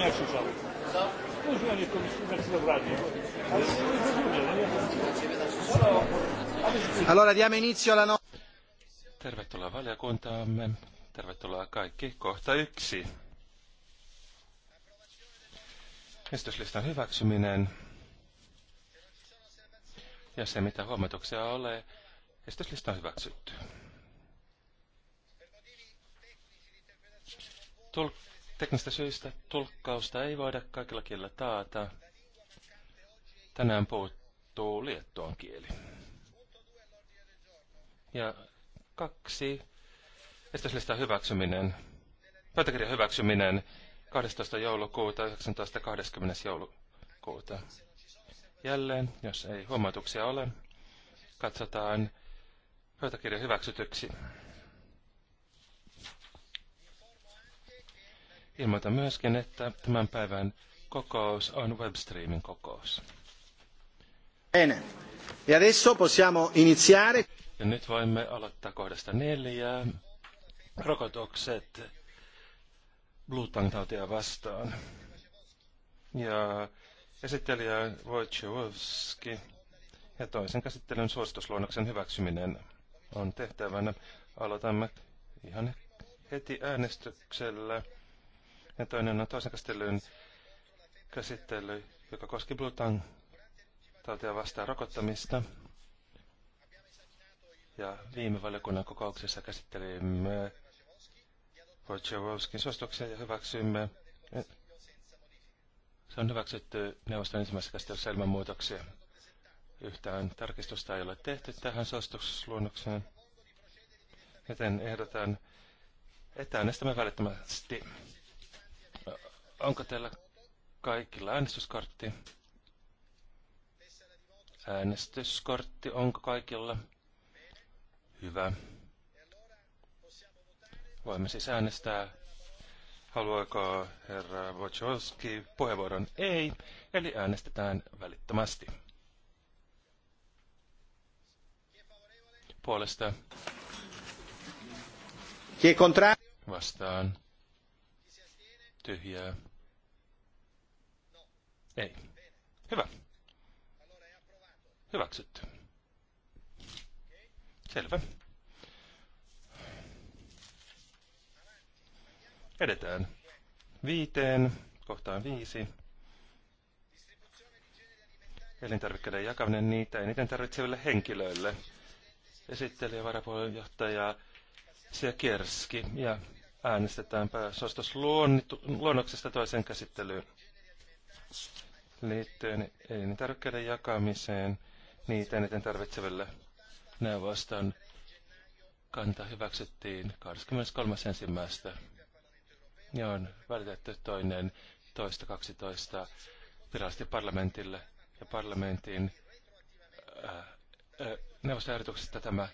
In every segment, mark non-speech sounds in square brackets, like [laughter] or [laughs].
on ja krzyczał. Mówiła nie komisji na w Allora diamo inizio alla no... Tervetuloa valiokuntaamme. Tervetuloa kaikki. Kohta yksi. Esityslistan hyväksyminen. Ja se, mitä huomatuksia ole, esityslista on hyväksytty. Tulk- Teknistä syistä tulkkausta ei voida kaikilla kielillä taata. Tänään puuttuu liettuan kieli. Ja kaksi. Estäslistan hyväksyminen. Pöytäkirjan hyväksyminen 12. joulukuuta 19.20. joulukuuta. Jälleen, jos ei huomautuksia ole, katsotaan pöytäkirja hyväksytyksi. Ilmoitan myöskin, että tämän päivän kokous on webstreamin kokous. Bene. E adesso possiamo iniziare. Ja nyt voimme aloittaa kohdasta neljä. Rokotukset Bluetang-tautia vastaan. Ja esittelijä Wojciechowski. Ja toisen käsittelyn suositusluonnoksen hyväksyminen on tehtävänä. Aloitamme ihan heti äänestyksellä. Ja toinen on toisen käsittelyn käsittely, joka koski Blutan tautia vastaan rokottamista. Ja viime valiokunnan kokouksessa käsittelimme Wojciechowskin suosituksia ja hyväksymme. Se on hyväksytty neuvoston ensimmäisessä käsittelyssä ilman muutoksia. Yhtään tarkistusta ei ole tehty tähän suositusluonnokseen, joten ehdotan, että äänestämme välittömästi. Onko teillä kaikilla äänestyskortti? Äänestyskortti onko kaikilla? Hyvä. Voimme siis äänestää. Haluaako herra Wojcicki puheenvuoron? Ei, eli äänestetään välittömästi. Puolesta. Vastaan tyhjää. Ei. Hyvä. Hyväksytty. Selvä. Edetään viiteen, kohtaan viisi. Elintarvikkeiden jakaminen niitä eniten tarvitseville henkilöille. Esittelijä varapuolenjohtaja Siekierski ja äänestetään luonnoksesta toisen käsittelyyn liittyen elintarvikkeiden jakamiseen niitä eniten tarvitseville neuvoston kanta hyväksyttiin 23.1. ja on välitetty toinen toista 12 virallisesti parlamentille ja parlamentin äh, äh, neuvostoehdotuksesta tämä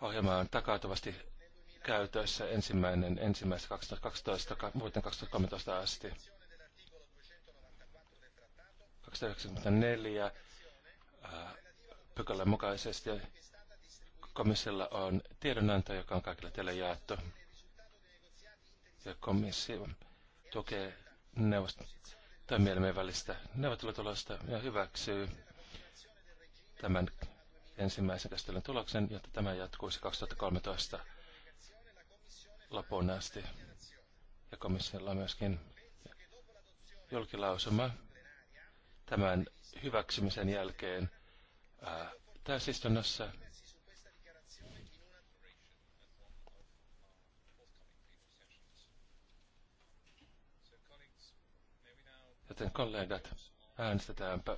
ohjelma on takautuvasti käytössä ensimmäinen ensimmäistä 2012 vuoteen 2013 asti. 294 äh, pykälän mukaisesti komissiolla on tiedonanto, joka on kaikille teille jaettu. Ja komissio tukee neuvost- toimielimien välistä neuvottelutulosta ja hyväksyy tämän ensimmäisen käsittelyn tuloksen, jotta tämä jatkuisi 2013 lopun asti. Ja komissiolla on myöskin julkilausuma tämän hyväksymisen jälkeen ää, täysistunnossa. Joten kollegat, äänestetäänpä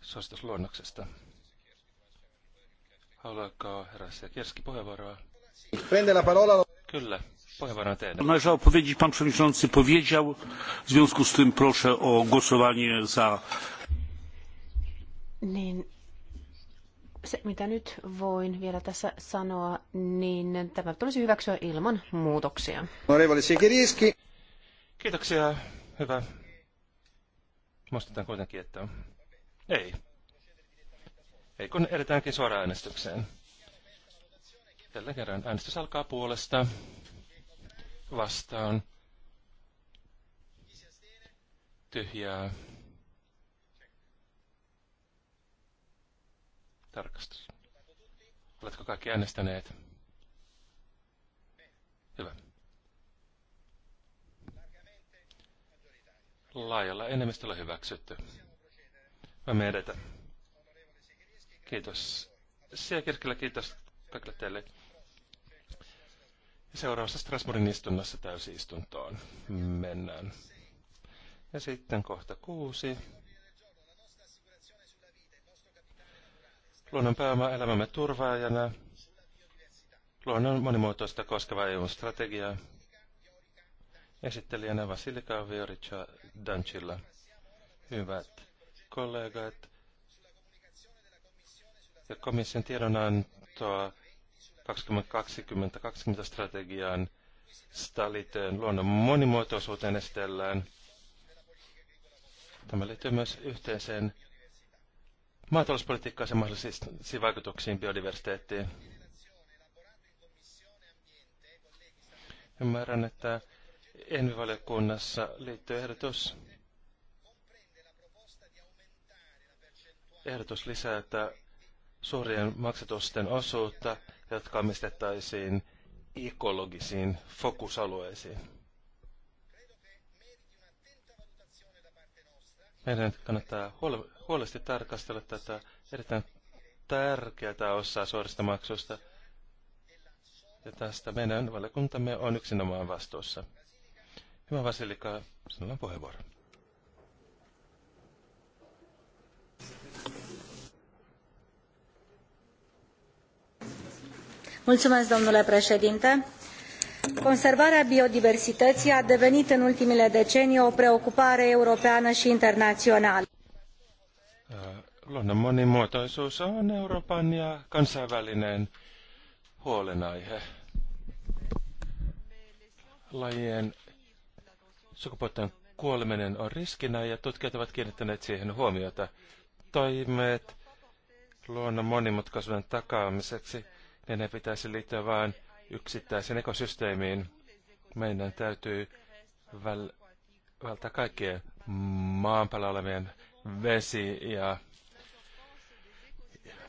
suositusluonnoksesta. Haluatko herra Kirski puheenvuoroa? Prende la pan przewodniczący powiedział, w związku z tym proszę o głosowanie za. Niin, se mitä nyt voin vielä tässä sanoa, niin tämä tulisi hyväksyä ilman muutoksia. Kiitoksia, hyvä. Muistetaan kuitenkin, että ei. Ei kun edetäänkin suoraan äänestykseen. Tällä kerran äänestys alkaa puolesta. Vastaan. Tyhjää. Tarkastus. Oletko kaikki äänestäneet? Hyvä. Laajalla enemmistöllä hyväksytty. Voimme edetä. Kiitos. Siellä kirkillä kiitos kaikille teille. Seuraavassa Strasbourgin istunnossa täysistuntoon mennään. Ja sitten kohta kuusi. Luonnon pääoma elämämme turvaajana. Luonnon monimuotoista koskeva EU-strategia. Esittelijänä Vasilika Viorica Dancilla. Hyvät kollegat ja komission tiedonantoa 2020-2020 strategiaan liittyen luonnon monimuotoisuuteen esitellään. Tämä liittyy myös yhteiseen maatalouspolitiikkaan ja mahdollisiin vaikutuksiin biodiversiteettiin. Ymmärrän, että ENVI-valiokunnassa liittyy ehdotus, ehdotus lisätä suurien maksatusten osuutta jotka omistettaisiin ekologisiin fokusalueisiin. Meidän kannattaa huole- huolesti tarkastella tätä erittäin tärkeää osaa suorista maksusta. Ja tästä meidän valiokuntamme on yksinomaan vastuussa. Hyvä Vasilika, sinulla on puheenvuoro. Conservarea biodiversității a devenit în ultimele decenii o preocupare europeană și internațională. Uh, luonnon monimuotoisuus on Euroopan ja kansainvälinen huolenaihe. Lajien sukupuolten kuoleminen on riskinä ja tutkijat ovat kiinnittäneet siihen huomiota. Toimet luonnon monimutkaisuuden takaamiseksi – ja ne pitäisi liittyä vain yksittäiseen ekosysteemiin. Meidän täytyy väl, välttää kaikkien maan päällä olevien vesi- ja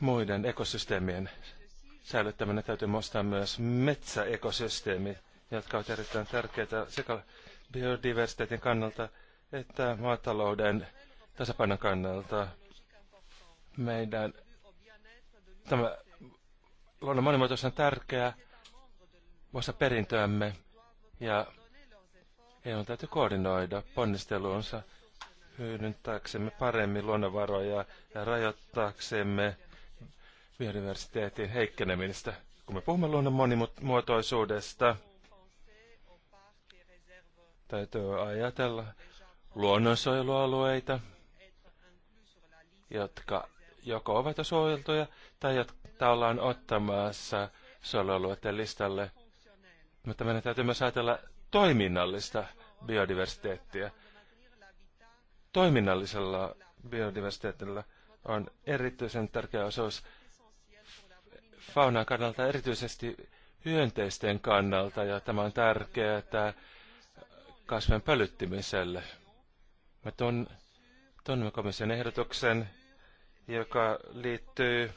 muiden ekosysteemien säilyttäminen. Täytyy muistaa myös metsäekosysteemi, jotka ovat erittäin tärkeitä sekä biodiversiteetin kannalta että maatalouden tasapainon kannalta. Meidän tämä luonnon monimuotoisuus on tärkeää osa perintöämme ja EU täytyy koordinoida ponnisteluunsa hyödyntääksemme paremmin luonnonvaroja ja rajoittaaksemme biodiversiteetin heikkenemistä. Kun me puhumme luonnon monimuotoisuudesta, täytyy ajatella luonnonsuojelualueita, jotka joko ovat jo suojeltuja tai jotka että ollaan ottamassa suojelualueiden listalle, mutta meidän täytyy myös ajatella toiminnallista biodiversiteettiä. Toiminnallisella biodiversiteetillä on erityisen tärkeä osuus faunan kannalta, erityisesti hyönteisten kannalta, ja tämä on tärkeää kasven pölyttimiselle. Mä tunnen komission ehdotuksen, joka liittyy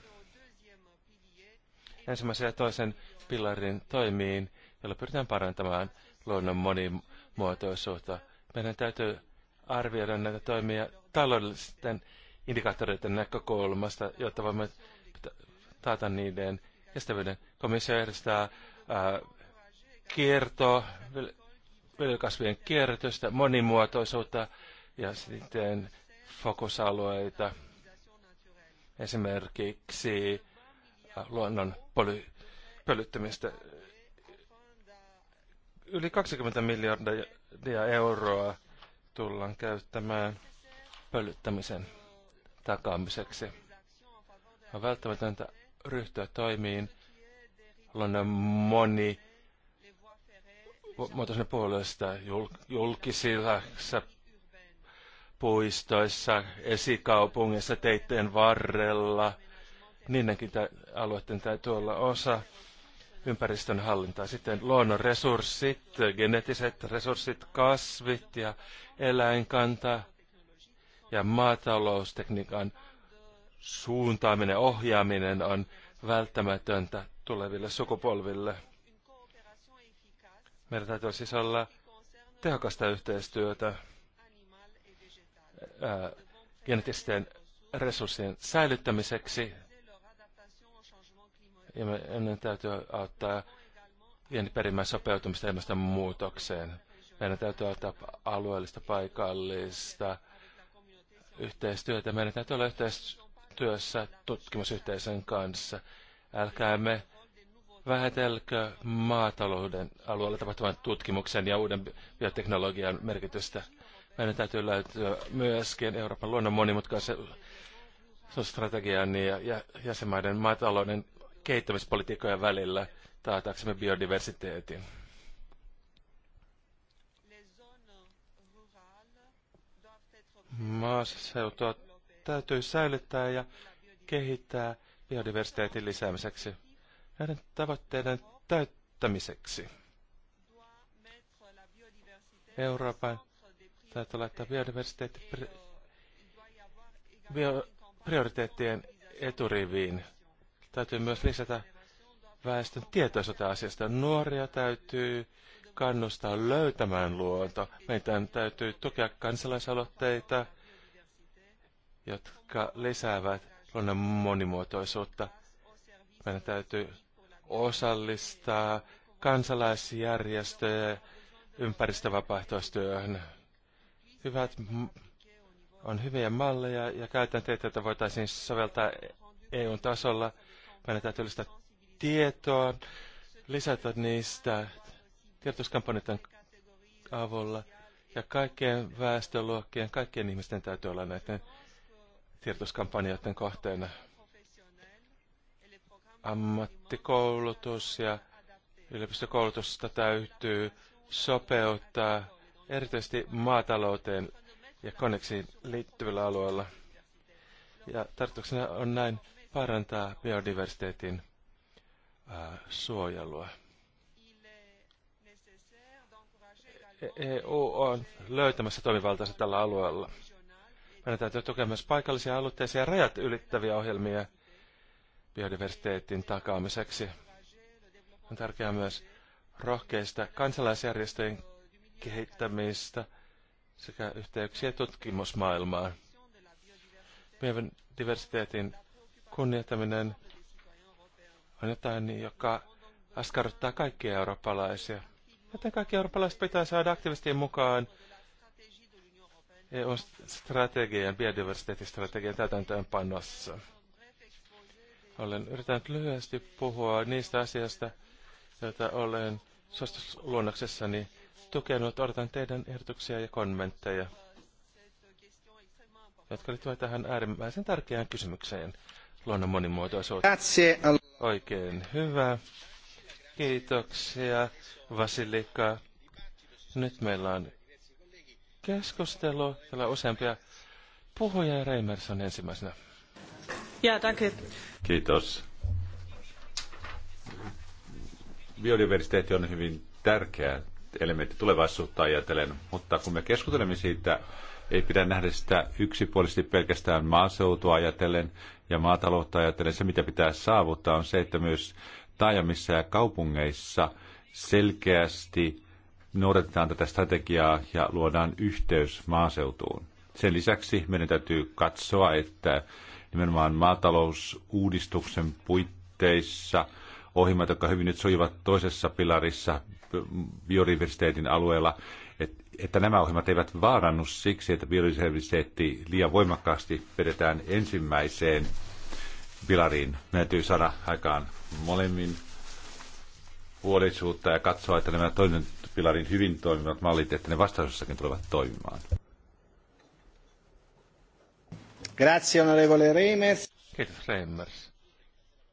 ensimmäisen ja toisen pilarin toimiin, joilla pyritään parantamaan luonnon monimuotoisuutta. Meidän täytyy arvioida näitä toimia taloudellisten indikaattoreiden näkökulmasta, jotta voimme taata niiden kestävyyden. Komissio järjestää kiertoa, viljelykasvien kierrätystä, monimuotoisuutta ja sitten fokusalueita. Esimerkiksi luonnon poly, pölyttämistä. Yli 20 miljardia euroa tullaan käyttämään pölyttämisen takaamiseksi. On välttämätöntä ryhtyä toimiin luonnon moni muotoisen puolesta julkisilla puistoissa, esikaupungissa, teitteen varrella – niidenkin alueiden täytyy olla osa ympäristön hallintaa. Sitten luonnon resurssit, genetiset resurssit, kasvit ja eläinkanta ja maataloustekniikan suuntaaminen, ohjaaminen on välttämätöntä tuleville sukupolville. Meillä täytyy siis olla tehokasta yhteistyötä genetisten geneettisten resurssien säilyttämiseksi ja meidän täytyy auttaa pieni perimmäis sopeutumista ilmastonmuutokseen. Meidän täytyy auttaa alueellista, paikallista yhteistyötä. Meidän täytyy olla yhteistyössä tutkimusyhteisön kanssa. Älkäämme vähätelkö maatalouden alueella tapahtuvan tutkimuksen ja uuden bioteknologian merkitystä. Meidän täytyy löytyä myöskin Euroopan luonnon monimutkaisen strategian ja jäsenmaiden maatalouden kehittämispolitiikkojen välillä taataksemme biodiversiteetin. Maaseutua täytyy säilyttää ja kehittää biodiversiteetin lisäämiseksi. Näiden tavoitteiden täyttämiseksi. Euroopan täytyy laittaa biodiversiteetti bio, prioriteettien eturiviin. Täytyy myös lisätä väestön tietoisuutta asiasta. Nuoria täytyy kannustaa löytämään luonto. Meidän täytyy tukea kansalaisaloitteita, jotka lisäävät luonnon monimuotoisuutta. Meidän täytyy osallistaa kansalaisjärjestöjä ympäristövapaaehtoistyöhön. Hyvät on hyviä malleja ja käytänteitä, joita että voitaisiin soveltaa EU-tasolla e tasolla – meidän täytyy lisätä tietoa, lisätä niistä tiedotuskampanjoiden avulla. Ja kaikkien väestöluokkien, kaikkien ihmisten täytyy olla näiden tiedotuskampanjoiden kohteena. Ammattikoulutus ja yliopistokoulutusta täytyy sopeuttaa erityisesti maatalouteen ja koneksiin liittyvillä alueilla. Ja tarkoituksena on näin parantaa biodiversiteetin suojelua. EU e on löytämässä toimivaltaansa tällä alueella. Meidän täytyy tukea myös paikallisia aloitteisia ja rajat ylittäviä ohjelmia biodiversiteetin takaamiseksi. On tärkeää myös rohkeista kansalaisjärjestöjen kehittämistä sekä yhteyksiä tutkimusmaailmaan. Biodiversiteetin kunnioittaminen on jotain, joka askarruttaa kaikkia eurooppalaisia. Joten kaikki eurooppalaiset pitää saada aktiivisesti mukaan eu strategian, biodiversiteettistrategian täytäntöönpanossa. Olen yrittänyt lyhyesti puhua niistä asioista, joita olen suositusluonnoksessani tukenut. Odotan teidän ehdotuksia ja kommentteja, jotka liittyvät tähän äärimmäisen tärkeään kysymykseen luonnon monimuotoisuutta. Oikein hyvä. Kiitoksia, Vasilika. Nyt meillä on keskustelu. Täällä on useampia ja Reimers on ensimmäisenä. Ja, danke. Kiitos. Biodiversiteetti on hyvin tärkeä elementti tulevaisuutta ajatellen, mutta kun me keskustelemme siitä, ei pidä nähdä sitä yksipuolisesti pelkästään maaseutua ajatellen ja maataloutta ajatellen. Se, mitä pitää saavuttaa, on se, että myös taajamissa ja kaupungeissa selkeästi noudatetaan tätä strategiaa ja luodaan yhteys maaseutuun. Sen lisäksi meidän täytyy katsoa, että nimenomaan maatalousuudistuksen puitteissa ohjelmat, jotka hyvin nyt sojivat toisessa pilarissa biodiversiteetin alueella, että nämä ohjelmat eivät vaarannu siksi, että biodiversiteetti liian voimakkaasti vedetään ensimmäiseen pilariin. Meidän täytyy saada aikaan molemmin puolisuutta ja katsoa, että nämä toinen pilarin hyvin toimivat mallit, että ne vastaisuussakin tulevat toimimaan. Grazie, onorevole Reimers. Kiitos, Reimers.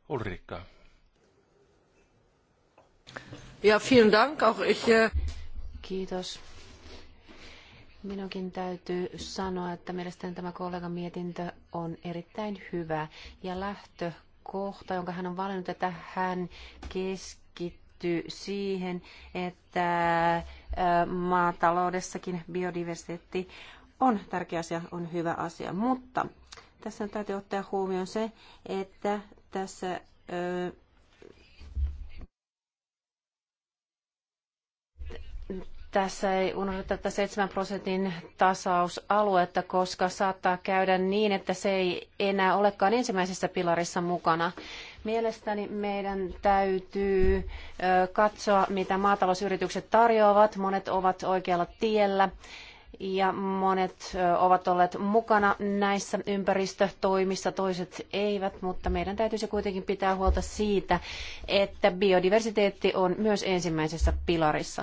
Ulrika. Ja, vielen Dank. Auch ich, äh... Kiitos. Minunkin täytyy sanoa, että mielestäni tämä kollegan mietintö on erittäin hyvä ja lähtökohta, jonka hän on valinnut, että hän keskittyy siihen, että maataloudessakin biodiversiteetti on tärkeä asia, on hyvä asia, mutta tässä täytyy ottaa huomioon se, että tässä tässä ei unohdeta tätä 7 prosentin tasausaluetta, koska saattaa käydä niin, että se ei enää olekaan ensimmäisessä pilarissa mukana. Mielestäni meidän täytyy katsoa, mitä maatalousyritykset tarjoavat. Monet ovat oikealla tiellä ja monet ovat olleet mukana näissä ympäristötoimissa, toiset eivät, mutta meidän täytyisi kuitenkin pitää huolta siitä, että biodiversiteetti on myös ensimmäisessä pilarissa.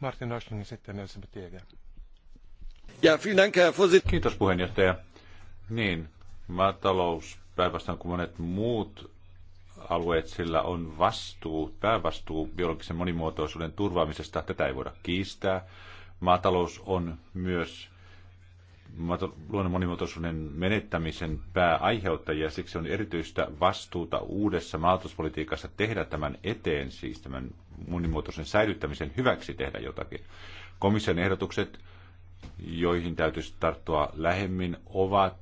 Martin sitten Kiitos puheenjohtaja. Niin, maatalous, päinvastoin kuin monet muut alueet, sillä on vastuu, päävastuu biologisen monimuotoisuuden turvaamisesta. Tätä ei voida kiistää. Maatalous on myös luonnon monimuotoisuuden menettämisen pääaiheuttajia. Siksi on erityistä vastuuta uudessa maatalouspolitiikassa tehdä tämän eteen, siis tämän monimuotoisen säilyttämisen hyväksi tehdä jotakin. Komission ehdotukset, joihin täytyisi tarttua lähemmin, ovat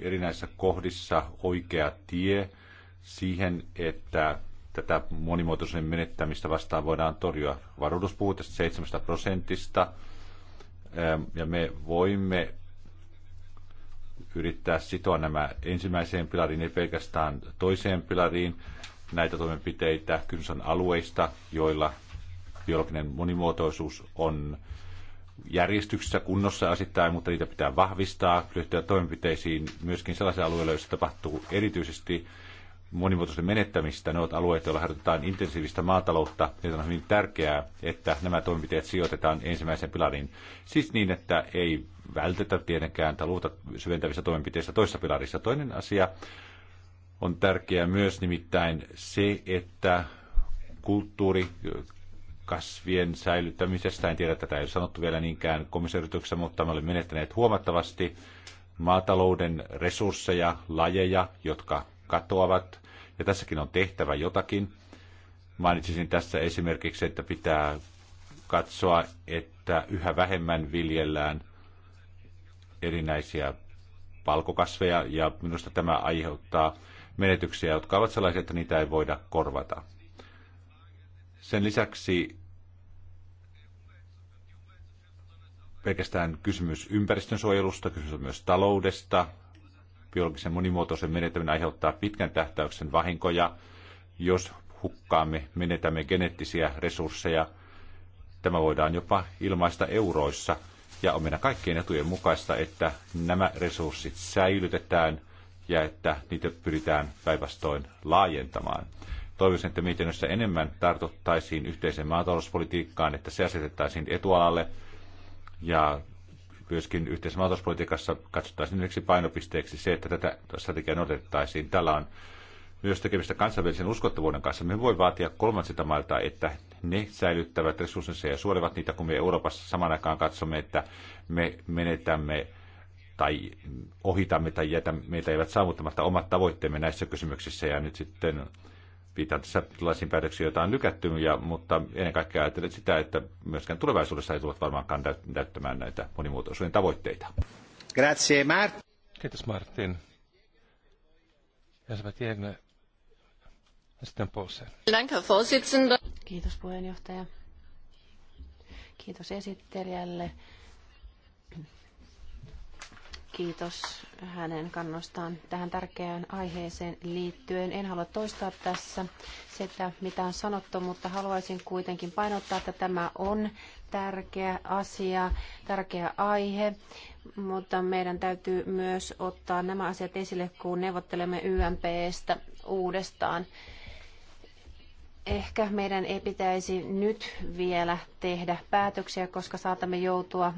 erinäisissä kohdissa oikea tie siihen, että tätä monimuotoisen menettämistä vastaan voidaan torjua. Varuudus 7 prosentista, ja me voimme yrittää sitoa nämä ensimmäiseen pilariin ja pelkästään toiseen pilariin näitä toimenpiteitä. Kysymys on alueista, joilla biologinen monimuotoisuus on järjestyksessä kunnossa asittain, mutta niitä pitää vahvistaa, ryhtyä toimenpiteisiin myöskin sellaisia alueilla, joissa tapahtuu erityisesti monimuotoisuuden menettämistä. Ne ovat alueet, joilla harjoitetaan intensiivistä maataloutta. Niitä on hyvin tärkeää, että nämä toimenpiteet sijoitetaan ensimmäisen pilariin. Siis niin, että ei vältetä tietenkään tai luuta syventävissä toimenpiteissä toisessa pilarissa. Toinen asia on tärkeää myös nimittäin se, että kulttuuri kasvien säilyttämisestä, en tiedä tätä ei ole sanottu vielä niinkään komissioyrityksessä, mutta me olemme menettäneet huomattavasti maatalouden resursseja, lajeja, jotka katoavat. Ja tässäkin on tehtävä jotakin. Mainitsisin tässä esimerkiksi, että pitää katsoa, että yhä vähemmän viljellään erinäisiä palkokasveja ja minusta tämä aiheuttaa menetyksiä, jotka ovat sellaisia, että niitä ei voida korvata. Sen lisäksi pelkästään kysymys ympäristönsuojelusta, kysymys on myös taloudesta. Biologisen monimuotoisen menetäminen aiheuttaa pitkän tähtäyksen vahinkoja, jos hukkaamme, menetämme geneettisiä resursseja. Tämä voidaan jopa ilmaista euroissa – ja on meidän kaikkien etujen mukaista, että nämä resurssit säilytetään ja että niitä pyritään päinvastoin laajentamaan. Toivoisin, että mietinnössä enemmän tartuttaisiin yhteiseen maatalouspolitiikkaan, että se asetettaisiin etualalle ja myöskin yhteisessä maatalouspolitiikassa katsottaisiin yhdeksi painopisteeksi se, että tätä strategiaa noudatettaisiin. Tällä on myös tekemistä kansainvälisen uskottavuuden kanssa. Me voi vaatia kolmansilta mailta, että ne säilyttävät resurssinsa ja suolevat niitä, kun me Euroopassa saman aikaan katsomme, että me menetämme tai ohitamme tai jätämme, meiltä eivät saavuttamatta omat tavoitteemme näissä kysymyksissä. Ja nyt sitten viitan tässä tällaisiin päätöksiin, joita on lykätty, ja, mutta ennen kaikkea ajattelen sitä, että myöskään tulevaisuudessa ei tule varmaankaan täyttämään näitä monimuotoisuuden tavoitteita. Grazie, Mart. Kiitos, Martin. mä tiedän, Kiitos puheenjohtaja. Kiitos esittelijälle. Kiitos hänen kannostaan tähän tärkeään aiheeseen liittyen. En halua toistaa tässä sitä, mitä on sanottu, mutta haluaisin kuitenkin painottaa, että tämä on tärkeä asia, tärkeä aihe, mutta meidän täytyy myös ottaa nämä asiat esille, kun neuvottelemme YMPstä uudestaan ehkä meidän ei pitäisi nyt vielä tehdä päätöksiä, koska saatamme joutua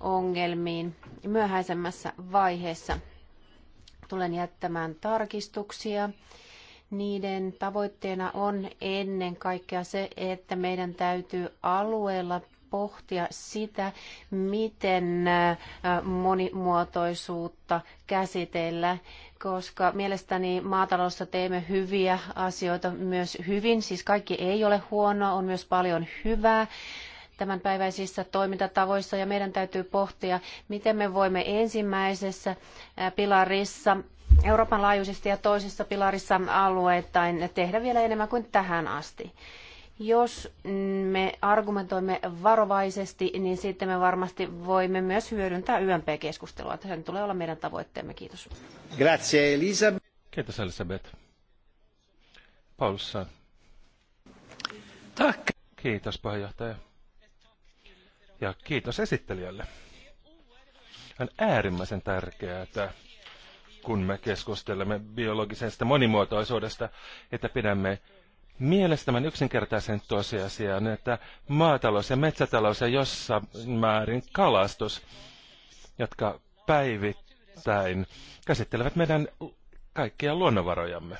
ongelmiin myöhäisemmässä vaiheessa. Tulen jättämään tarkistuksia. Niiden tavoitteena on ennen kaikkea se, että meidän täytyy alueella pohtia sitä, miten monimuotoisuutta käsitellä koska mielestäni maataloudessa teemme hyviä asioita myös hyvin. Siis kaikki ei ole huonoa, on myös paljon hyvää tämänpäiväisissä toimintatavoissa ja meidän täytyy pohtia, miten me voimme ensimmäisessä pilarissa Euroopan laajuisesti ja toisessa pilarissa alueittain tehdä vielä enemmän kuin tähän asti. Jos me argumentoimme varovaisesti, niin sitten me varmasti voimme myös hyödyntää YMP-keskustelua. Sen tulee olla meidän tavoitteemme. Kiitos. Grazie Elisabeth. Kiitos Elisabeth. Paulussa. Tack. Kiitos puheenjohtaja. Ja kiitos esittelijälle. On äärimmäisen tärkeää, että kun me keskustelemme biologisesta monimuotoisuudesta, että pidämme Mielestäni yksinkertaisen tosiasian, että maatalous ja metsätalous ja jossain määrin kalastus, jotka päivittäin käsittelevät meidän kaikkia luonnonvarojamme.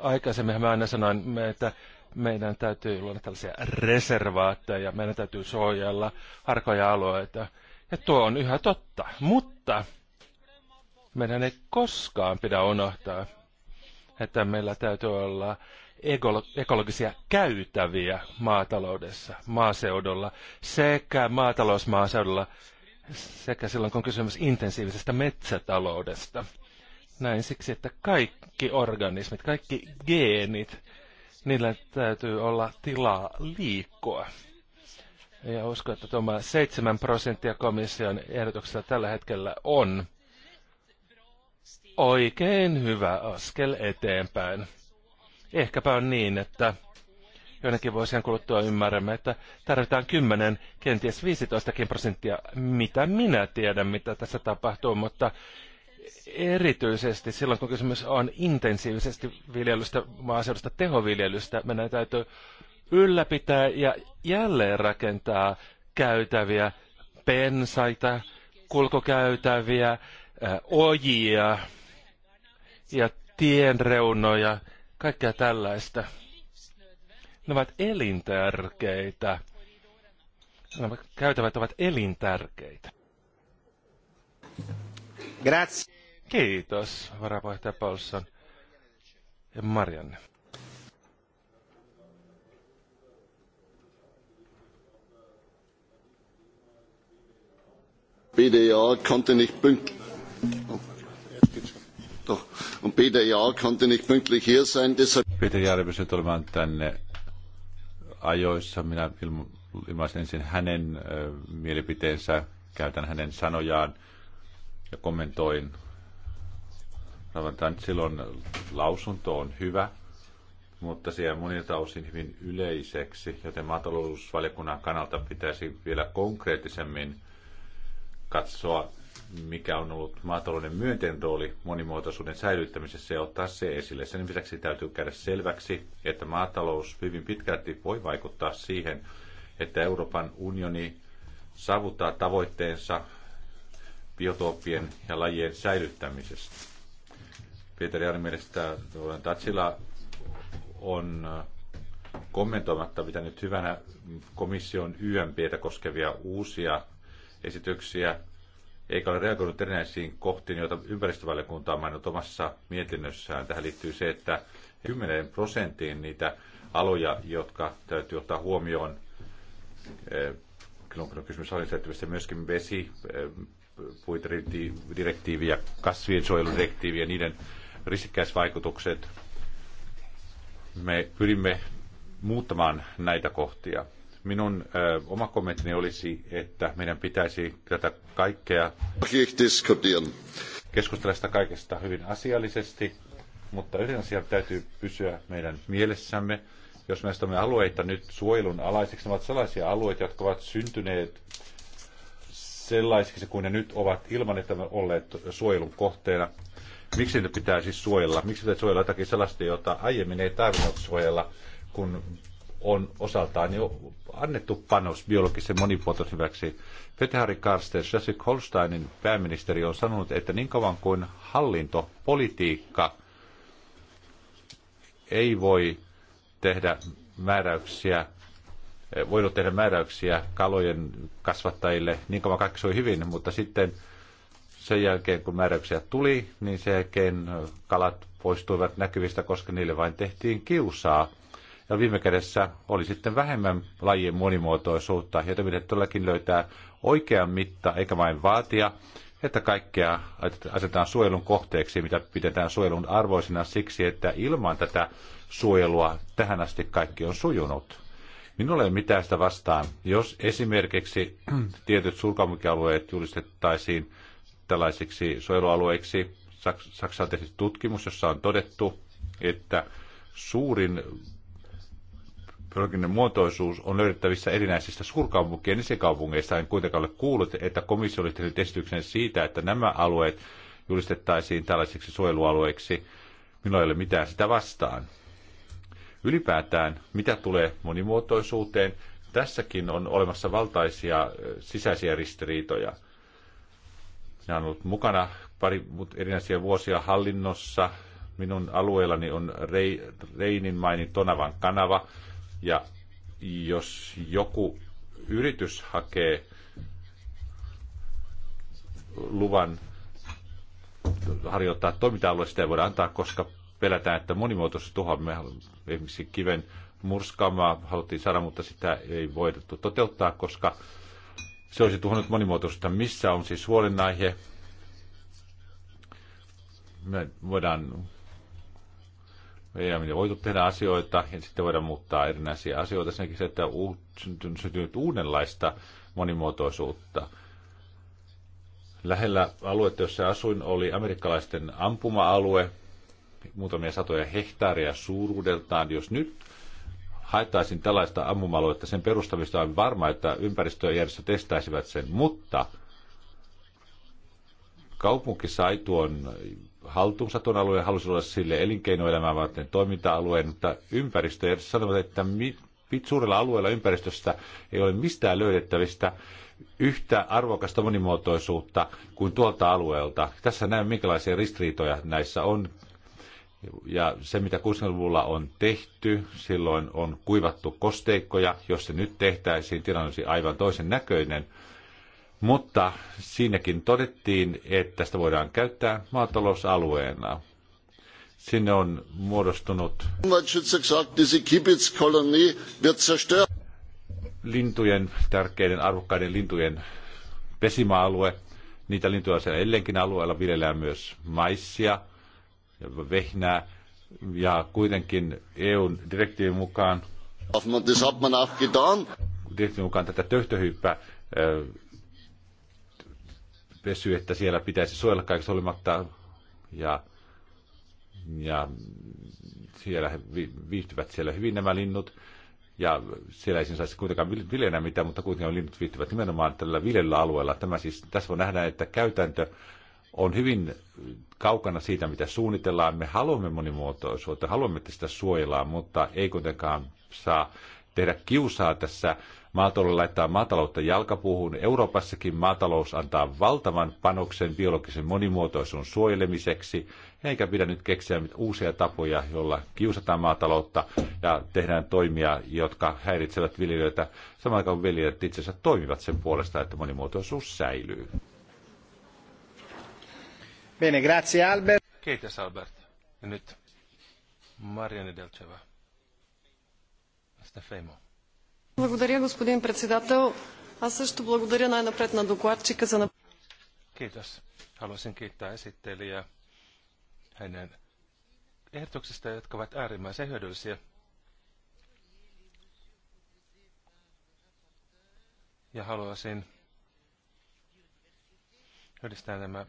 Aikaisemmin mä aina sanoin, että meidän täytyy luoda tällaisia reservaatteja, meidän täytyy suojella harkoja alueita. Ja tuo on yhä totta, mutta meidän ei koskaan pidä unohtaa, että meillä täytyy olla ekologisia käytäviä maataloudessa, maaseudulla sekä maatalousmaaseudulla sekä silloin, kun on kysymys intensiivisestä metsätaloudesta. Näin siksi, että kaikki organismit, kaikki geenit, niillä täytyy olla tilaa liikkua. Ja uskon, että tuoma 7 prosenttia komission ehdotuksessa tällä hetkellä on oikein hyvä askel eteenpäin. Ehkäpä on niin, että joidenkin vuosien kuluttua ymmärrämme, että tarvitaan 10, kenties 15 prosenttia, mitä minä tiedän, mitä tässä tapahtuu, mutta erityisesti silloin, kun kysymys on intensiivisesti viljelystä, maaseudusta, tehoviljelystä, meidän täytyy ylläpitää ja jälleen rakentaa käytäviä, pensaita, kulkokäytäviä, ojia, ja tienreunoja, kaikkea tällaista. Ne ovat elintärkeitä. Nämä käytävät ovat elintärkeitä. Grazie. Kiitos, varapuheenjohtaja Paulson ja Marianne. Video, konnte nicht Oh. Doch. Und Peter Jahr konnte nicht pünktlich hier sein, deshalb... Peter Jaari pystyy tulemaan tänne ajoissa. Minä ilmaisen ensin hänen äh, mielipiteensä, käytän hänen sanojaan ja kommentoin. Ravan silloin lausunto on hyvä, mutta se jää monilta osin hyvin yleiseksi, joten maatalousvaliokunnan kannalta pitäisi vielä konkreettisemmin katsoa mikä on ollut maatalouden myönteinen rooli monimuotoisuuden säilyttämisessä ja ottaa se esille. Sen lisäksi täytyy käydä selväksi, että maatalous hyvin pitkälti voi vaikuttaa siihen, että Euroopan unioni saavuttaa tavoitteensa biotooppien ja lajien säilyttämisestä. Peter Jari mielestä Tatsila on äh, kommentoimatta pitänyt hyvänä komission YMPtä koskevia uusia esityksiä eikä ole reagoinut erinäisiin kohtiin, joita ympäristövaliokunta on maininnut omassa mietinnössään. Tähän liittyy se, että 10 prosenttiin niitä aloja, jotka täytyy ottaa huomioon, eh, kun on kysymys hallintsäyttämistä, myöskin vesi, eh, puitedirektiivi ja kasviensuojeludirektiivi ja niiden risikkäisvaikutukset. Me pyrimme muuttamaan näitä kohtia. Minun ö, oma kommenttini olisi, että meidän pitäisi tätä kaikkea keskustella sitä kaikesta hyvin asiallisesti, mutta yhden asian täytyy pysyä meidän mielessämme. Jos me astamme alueita nyt suojelun alaisiksi, ne ovat sellaisia alueita, jotka ovat syntyneet sellaisiksi kuin ne nyt ovat ilman, että me olleet suojelun kohteena. Miksi ne pitää siis suojella? Miksi pitää suojella jotakin sellaista, jota aiemmin ei tarvinnut suojella, kun on osaltaan jo annettu panos biologisen monipuolisuuden hyväksi. Petehari Karsten Schleswig Holsteinin pääministeri on sanonut, että niin kauan kuin hallinto, ei voi tehdä määräyksiä, voinut tehdä määräyksiä kalojen kasvattajille, niin kauan kaikki soi hyvin, mutta sitten sen jälkeen, kun määräyksiä tuli, niin sen jälkeen kalat poistuivat näkyvistä, koska niille vain tehtiin kiusaa. Ja viime kädessä oli sitten vähemmän lajien monimuotoisuutta, joten pitää todellakin löytää oikean mitta, eikä vain vaatia, että kaikkea asetetaan suojelun kohteeksi, mitä pidetään suojelun arvoisina siksi, että ilman tätä suojelua tähän asti kaikki on sujunut. Minulla ei ole mitään sitä vastaan, jos esimerkiksi [clears throat] tietyt sulkamukialueet julistettaisiin tällaisiksi suojelualueiksi. Saksassa on tehty tutkimus, jossa on todettu, että suurin Biologinen muotoisuus on löydettävissä erinäisistä suurkaupunkien esikaupungeista. En kuitenkaan ole kuullut, että komissio olisi tehnyt esityksen siitä, että nämä alueet julistettaisiin tällaisiksi suojelualueiksi. Minulla ei ole mitään sitä vastaan. Ylipäätään, mitä tulee monimuotoisuuteen, tässäkin on olemassa valtaisia sisäisiä ristiriitoja. Minä olen ollut mukana pari erinäisiä vuosia hallinnossa. Minun alueellani on Reinin mainin Tonavan kanava, ja jos joku yritys hakee luvan harjoittaa toiminta-alueella, sitä ei voida antaa, koska pelätään, että monimuotoisuus Me esimerkiksi kiven murskaamaa haluttiin saada, mutta sitä ei voitettu toteuttaa, koska se olisi tuhonnut monimuotoisuutta. Missä on siis huolenaihe? Me voidaan E ja miten voitu tehdä asioita, ja sitten voidaan muuttaa erinäisiä asioita. Senkin se, että on syntynyt uudenlaista monimuotoisuutta. Lähellä aluetta, jossa asuin, oli amerikkalaisten ampuma-alue, muutamia satoja hehtaaria suuruudeltaan. Jos nyt haettaisiin tällaista ampuma sen perustamista on varma, että ympäristöjärjestö testaisivat sen, mutta kaupunki sai tuon haltuunsa tuon alueen, halusi olla sille elinkeinoelämää varten toiminta-alueen, mutta ympäristö, ja sanovat, että mit, suurella alueella ympäristöstä ei ole mistään löydettävistä yhtä arvokasta monimuotoisuutta kuin tuolta alueelta. Tässä näen, minkälaisia ristiriitoja näissä on. Ja se, mitä 60-luvulla on tehty, silloin on kuivattu kosteikkoja. Jos se nyt tehtäisiin, tilanne olisi aivan toisen näköinen – mutta siinäkin todettiin, että sitä voidaan käyttää maatalousalueena. Sinne on muodostunut lintujen, tärkeiden arvokkaiden lintujen pesimäalue. Niitä lintuja siellä edelleenkin alueella viljellään myös maissia ja vehnää. Ja kuitenkin EUn direktiivin mukaan, direktiivin mukaan tätä töhtöhyyppää pesy, että siellä pitäisi suojella kaikista olematta. ja, ja siellä he viihtyvät siellä hyvin nämä linnut. Ja siellä ei saisi kuitenkaan viljellä mitään, mutta kuitenkin linnut viihtyvät nimenomaan tällä viljellä alueella. Tämä siis, tässä voi nähdä, että käytäntö on hyvin kaukana siitä, mitä suunnitellaan. Me haluamme monimuotoisuutta, haluamme, että sitä suojellaan, mutta ei kuitenkaan saa tehdä kiusaa tässä Maatalous laittaa maataloutta jalkapuuhun. Euroopassakin maatalous antaa valtavan panoksen biologisen monimuotoisuuden suojelemiseksi, eikä pidä nyt keksiä uusia tapoja, joilla kiusataan maataloutta ja tehdään toimia, jotka häiritsevät viljelijöitä, samalla kun viljelijät itse asiassa toimivat sen puolesta, että monimuotoisuus säilyy. Bene, grazie Albert. Kiitos Albert. Ja nyt Marianne Delceva. Stefemo. Благодаря, господин председател. Аз също благодаря най-напред на докладчика за... Kiitos. Haluaisin kiittää esittelijää hänen ehdotuksista, jotka ovat äärimmäisen hyödyllisiä. Ja haluaisin yhdistää nämä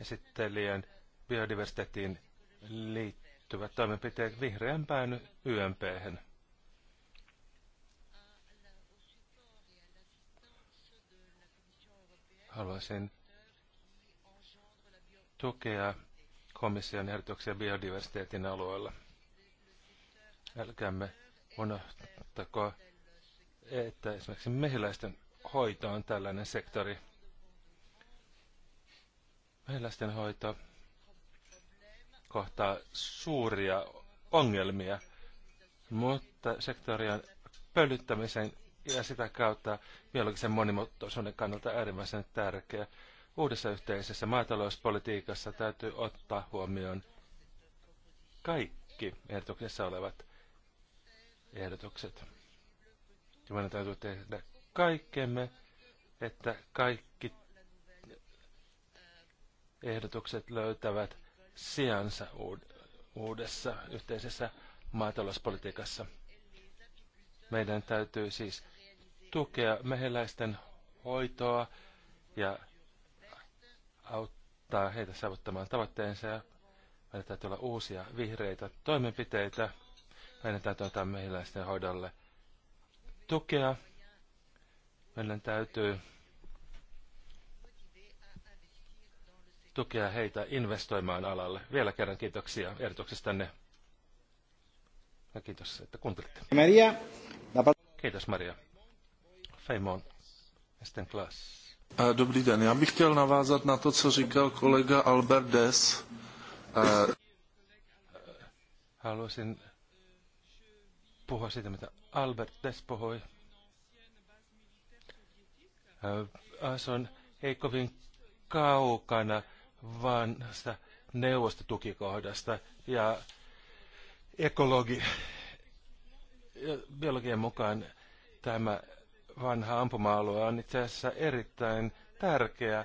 esittelijän biodiversiteettiin liittyvät toimenpiteet vihreämpään YMP:hen. haluaisin tukea komission ehdotuksia biodiversiteetin alueella. Älkäämme unohtako, että esimerkiksi mehiläisten hoito on tällainen sektori. Mehiläisten hoito kohtaa suuria ongelmia, mutta sektori on pölyttämisen ja sitä kautta biologisen monimuotoisuuden kannalta äärimmäisen tärkeä. Uudessa yhteisessä maatalouspolitiikassa täytyy ottaa huomioon kaikki ehdotuksessa olevat ehdotukset. Ja meidän täytyy tehdä kaikkemme, että kaikki ehdotukset löytävät sijansa uudessa yhteisessä maatalouspolitiikassa. Meidän täytyy siis tukea mehiläisten hoitoa ja auttaa heitä saavuttamaan tavoitteensa. Meidän täytyy olla uusia vihreitä toimenpiteitä. Meidän täytyy antaa mehiläisten hoidolle tukea. Meidän täytyy tukea heitä investoimaan alalle. Vielä kerran kiitoksia ehdotuksestanne. Ja kiitos, että kuuntelitte. Maria. Kiitos Maria. Fejmon a sitten Klas. Eh, dobrý den, já bych chtěl navázat na to, co říkal kolega Albert Des. Eh, Haluaisin puhua siitä, mitä Albert Des puhui. Eh, ah, on ei kovin kaukana vanhasta neuvostotukikohdasta ja ekologi, ja biologian mukaan tämä vanha ampuma-alue on itse asiassa erittäin tärkeä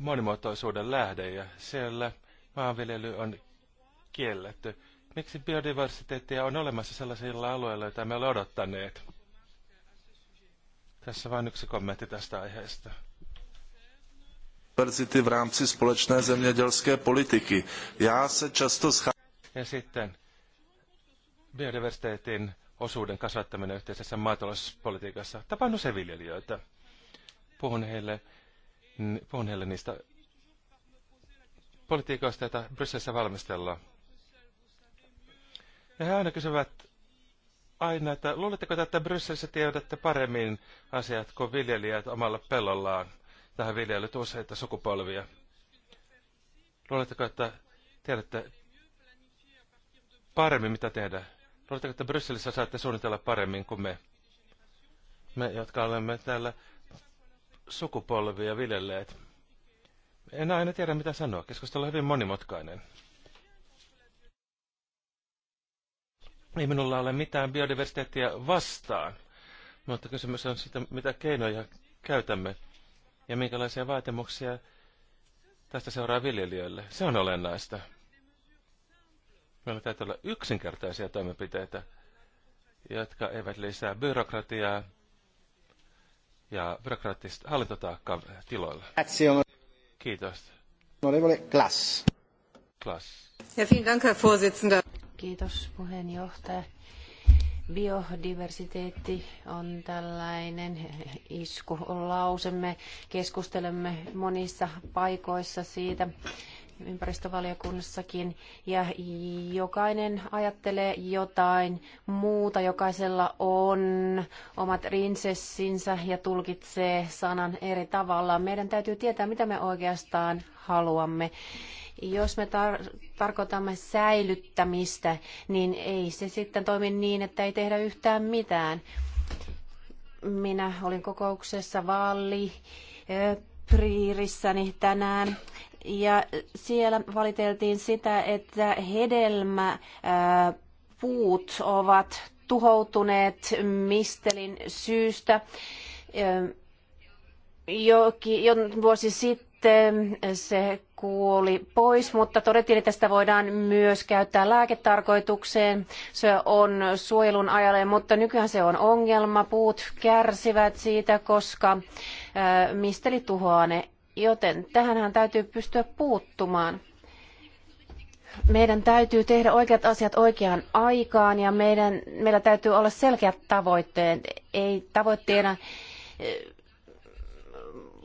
monimuotoisuuden lähde ja siellä maanviljely on kielletty. Miksi biodiversiteettiä on olemassa sellaisilla alueilla, joita me olemme odottaneet? Tässä vain yksi kommentti tästä aiheesta. v rámci společné zemědělské politiky. Já se často Ja sitten biodiversiteetin osuuden kasvattaminen yhteisessä maatalouspolitiikassa. Tapaan se viljelijöitä. Puhun heille, puhun heille niistä politiikoista, joita Brysselissä valmistellaan. Ja he aina kysyvät aina, että luuletteko, että Brysselissä tiedätte paremmin asiat kuin viljelijät omalla pellollaan? Tähän viljelyt useita sukupolvia. Luuletteko, että tiedätte paremmin, mitä tehdä Luuletteko, että Brysselissä saatte suunnitella paremmin kuin me? Me, jotka olemme täällä sukupolvia viljelleet. En aina tiedä, mitä sanoa. Keskustelu on hyvin monimutkainen. Ei minulla ole mitään biodiversiteettiä vastaan, mutta kysymys on siitä, mitä keinoja käytämme ja minkälaisia vaatimuksia tästä seuraa viljelijöille. Se on olennaista. Meillä täytyy olla yksinkertaisia toimenpiteitä, jotka eivät lisää byrokratiaa ja byrokraattista hallintotaakkaa tiloilla. Kiitos. Klass. Klass. Ja Dank, Herr Kiitos puheenjohtaja. Biodiversiteetti on tällainen isku lausemme. Keskustelemme monissa paikoissa siitä ympäristövaliokunnassakin, ja jokainen ajattelee jotain muuta, jokaisella on omat rinsessinsä ja tulkitsee sanan eri tavalla. Meidän täytyy tietää, mitä me oikeastaan haluamme. Jos me tar- tarkoitamme säilyttämistä, niin ei se sitten toimi niin, että ei tehdä yhtään mitään. Minä olin kokouksessa Valli Priirissäni tänään ja siellä valiteltiin sitä, että hedelmä puut ovat tuhoutuneet mistelin syystä. Joki, jo vuosi sitten se kuoli pois, mutta todettiin, että sitä voidaan myös käyttää lääketarkoitukseen. Se on suojelun ajalle, mutta nykyään se on ongelma. Puut kärsivät siitä, koska misteli tuhoaa ne Joten tähänhän täytyy pystyä puuttumaan. Meidän täytyy tehdä oikeat asiat oikeaan aikaan ja meidän, meillä täytyy olla selkeät tavoitteet. Ei tavoitteena eh,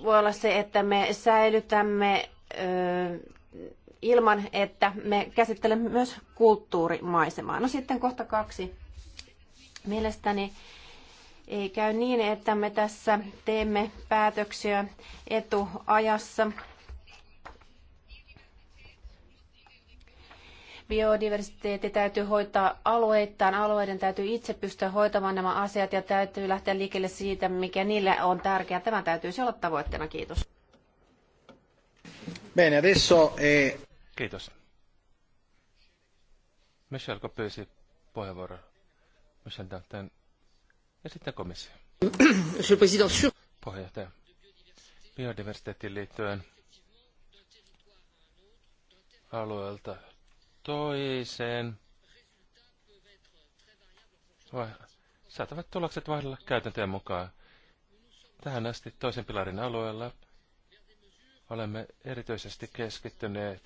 voi olla se, että me säilytämme eh, ilman, että me käsittelemme myös kulttuurimaisemaa. No sitten kohta kaksi. Mielestäni ei käy niin, että me tässä teemme päätöksiä etuajassa. biodiversiteetti täytyy hoitaa alueittain, alueiden täytyy itse pystyä hoitamaan nämä asiat ja täytyy lähteä liikkeelle siitä, mikä niille on tärkeää. Tämä täytyisi olla tavoitteena. Kiitos. Bene, adesso, eh... Kiitos. Michel, kun pyysi puheenvuoron. Michel sitten komissio. Puheenjohtaja. Biodiversiteettiin liittyen alueelta toiseen. Vai, saatavat tulokset vaihdella käytäntöjen mukaan. Tähän asti toisen pilarin alueella olemme erityisesti keskittyneet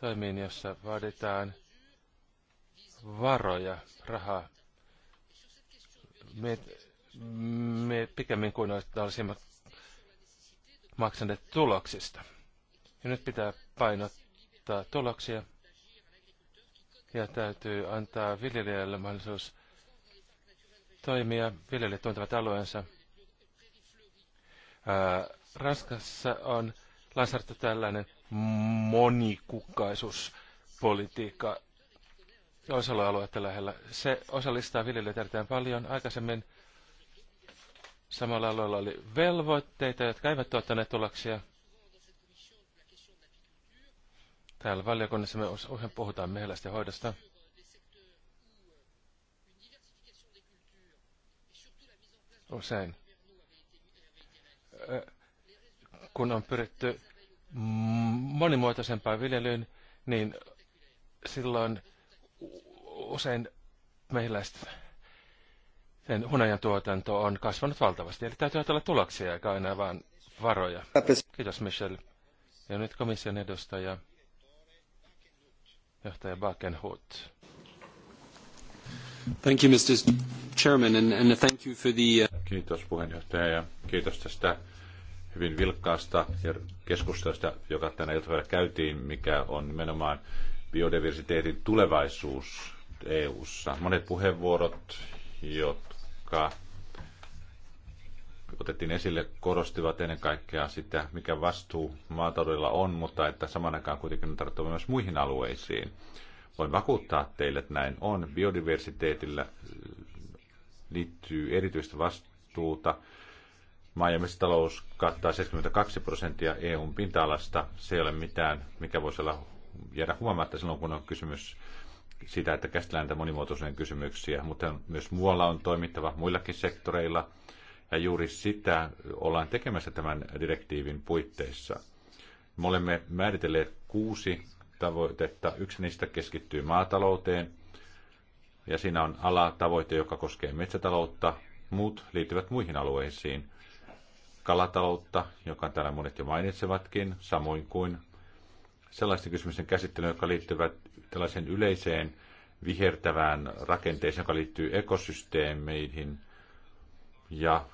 toimiin, jossa vaaditaan varoja, rahaa me, me pikemmin kuin olisimme maksaneet tuloksista. Ja nyt pitää painottaa tuloksia ja täytyy antaa viljelijälle mahdollisuus toimia. Viljelijät tuntevat alueensa. Ää, Ranskassa on lainsäädäntö tällainen monikukkaisuuspolitiikka, Loisaloaluetta lähellä. Se osallistaa viljelijöitä erittäin paljon. Aikaisemmin samalla alueella oli velvoitteita, jotka eivät tuottaneet tuloksia. Täällä valiokunnassa me usein puhutaan mehiläisten hoidosta. Usein. Kun on pyritty monimuotoisempaan viljelyyn, niin silloin usein meillä sen hunajan tuotanto on kasvanut valtavasti, eli täytyy ajatella tuloksia eikä aina vain varoja. Kiitos Michel. Ja nyt komission edustaja, johtaja Bakenhut. Thank you, Mr. Chairman, and, and thank you for the... Uh, kiitos puheenjohtaja ja kiitos tästä hyvin vilkkaasta ja keskustelusta, joka tänä iltapäivänä käytiin, mikä on nimenomaan biodiversiteetin tulevaisuus EU:ssa. Monet puheenvuorot, jotka otettiin esille, korostivat ennen kaikkea sitä, mikä vastuu maataloudella on, mutta että saman aikaan kuitenkin on tarttuva myös muihin alueisiin. Voin vakuuttaa teille, että näin on. Biodiversiteetillä äh, liittyy erityistä vastuuta. Maa- ja metsätalous kattaa 72 prosenttia EUn pinta-alasta. Se ei ole mitään, mikä voisi olla jäädä huomaamatta silloin, kun on kysymys sitä, että käsitellään näitä monimuotoisuuden kysymyksiä, mutta myös muualla on toimittava, muillakin sektoreilla, ja juuri sitä ollaan tekemässä tämän direktiivin puitteissa. Me olemme määritelleet kuusi tavoitetta. Yksi niistä keskittyy maatalouteen, ja siinä on alatavoite, joka koskee metsätaloutta. Muut liittyvät muihin alueisiin. Kalataloutta, joka täällä monet jo mainitsevatkin, samoin kuin sellaisten kysymysten käsittelyyn, jotka liittyvät tällaiseen yleiseen vihertävään rakenteeseen, joka liittyy ekosysteemeihin ja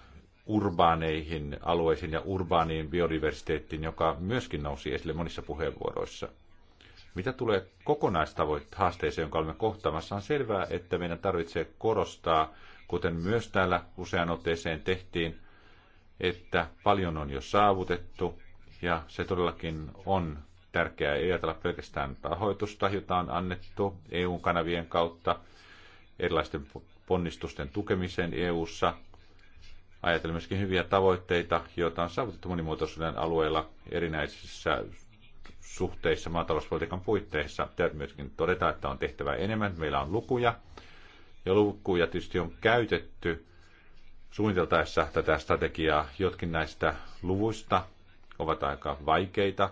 urbaaneihin alueisiin ja urbaaniin biodiversiteettiin, joka myöskin nousi esille monissa puheenvuoroissa. Mitä tulee kokonaistavoitteeseen, jonka olemme kohtaamassa, on selvää, että meidän tarvitsee korostaa, kuten myös täällä usean otteeseen tehtiin, että paljon on jo saavutettu ja se todellakin on tärkeää ei ajatella pelkästään rahoitusta, jota on annettu EU-kanavien kautta erilaisten ponnistusten tukemiseen EU-ssa. Ajatellen myöskin hyviä tavoitteita, joita on saavutettu monimuotoisuuden alueella erinäisissä suhteissa maatalouspolitiikan puitteissa. Täytyy myöskin todeta, että on tehtävä enemmän. Meillä on lukuja, ja lukuja tietysti on käytetty suunniteltaessa tätä strategiaa. Jotkin näistä luvuista ovat aika vaikeita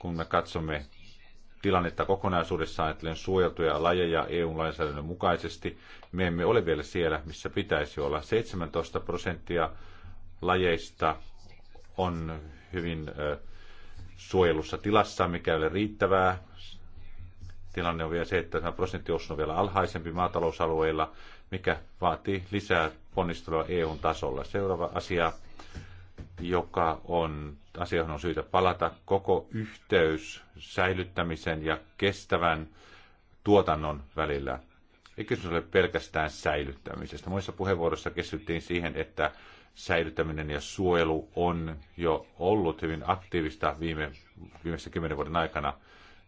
kun me katsomme tilannetta kokonaisuudessaan ajattelen suojeltuja lajeja EU-lainsäädännön mukaisesti, me emme ole vielä siellä, missä pitäisi olla. 17 prosenttia lajeista on hyvin suojelussa tilassa, mikä ei ole riittävää. Tilanne on vielä se, että tämä prosenttiosuus on vielä alhaisempi maatalousalueilla, mikä vaatii lisää ponnistelua EUn tasolla. Seuraava asia joka on, asioihin on syytä palata, koko yhteys säilyttämisen ja kestävän tuotannon välillä. Ei kysymys ole pelkästään säilyttämisestä. Muissa puheenvuoroissa keskityttiin siihen, että säilyttäminen ja suojelu on jo ollut hyvin aktiivista viime, viimeisen kymmenen vuoden aikana.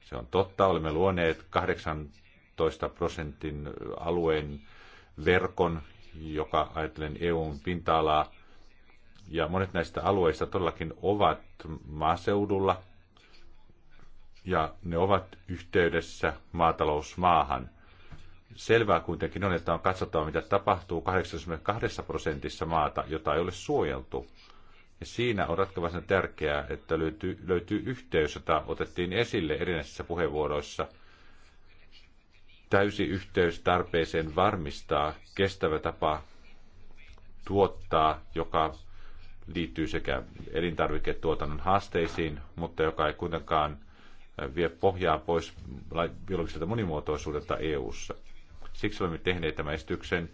Se on totta, olemme luoneet 18 prosentin alueen verkon, joka ajatellen EUn pinta-alaa ja monet näistä alueista todellakin ovat maaseudulla ja ne ovat yhteydessä maatalousmaahan. Selvää kuitenkin on, että on katsottava, mitä tapahtuu 82 prosentissa maata, jota ei ole suojeltu. Ja siinä on ratkaisen tärkeää, että löytyy, löytyy yhteys, jota otettiin esille erinäisissä puheenvuoroissa. Täysi yhteys tarpeeseen varmistaa kestävä tapa tuottaa, joka liittyy sekä elintarviketuotannon haasteisiin, mutta joka ei kuitenkaan äh, vie pohjaa pois biologiselta monimuotoisuudelta EU-ssa. Siksi olemme tehneet tämän esityksen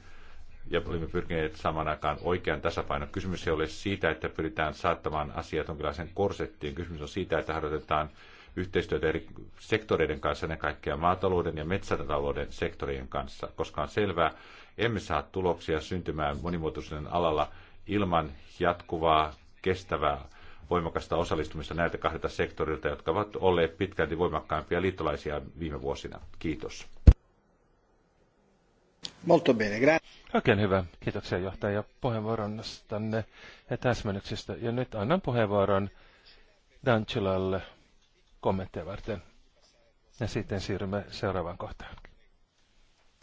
ja olemme pyrkineet saman aikaan oikean tasapainon. Kysymys ei ole siitä, että pyritään saattamaan asiat jonkinlaiseen korsettiin. Kysymys on siitä, että harjoitetaan yhteistyötä eri sektoreiden kanssa, ennen kaikkea maatalouden ja metsätalouden sektorien kanssa, koska on selvää, emme saa tuloksia syntymään monimuotoisuuden alalla – ilman jatkuvaa, kestävää, voimakasta osallistumista näiltä kahdelta sektorilta, jotka ovat olleet pitkälti voimakkaampia liittolaisia viime vuosina. Kiitos. Molto bene, Oikein hyvä. Kiitoksia johtaja puheenvuorostanne ja täsmennyksistä. Ja nyt annan puheenvuoron Dancilalle kommentteja varten. Ja sitten siirrymme seuraavaan kohtaan.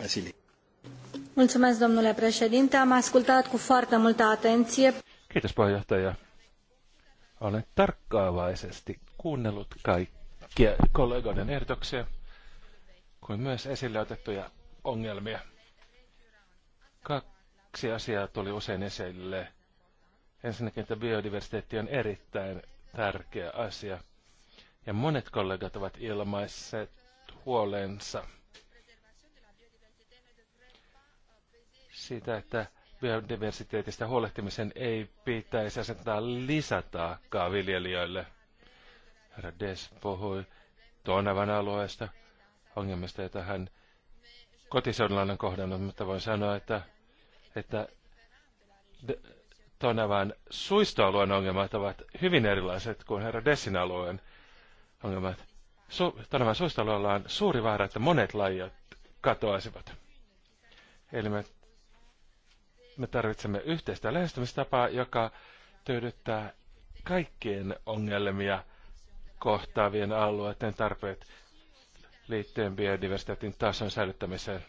Vasili. Mulțumesc, domnule președinte. Am ascultat cu foarte multă atenție. Kiitos, puheenjohtaja. Olen tarkkaavaisesti kuunnellut kaikkia kollegoiden ehdotuksia, kuin myös esille otettuja ongelmia. Kaksi asiaa tuli usein esille. Ensinnäkin, että biodiversiteetti on erittäin tärkeä asia, ja monet kollegat ovat ilmaisseet huolensa – siitä, että biodiversiteetistä huolehtimisen ei pitäisi asentaa lisätaakkaa viljelijöille. Herra Des puhui Tonavan alueesta ongelmista, joita hän kotiseudullaan on kohdannut, mutta voin sanoa, että, että Tonavan suistoalueen ongelmat ovat hyvin erilaiset kuin herra Dessin alueen ongelmat. Su Tonavan suistoalueella on suuri vaara, että monet lajit katoaisivat. Eli me me tarvitsemme yhteistä lähestymistapaa, joka tyydyttää kaikkien ongelmia kohtaavien alueiden tarpeet liittyen biodiversiteetin tason säilyttämiseen.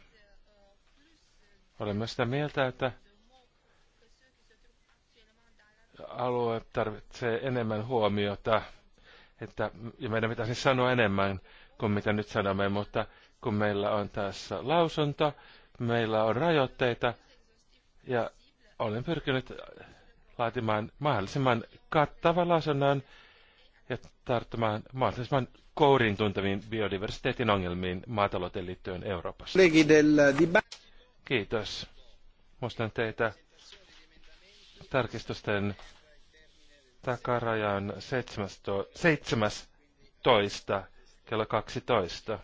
Olemme sitä mieltä, että alue tarvitsee enemmän huomiota, että, ja meidän pitäisi sanoa enemmän kuin mitä nyt sanomme, mutta kun meillä on tässä lausunto, meillä on rajoitteita, ja olen pyrkinyt laatimaan mahdollisimman kattavan lausunnon ja tarttumaan mahdollisimman kourin tuntemiin biodiversiteetin ongelmiin maatalouteen liittyen Euroopassa. Kiitos. Muistan teitä tarkistusten takarajan 17. kello 12,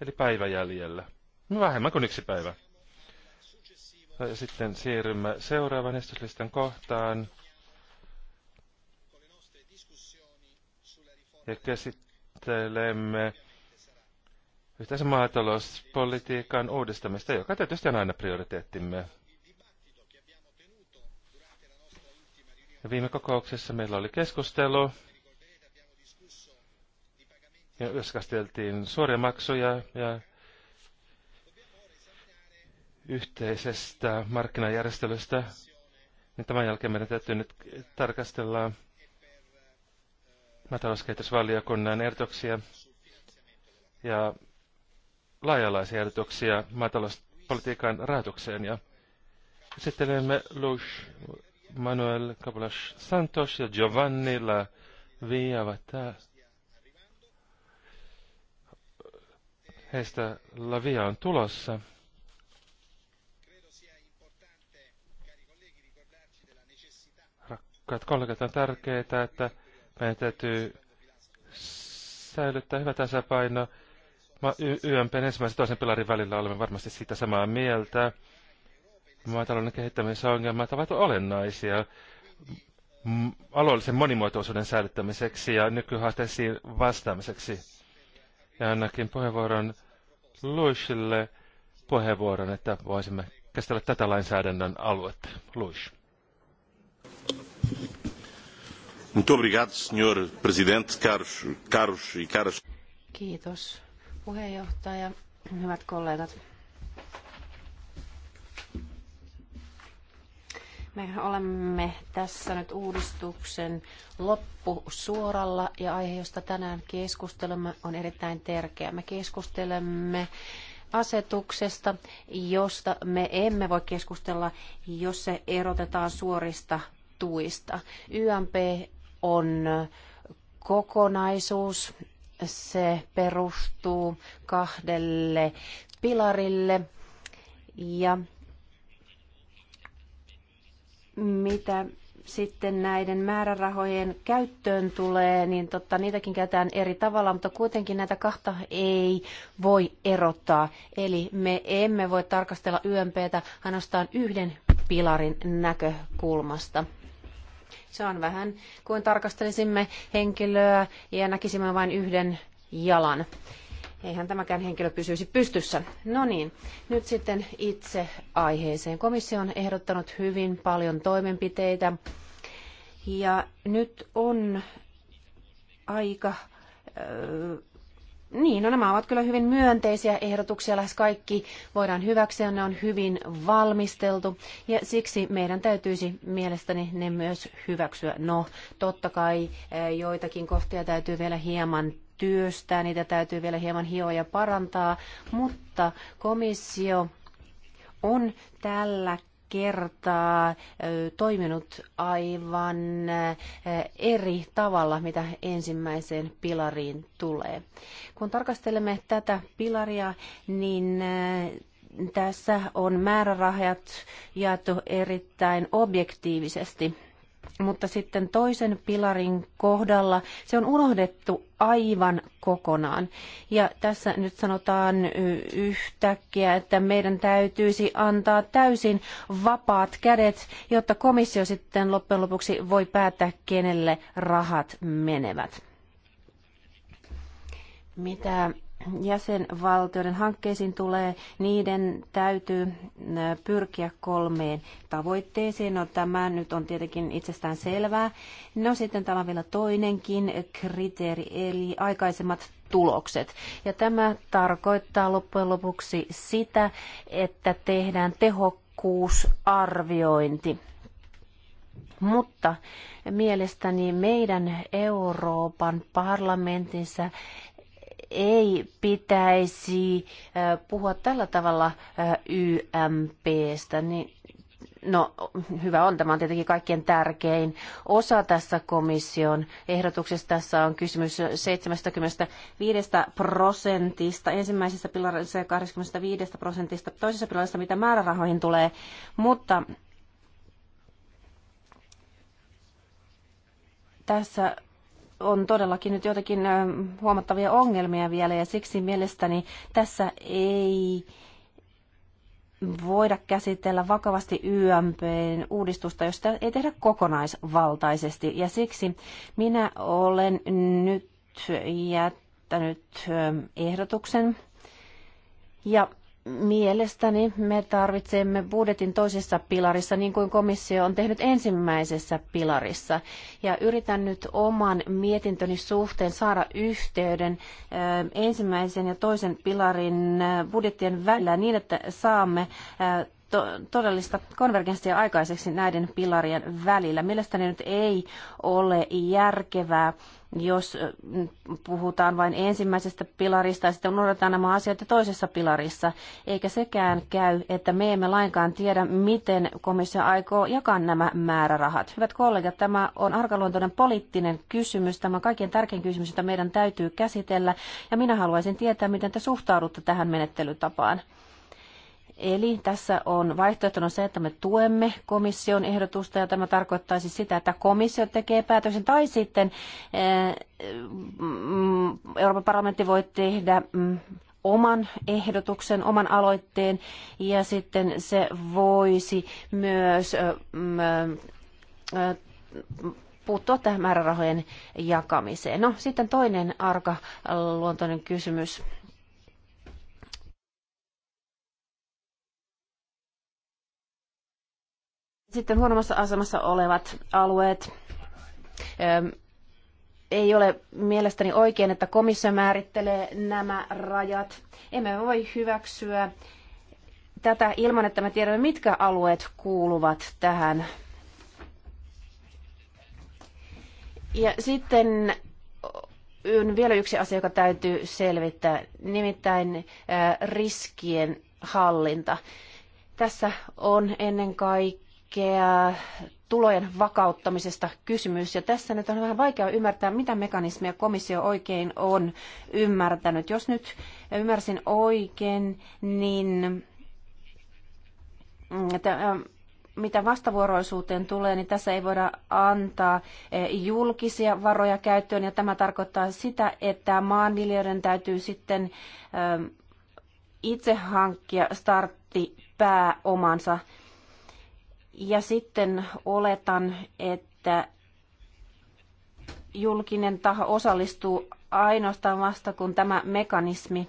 eli päivä jäljellä. No, vähemmän kuin yksi päivä. Ja sitten siirrymme seuraavan esityslistan kohtaan. Ja käsittelemme yhteisen maatalouspolitiikan uudistamista, joka tietysti on aina prioriteettimme. Ja viime kokouksessa meillä oli keskustelu, jossa käsiteltiin suoria maksuja ja yhteisestä markkinajärjestelystä, niin tämän jälkeen meidän täytyy nyt tarkastella maatalouskehitysvaliokunnan ehdotuksia ja laajalaisia ehdotuksia maatalouspolitiikan rahoitukseen. Ja esittelemme Luis Manuel Cabolas Santos ja Giovanni La Via Vata. Heistä Lavia on tulossa. Rakkaat kollegat, on tärkeää, että meidän täytyy säilyttää hyvä tasapaino. Mä YMPn ensimmäisen toisen pilarin välillä olemme varmasti siitä samaa mieltä. Maatalouden kehittämisongelmat ovat olennaisia alueellisen monimuotoisuuden säilyttämiseksi ja nykyhaasteisiin vastaamiseksi. Ja annakin puheenvuoron Luishille puheenvuoron, että voisimme käsitellä tätä lainsäädännön aluetta. Luish. presidente, caros, e caras. Kiitos puheenjohtaja, hyvät kollegat. Me olemme tässä nyt uudistuksen loppusuoralla ja aihe, josta tänään keskustelemme, on erittäin tärkeä. Me keskustelemme asetuksesta, josta me emme voi keskustella, jos se erotetaan suorista tuista. YMP on kokonaisuus. Se perustuu kahdelle pilarille ja mitä sitten näiden määrärahojen käyttöön tulee, niin totta, niitäkin käytetään eri tavalla, mutta kuitenkin näitä kahta ei voi erottaa. Eli me emme voi tarkastella YMPtä ainoastaan yhden pilarin näkökulmasta. Se on vähän kuin tarkastelisimme henkilöä ja näkisimme vain yhden jalan. Eihän tämäkään henkilö pysyisi pystyssä. No niin, nyt sitten itse aiheeseen. Komissio on ehdottanut hyvin paljon toimenpiteitä. Ja nyt on aika niin, no nämä ovat kyllä hyvin myönteisiä ehdotuksia, lähes kaikki voidaan hyväksyä, ne on hyvin valmisteltu ja siksi meidän täytyisi mielestäni ne myös hyväksyä. No, totta kai eh, joitakin kohtia täytyy vielä hieman työstää, niitä täytyy vielä hieman hioa ja parantaa, mutta komissio on tällä kertaa toiminut aivan eri tavalla, mitä ensimmäiseen pilariin tulee. Kun tarkastelemme tätä pilaria, niin tässä on määrärahat jaettu erittäin objektiivisesti mutta sitten toisen pilarin kohdalla se on unohdettu aivan kokonaan. Ja tässä nyt sanotaan yhtäkkiä, että meidän täytyisi antaa täysin vapaat kädet, jotta komissio sitten loppujen lopuksi voi päättää, kenelle rahat menevät. Mitä jäsenvaltioiden hankkeisiin tulee, niiden täytyy pyrkiä kolmeen tavoitteeseen. No, tämä nyt on tietenkin itsestään selvää. No sitten täällä on vielä toinenkin kriteeri, eli aikaisemmat tulokset. Ja tämä tarkoittaa loppujen lopuksi sitä, että tehdään tehokkuusarviointi. Mutta mielestäni meidän Euroopan parlamentissa ei pitäisi puhua tällä tavalla YMPstä, niin No hyvä on, tämä on tietenkin kaikkien tärkein osa tässä komission ehdotuksessa. Tässä on kysymys 75 prosentista ensimmäisessä pilarissa ja 25 prosentista toisessa pilarissa, mitä määrärahoihin tulee. Mutta tässä on todellakin nyt jotakin huomattavia ongelmia vielä ja siksi mielestäni tässä ei voida käsitellä vakavasti YMPn uudistusta, jos sitä ei tehdä kokonaisvaltaisesti. Ja siksi minä olen nyt jättänyt ehdotuksen. Ja Mielestäni me tarvitsemme budjetin toisessa pilarissa, niin kuin komissio on tehnyt ensimmäisessä pilarissa. Ja yritän nyt oman mietintöni suhteen saada yhteyden ensimmäisen ja toisen pilarin budjettien välillä niin, että saamme to- todellista konvergenssia aikaiseksi näiden pilarien välillä. Mielestäni nyt ei ole järkevää, jos puhutaan vain ensimmäisestä pilarista ja sitten unohdetaan nämä asiat toisessa pilarissa, eikä sekään käy, että me emme lainkaan tiedä, miten komissio aikoo jakaa nämä määrärahat. Hyvät kollegat, tämä on arkaluontoinen poliittinen kysymys, tämä on kaikkein tärkein kysymys, jota meidän täytyy käsitellä, ja minä haluaisin tietää, miten te suhtaudutte tähän menettelytapaan. Eli tässä on vaihtoehtona se, että me tuemme komission ehdotusta ja tämä tarkoittaisi sitä, että komissio tekee päätöksen tai sitten eh, mm, Euroopan parlamentti voi tehdä mm, oman ehdotuksen, oman aloitteen ja sitten se voisi myös eh, mm, eh, puuttua tähän määrärahojen jakamiseen. No sitten toinen arka luontoinen kysymys Sitten huonommassa asemassa olevat alueet. Ei ole mielestäni oikein, että komissio määrittelee nämä rajat. Emme voi hyväksyä tätä ilman, että me tiedämme, mitkä alueet kuuluvat tähän. Ja sitten on vielä yksi asia, joka täytyy selvittää, nimittäin riskien hallinta. Tässä on ennen kaikkea kaikkea tulojen vakauttamisesta kysymys. Ja tässä nyt on vähän vaikea ymmärtää, mitä mekanismia komissio oikein on ymmärtänyt. Jos nyt ymmärsin oikein, niin mm, että ähm, mitä vastavuoroisuuteen tulee, niin tässä ei voida antaa eh, julkisia varoja käyttöön, ja tämä tarkoittaa sitä, että maanviljelijöiden täytyy sitten ähm, itse hankkia pääomansa. Ja sitten oletan, että julkinen taho osallistuu ainoastaan vasta, kun tämä mekanismi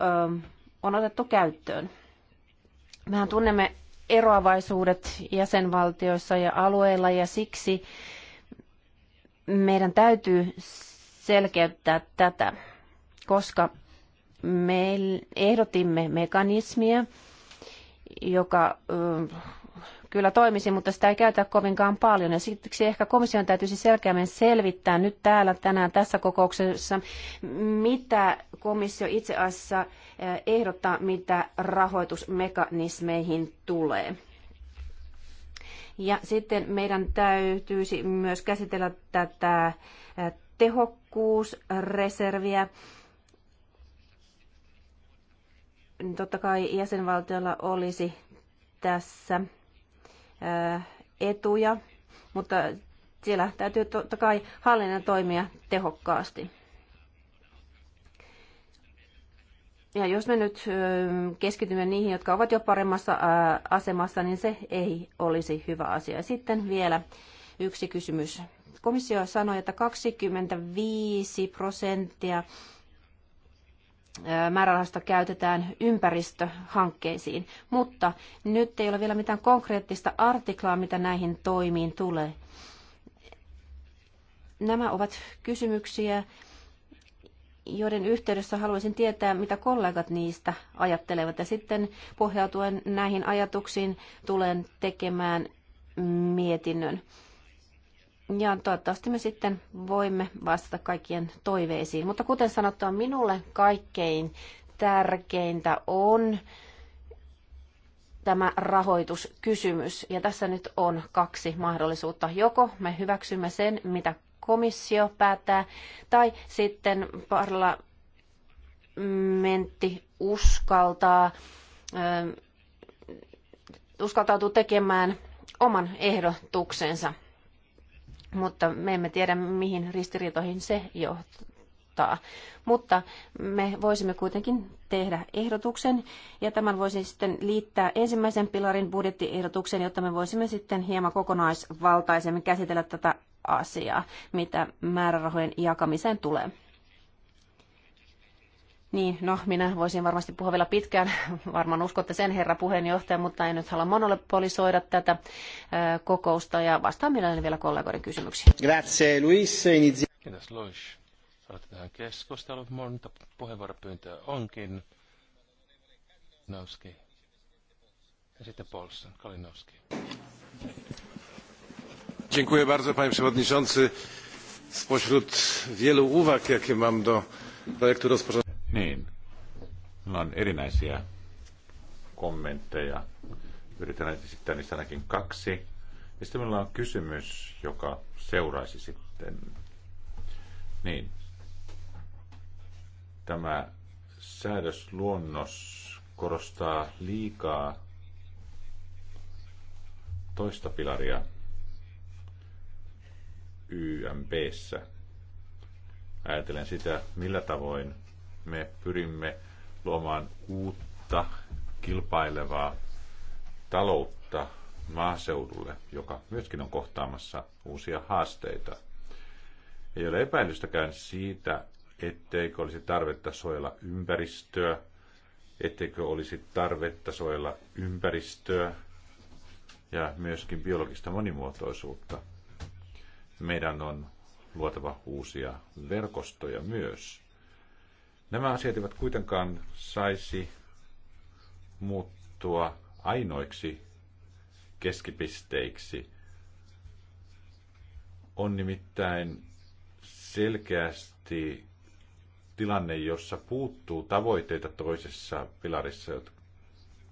ö, on otettu käyttöön. Mehän tunnemme eroavaisuudet jäsenvaltioissa ja alueilla ja siksi meidän täytyy selkeyttää tätä, koska me ehdotimme mekanismia, joka ö, kyllä toimisi, mutta sitä ei käytä kovinkaan paljon. Ja siksi ehkä komission täytyisi selkeämmin selvittää nyt täällä tänään tässä kokouksessa, mitä komissio itse asiassa eh, ehdottaa, mitä rahoitusmekanismeihin tulee. Ja sitten meidän täytyisi myös käsitellä tätä eh, tehokkuusreserviä. Totta kai jäsenvaltiolla olisi tässä etuja, mutta siellä täytyy totta kai hallinnan toimia tehokkaasti. Ja jos me nyt keskitymme niihin, jotka ovat jo paremmassa asemassa, niin se ei olisi hyvä asia. Sitten vielä yksi kysymys. Komissio sanoi, että 25 prosenttia määrärahasta käytetään ympäristöhankkeisiin, mutta nyt ei ole vielä mitään konkreettista artiklaa, mitä näihin toimiin tulee. Nämä ovat kysymyksiä, joiden yhteydessä haluaisin tietää, mitä kollegat niistä ajattelevat. Ja sitten pohjautuen näihin ajatuksiin tulen tekemään mietinnön. Ja toivottavasti me sitten voimme vastata kaikkien toiveisiin. Mutta kuten sanottua, minulle kaikkein tärkeintä on tämä rahoituskysymys. Ja tässä nyt on kaksi mahdollisuutta. Joko me hyväksymme sen, mitä komissio päättää, tai sitten parlamentti uskaltaa, ö, uskaltautuu tekemään oman ehdotuksensa mutta me emme tiedä, mihin ristiriitoihin se johtaa. Mutta me voisimme kuitenkin tehdä ehdotuksen, ja tämän voisin sitten liittää ensimmäisen pilarin budjettiehdotuksen, jotta me voisimme sitten hieman kokonaisvaltaisemmin käsitellä tätä asiaa, mitä määrärahojen jakamiseen tulee. Niin, no minä voisin varmasti puhua vielä pitkään, [laughs] varmaan uskotte sen herra puheenjohtaja, mutta en nyt halua monopolisoida tätä kokousta ja vastaan mielelläni vielä kollegoiden kysymyksiin. Grazie Luis. Kiitos Luis. tähän keskustelu. Monta puheenvuoropyyntöä onkin. Nauski. Ja sitten Polson, Kalinowski. Dziękuję bardzo panie przewodniczący. Spośród wielu uwag, jakie mam do projektu rozporządzenia, niin, Meillä on erinäisiä kommentteja. Yritän esittää niistä ainakin kaksi. Ja sitten meillä on kysymys, joka seuraisi sitten. Niin. Tämä säädösluonnos korostaa liikaa toista pilaria YMPssä. Ajatellen sitä, millä tavoin me pyrimme luomaan uutta kilpailevaa taloutta maaseudulle, joka myöskin on kohtaamassa uusia haasteita. Ei ole epäilystäkään siitä, etteikö olisi tarvetta suojella ympäristöä, etteikö olisi tarvetta suojella ympäristöä ja myöskin biologista monimuotoisuutta. Meidän on luotava uusia verkostoja myös. Nämä asiat eivät kuitenkaan saisi muuttua ainoiksi keskipisteiksi. On nimittäin selkeästi tilanne, jossa puuttuu tavoitteita toisessa pilarissa,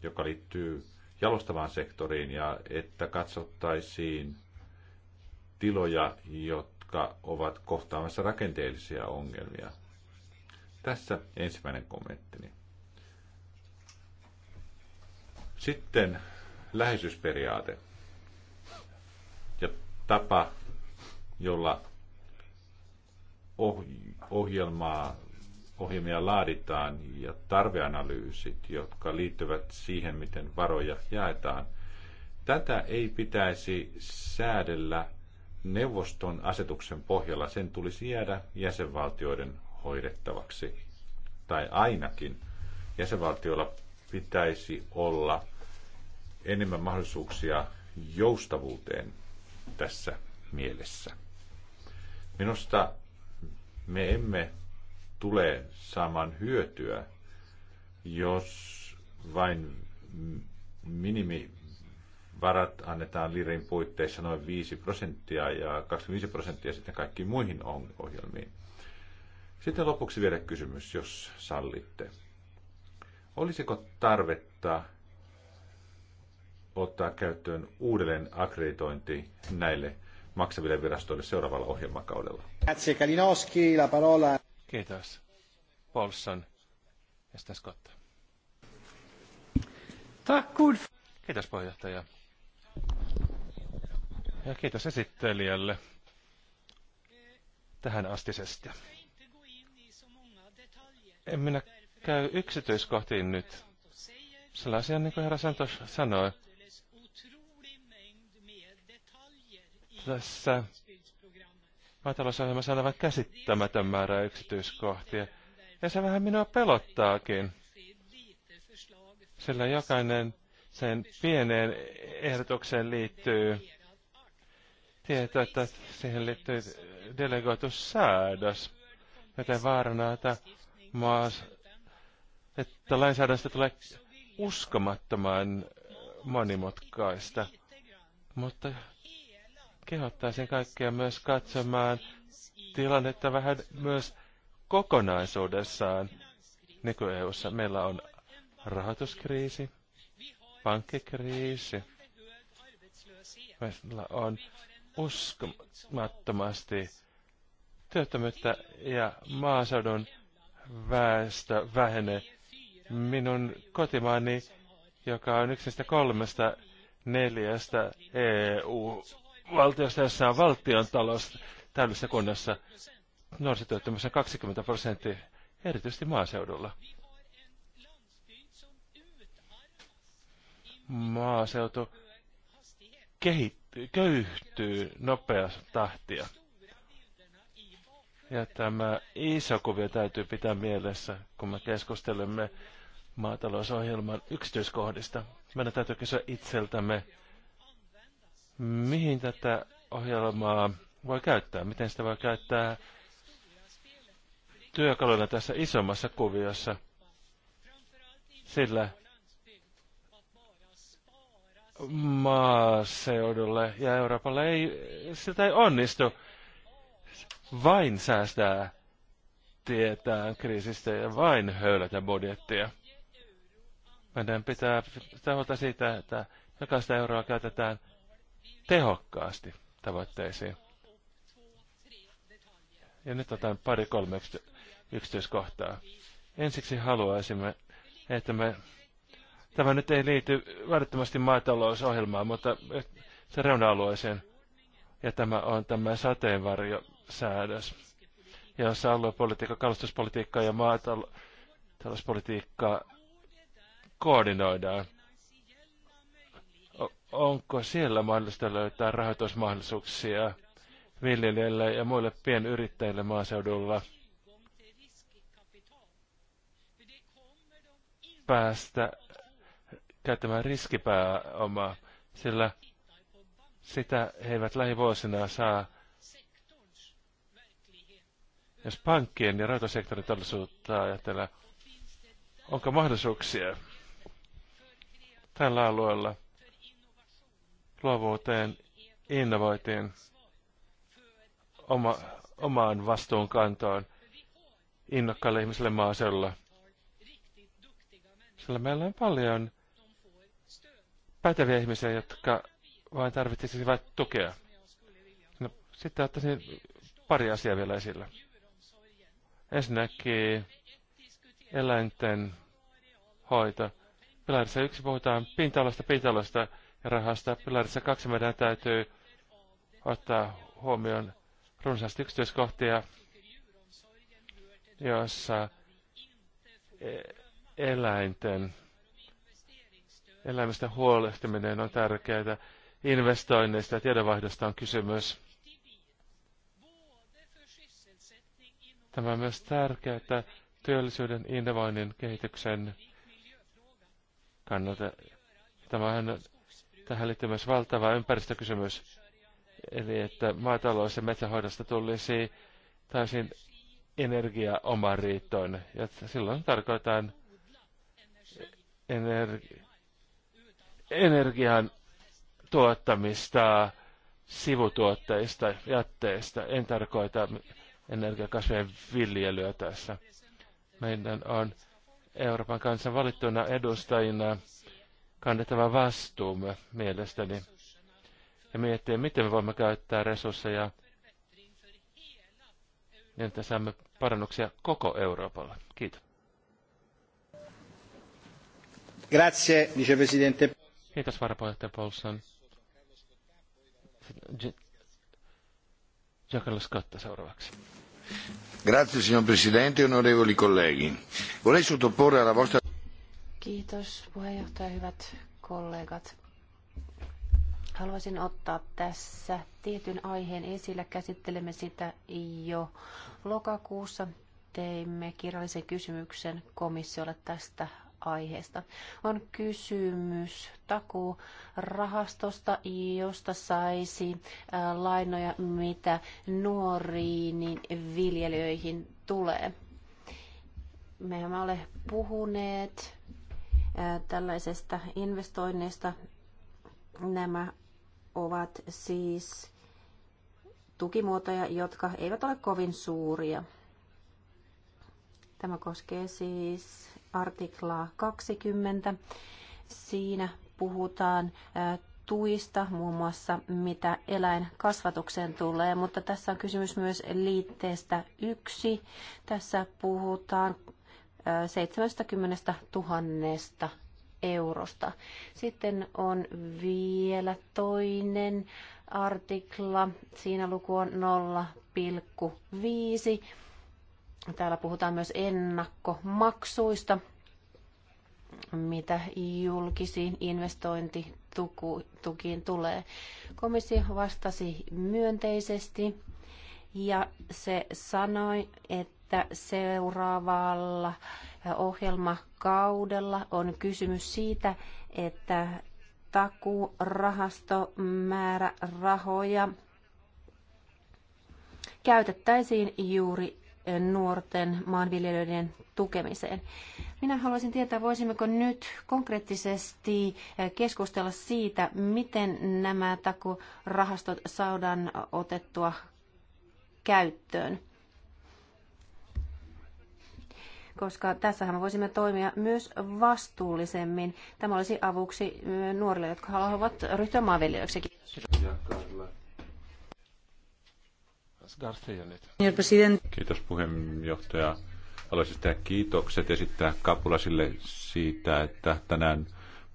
joka liittyy jalostavaan sektoriin, ja että katsottaisiin tiloja, jotka ovat kohtaamassa rakenteellisia ongelmia – tässä ensimmäinen kommenttini. Sitten läheisyysperiaate ja tapa, jolla ohjelmaa, ohjelmia laaditaan ja tarveanalyysit, jotka liittyvät siihen, miten varoja jaetaan. Tätä ei pitäisi säädellä neuvoston asetuksen pohjalla. Sen tulisi jäädä jäsenvaltioiden hoidettavaksi. Tai ainakin jäsenvaltioilla pitäisi olla enemmän mahdollisuuksia joustavuuteen tässä mielessä. Minusta me emme tule saamaan hyötyä, jos vain minimivarat annetaan lirin puitteissa noin 5 prosenttia ja 25 prosenttia sitten kaikkiin muihin ohjelmiin. Sitten lopuksi vielä kysymys, jos sallitte. Olisiko tarvetta ottaa käyttöön uudelleen akkreditointi näille maksaville virastoille seuraavalla ohjelmakaudella? Grazie Kalinowski, la parola. Kiitos. Paulsson ja sitä Scott. Tack, Kiitos puheenjohtaja. Ja kiitos esittelijälle tähän astisesta. En minä käy yksityiskohtiin nyt. Sellaisia, niin kuin herra Santos sanoi, tässä maatalousohjelmassa on aivan käsittämätön määrä yksityiskohtia. Ja se vähän minua pelottaakin, sillä jokainen sen pieneen ehdotukseen liittyy tieto, että siihen liittyy delegoitu säädös, joten vaarana, että maas, että lainsäädännöstä tulee uskomattoman monimutkaista. Mutta kehottaisin kaikkia myös katsomaan tilannetta vähän myös kokonaisuudessaan. Niin kuin eu meillä on rahoituskriisi, pankkikriisi, meillä on uskomattomasti työttömyyttä ja maaseudun väestö vähenee. Minun kotimaani, joka on yksi niistä kolmesta neljästä EU-valtiosta, jossa on valtion talous täydellisessä kunnossa, nuorisotyöttömyys on 20 prosenttia, erityisesti maaseudulla. Maaseutu kehittyy, köyhtyy nopeaa tahtia. Ja tämä Iisakuvio täytyy pitää mielessä, kun me keskustelemme maatalousohjelman yksityiskohdista. Meidän täytyy kysyä itseltämme, mihin tätä ohjelmaa voi käyttää, miten sitä voi käyttää työkaluna tässä isommassa kuviossa, sillä maaseudulle ja Euroopalle ei, sitä ei onnistu vain säästää tietään kriisistä ja vain höylätä budjettia. Meidän pitää pitää siitä, että jokaista euroa käytetään tehokkaasti tavoitteisiin. Ja nyt otan pari kolme yksityiskohtaa. Ensiksi haluaisimme, että me... Tämä nyt ei liity välttämättä maatalousohjelmaan, mutta se reuna-alueeseen ja tämä on tämä sateenvarjosäädös, jossa aluepolitiikka, kalastuspolitiikka ja maatalouspolitiikka koordinoidaan. Onko siellä mahdollista löytää rahoitusmahdollisuuksia viljelijöille ja muille pienyrittäjille maaseudulla päästä käyttämään riskipääomaa, sillä sitä he eivät lähivuosina saa. Jos pankkien ja rautasektorin todellisuutta ajatellaan, onko mahdollisuuksia tällä alueella luovuuteen, innovoitiin, oma, omaan vastuunkantoon, innokkaille ihmisille maaseudulla. Sillä meillä on paljon päteviä ihmisiä, jotka vai vain tukea? No, sitten ottaisin pari asiaa vielä esillä. Ensinnäkin eläinten hoito. Pilarissa yksi puhutaan pinta-alasta, pinta ja rahasta. Pilarissa kaksi meidän täytyy ottaa huomioon runsaasti yksityiskohtia, joissa e- eläinten, eläimistä huolehtiminen on tärkeää investoinneista ja tiedonvaihdosta on kysymys. Tämä on myös tärkeää, että työllisyyden, innovoinnin, kehityksen kannalta. Tämähän, tähän liittyy myös valtava ympäristökysymys, eli että maatalous- ja metsähoidosta tulisi täysin energia oma riittoon. Ja silloin tarkoitan energi- energian tuottamista sivutuotteista, jätteistä. En tarkoita energiakasvien viljelyä tässä. Meidän on Euroopan kansan valittuna edustajina kannettava vastuumme mielestäni ja miettiä, miten me voimme käyttää resursseja niin, että saamme parannuksia koko Euroopalle. Kiitos. Grazie, vicepresidente. Kiitos varapuheenjohtaja Paulson. Scotta seuraavaksi. Grazie signor Presidente, onorevoli colleghi. Vorrei sottoporre alla vostra... Kiitos puheenjohtaja, hyvät kollegat. Haluaisin ottaa tässä tietyn aiheen esille. Käsittelemme sitä jo lokakuussa. Teimme kirjallisen kysymyksen komissiolle tästä aiheesta. On kysymys takurahastosta, josta saisi lainoja, mitä nuoriin viljelijöihin tulee. Mehän ole puhuneet tällaisesta investoinneista. Nämä ovat siis tukimuotoja, jotka eivät ole kovin suuria. Tämä koskee siis artiklaa 20. Siinä puhutaan tuista, muun muassa mitä eläinkasvatukseen tulee, mutta tässä on kysymys myös liitteestä yksi. Tässä puhutaan 70 000 eurosta. Sitten on vielä toinen artikla, siinä luku on 0,5 Täällä puhutaan myös ennakkomaksuista, mitä julkisiin investointitukiin tulee. Komissio vastasi myönteisesti ja se sanoi, että seuraavalla ohjelmakaudella on kysymys siitä, että takuurahastomäärärahoja käytettäisiin juuri nuorten maanviljelijöiden tukemiseen. Minä haluaisin tietää, voisimmeko nyt konkreettisesti eh, keskustella siitä, miten nämä takurahastot saadaan otettua käyttöön. Koska tässähän me voisimme toimia myös vastuullisemmin. Tämä olisi avuksi eh, nuorille, jotka haluavat ryhtyä maanviljelijöiksi. Kiitos. Kiitos puheenjohtaja. Haluaisin tehdä kiitokset esittää Kapulasille siitä, että tänään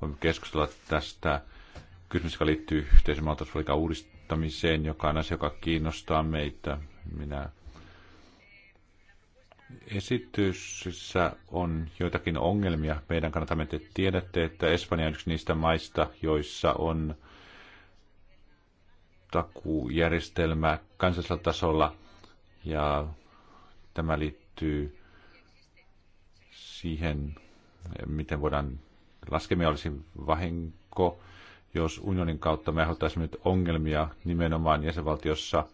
voimme keskustella tästä kysymys, joka liittyy yhteisen maatalouspolitiikan uudistamiseen, joka on asia, joka kiinnostaa meitä. Minä esityksessä on joitakin ongelmia. Meidän kannatamme, te tiedätte, että Espanja on yksi niistä maista, joissa on takuujärjestelmä kansallisella tasolla ja tämä liittyy siihen, miten voidaan laskemia olisi vahinko, jos unionin kautta me aiheuttaisimme nyt ongelmia nimenomaan jäsenvaltiossa,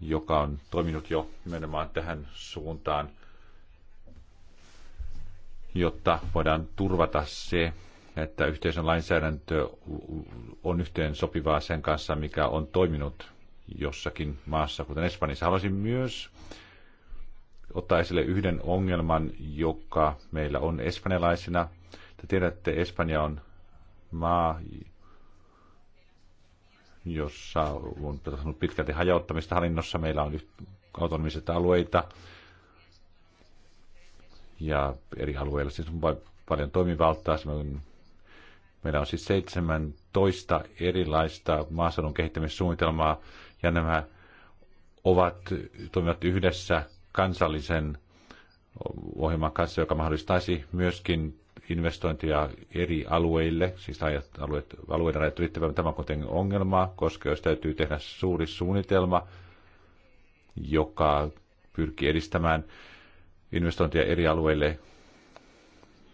joka on toiminut jo nimenomaan tähän suuntaan, jotta voidaan turvata se, että yhteisön lainsäädäntö on yhteen sopivaa sen kanssa, mikä on toiminut jossakin maassa, kuten Espanjassa. Haluaisin myös ottaa esille yhden ongelman, joka meillä on espanjalaisina. Te tiedätte, Espanja on maa, jossa on pitkälti hajauttamista hallinnossa. Meillä on autonomiset alueita ja eri alueilla siis on paljon toimivaltaa. Se on Meillä on siis 17 erilaista maaseudun kehittämissuunnitelmaa, ja nämä ovat, toimivat yhdessä kansallisen ohjelman kanssa, joka mahdollistaisi myöskin investointia eri alueille, siis alueet, alueiden rajat ylittävän tämä kuitenkin ongelma, koska jos täytyy tehdä suuri suunnitelma, joka pyrkii edistämään investointia eri alueille,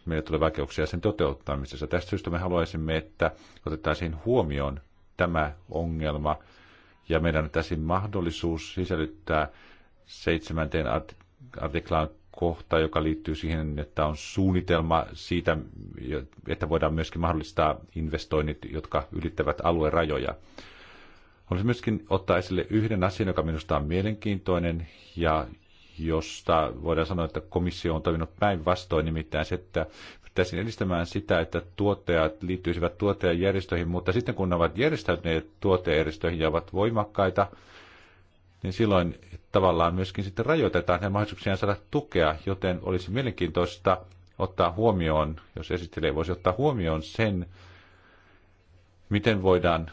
meille tulee vaikeuksia sen toteuttamisessa. Tästä syystä me haluaisimme, että otettaisiin huomioon tämä ongelma ja meidän annettaisiin mahdollisuus sisällyttää seitsemänteen artiklaan kohta, joka liittyy siihen, että on suunnitelma siitä, että voidaan myöskin mahdollistaa investoinnit, jotka ylittävät alueen rajoja. Haluaisin myöskin ottaa esille yhden asian, joka minusta on mielenkiintoinen ja josta voidaan sanoa, että komissio on toiminut päinvastoin, nimittäin se, että pitäisi edistämään sitä, että tuottajat liittyisivät tuottajajärjestöihin, mutta sitten kun ne ovat järjestäytyneet tuottajajärjestöihin ja ovat voimakkaita, niin silloin tavallaan myöskin sitten rajoitetaan ne mahdollisuuksia saada tukea, joten olisi mielenkiintoista ottaa huomioon, jos esittelee voisi ottaa huomioon sen, miten voidaan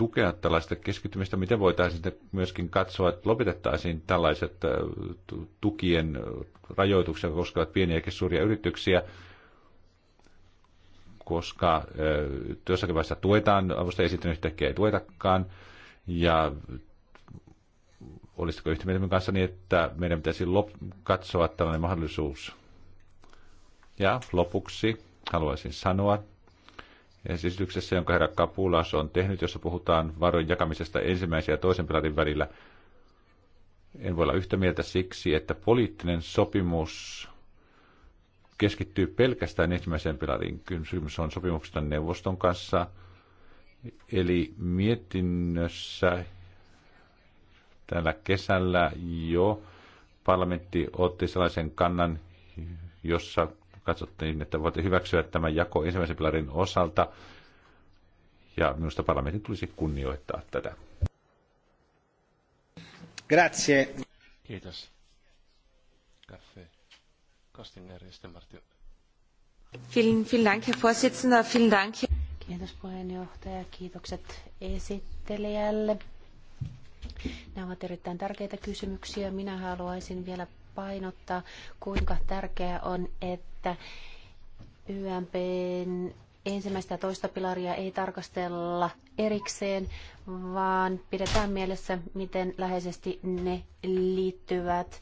tukea tällaista keskittymistä? Miten voitaisiin myöskin katsoa, että lopetettaisiin tällaiset äh, tukien rajoituksia jotka koskevat pieniä ja suuria yrityksiä, koska äh, työssäkin vaiheessa tuetaan, avusta esittänyt yhtäkkiä ei tuetakaan, ja olisiko yhtä mieltä kanssa niin, että meidän pitäisi lop- katsoa tällainen mahdollisuus. Ja lopuksi haluaisin sanoa, esityksessä, jonka herra Kapulas on tehnyt, jossa puhutaan varojen jakamisesta ensimmäisen ja toisen pilarin välillä. En voi olla yhtä mieltä siksi, että poliittinen sopimus keskittyy pelkästään ensimmäiseen pilariin. Kysymys on sopimuksesta neuvoston kanssa. Eli mietinnössä tällä kesällä jo parlamentti otti sellaisen kannan, jossa katsottiin, että voitiin hyväksyä tämän jako ensimmäisen pilarin osalta. Ja minusta parlamentin tulisi kunnioittaa tätä. Grazie. Kiitos. Kaffe. Kastineri Martin. Vielen, vielen Dank, Herr Vorsitzender. Vielen Dank. Kiitos puheenjohtaja. Kiitokset esittelijälle. Nämä ovat erittäin tärkeitä kysymyksiä. Minä haluaisin vielä painottaa, kuinka tärkeää on, että YMPn ensimmäistä ja toista pilaria ei tarkastella erikseen, vaan pidetään mielessä, miten läheisesti ne liittyvät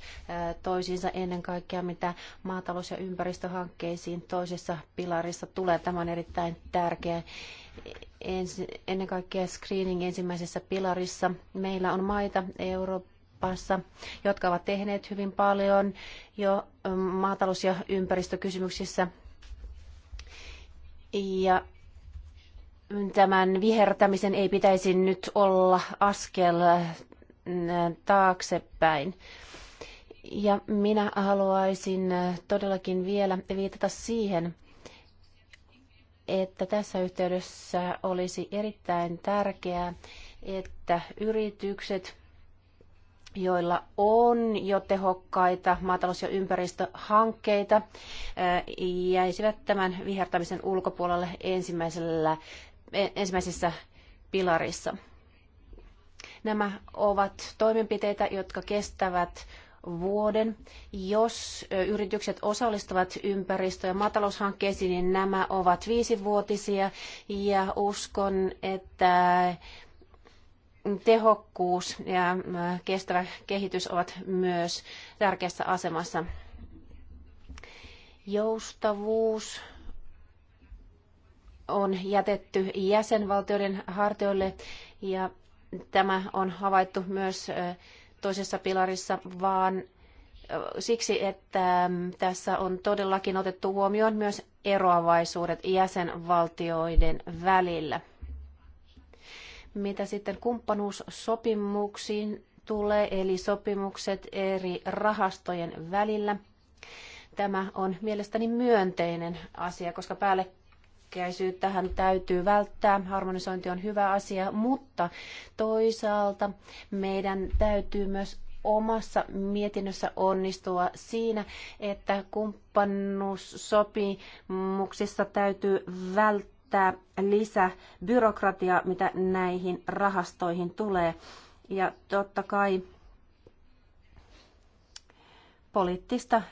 toisiinsa ennen kaikkea, mitä maatalous- ja ympäristöhankkeisiin toisessa pilarissa tulee. Tämä on erittäin tärkeä. Ensi, ennen kaikkea screening ensimmäisessä pilarissa. Meillä on maita Euroopassa Euroopassa, jotka ovat tehneet hyvin paljon jo mm, maatalous- ja ympäristökysymyksissä. Ja tämän vihertämisen ei pitäisi nyt olla askel mm, taaksepäin. Ja minä haluaisin todellakin vielä viitata siihen, että tässä yhteydessä olisi erittäin tärkeää, että yritykset joilla on jo tehokkaita maatalous- ja ympäristöhankkeita, eh, jäisivät tämän vihertämisen ulkopuolelle ensimmäisellä, eh, ensimmäisessä pilarissa. Nämä ovat toimenpiteitä, jotka kestävät vuoden. Jos eh, yritykset osallistuvat ympäristö- ja maataloushankkeisiin, niin nämä ovat viisivuotisia ja uskon, että tehokkuus ja kestävä kehitys ovat myös tärkeässä asemassa. Joustavuus on jätetty jäsenvaltioiden hartioille ja tämä on havaittu myös toisessa pilarissa, vaan siksi, että tässä on todellakin otettu huomioon myös eroavaisuudet jäsenvaltioiden välillä. Mitä sitten kumppanuussopimuksiin tulee, eli sopimukset eri rahastojen välillä, tämä on mielestäni myönteinen asia, koska tähän täytyy välttää. Harmonisointi on hyvä asia, mutta toisaalta meidän täytyy myös omassa mietinnössä onnistua siinä, että kumppanuussopimuksissa täytyy välttää tämä lisäbyrokratia, mitä näihin rahastoihin tulee. Ja totta kai poliittista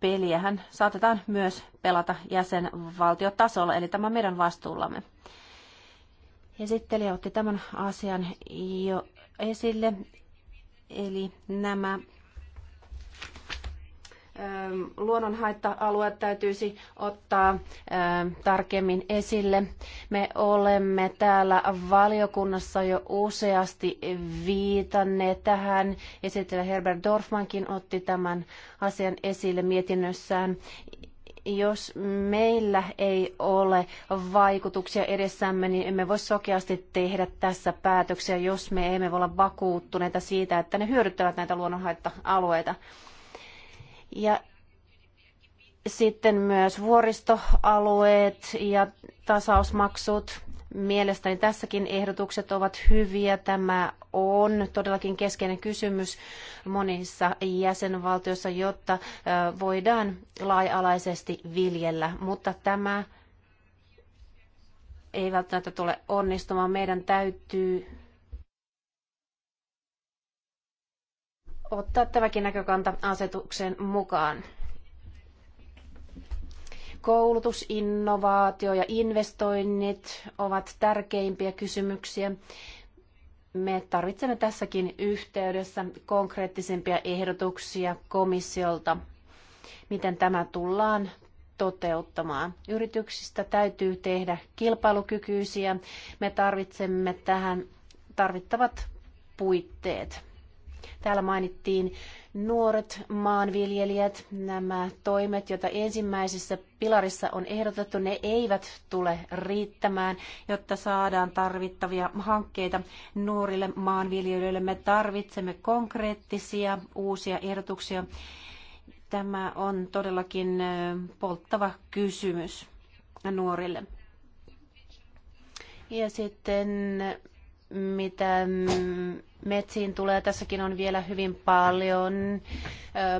peliähän saatetaan myös pelata jäsenvaltiotasolla, eli tämä on meidän vastuullamme. Esittelijä otti tämän asian jo esille, eli nämä luonnonhaitta-alueet täytyisi ottaa tarkemmin esille. Me olemme täällä valiokunnassa jo useasti viitanneet tähän. Esittelijä Herbert Dorfmankin otti tämän asian esille mietinnössään. Jos meillä ei ole vaikutuksia edessämme, niin emme voi sokeasti tehdä tässä päätöksiä, jos me emme voi olla vakuuttuneita siitä, että ne hyödyttävät näitä luonnonhaitta-alueita. Ja sitten myös vuoristoalueet ja tasausmaksut. Mielestäni tässäkin ehdotukset ovat hyviä. Tämä on todellakin keskeinen kysymys monissa jäsenvaltioissa, jotta voidaan laajalaisesti alaisesti viljellä. Mutta tämä ei välttämättä tule onnistumaan. Meidän täytyy ottaa tämäkin näkökanta asetuksen mukaan. Koulutus, innovaatio ja investoinnit ovat tärkeimpiä kysymyksiä. Me tarvitsemme tässäkin yhteydessä konkreettisempia ehdotuksia komissiolta, miten tämä tullaan toteuttamaan. Yrityksistä täytyy tehdä kilpailukykyisiä. Me tarvitsemme tähän tarvittavat puitteet. Täällä mainittiin nuoret maanviljelijät. Nämä toimet, joita ensimmäisessä pilarissa on ehdotettu, ne eivät tule riittämään, jotta saadaan tarvittavia hankkeita nuorille maanviljelijöille. Me tarvitsemme konkreettisia uusia ehdotuksia. Tämä on todellakin polttava kysymys nuorille. Ja sitten mitä metsiin tulee. Tässäkin on vielä hyvin paljon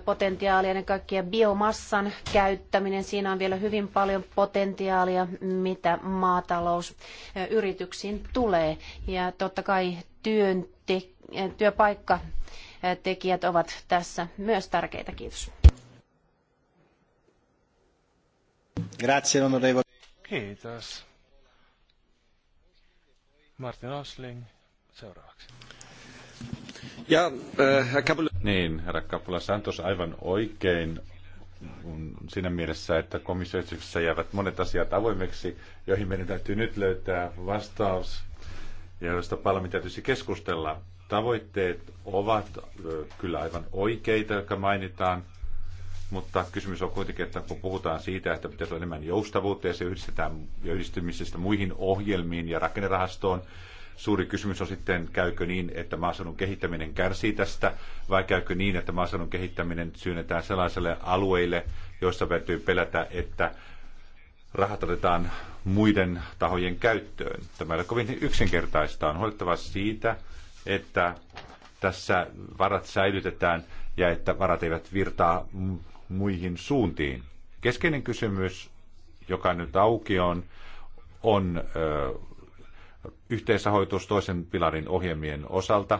potentiaalia, ennen kaikkea biomassan käyttäminen. Siinä on vielä hyvin paljon potentiaalia, mitä maatalousyrityksiin tulee. Ja totta kai työnte- työpaikkatekijät ovat tässä myös tärkeitä. Kiitos. Grazie, Kiitos. Martin Osling seuraavaksi. Ja, äh, Kapula... Niin, herra Kapula Santos aivan oikein mm, siinä mielessä, että komissioesityksessä jäävät monet asiat avoimeksi, joihin meidän täytyy nyt löytää vastaus ja joista paljon täytyisi keskustella. Tavoitteet ovat kyllä aivan oikeita, jotka mainitaan, mutta kysymys on kuitenkin, että kun puhutaan siitä, että pitäisi olla enemmän joustavuutta ja se yhdistetään ja yhdistymisestä muihin ohjelmiin ja rakennerahastoon, Suuri kysymys on sitten, käykö niin, että maaseudun kehittäminen kärsii tästä, vai käykö niin, että maaseudun kehittäminen syynetään sellaiselle alueille, joissa täytyy pelätä, että rahat otetaan muiden tahojen käyttöön. Tämä ei ole kovin yksinkertaista. On huolettava siitä, että tässä varat säilytetään ja että varat eivät virtaa muihin suuntiin. Keskeinen kysymys, joka nyt auki on, on ö, yhteisrahoitus toisen pilarin ohjelmien osalta.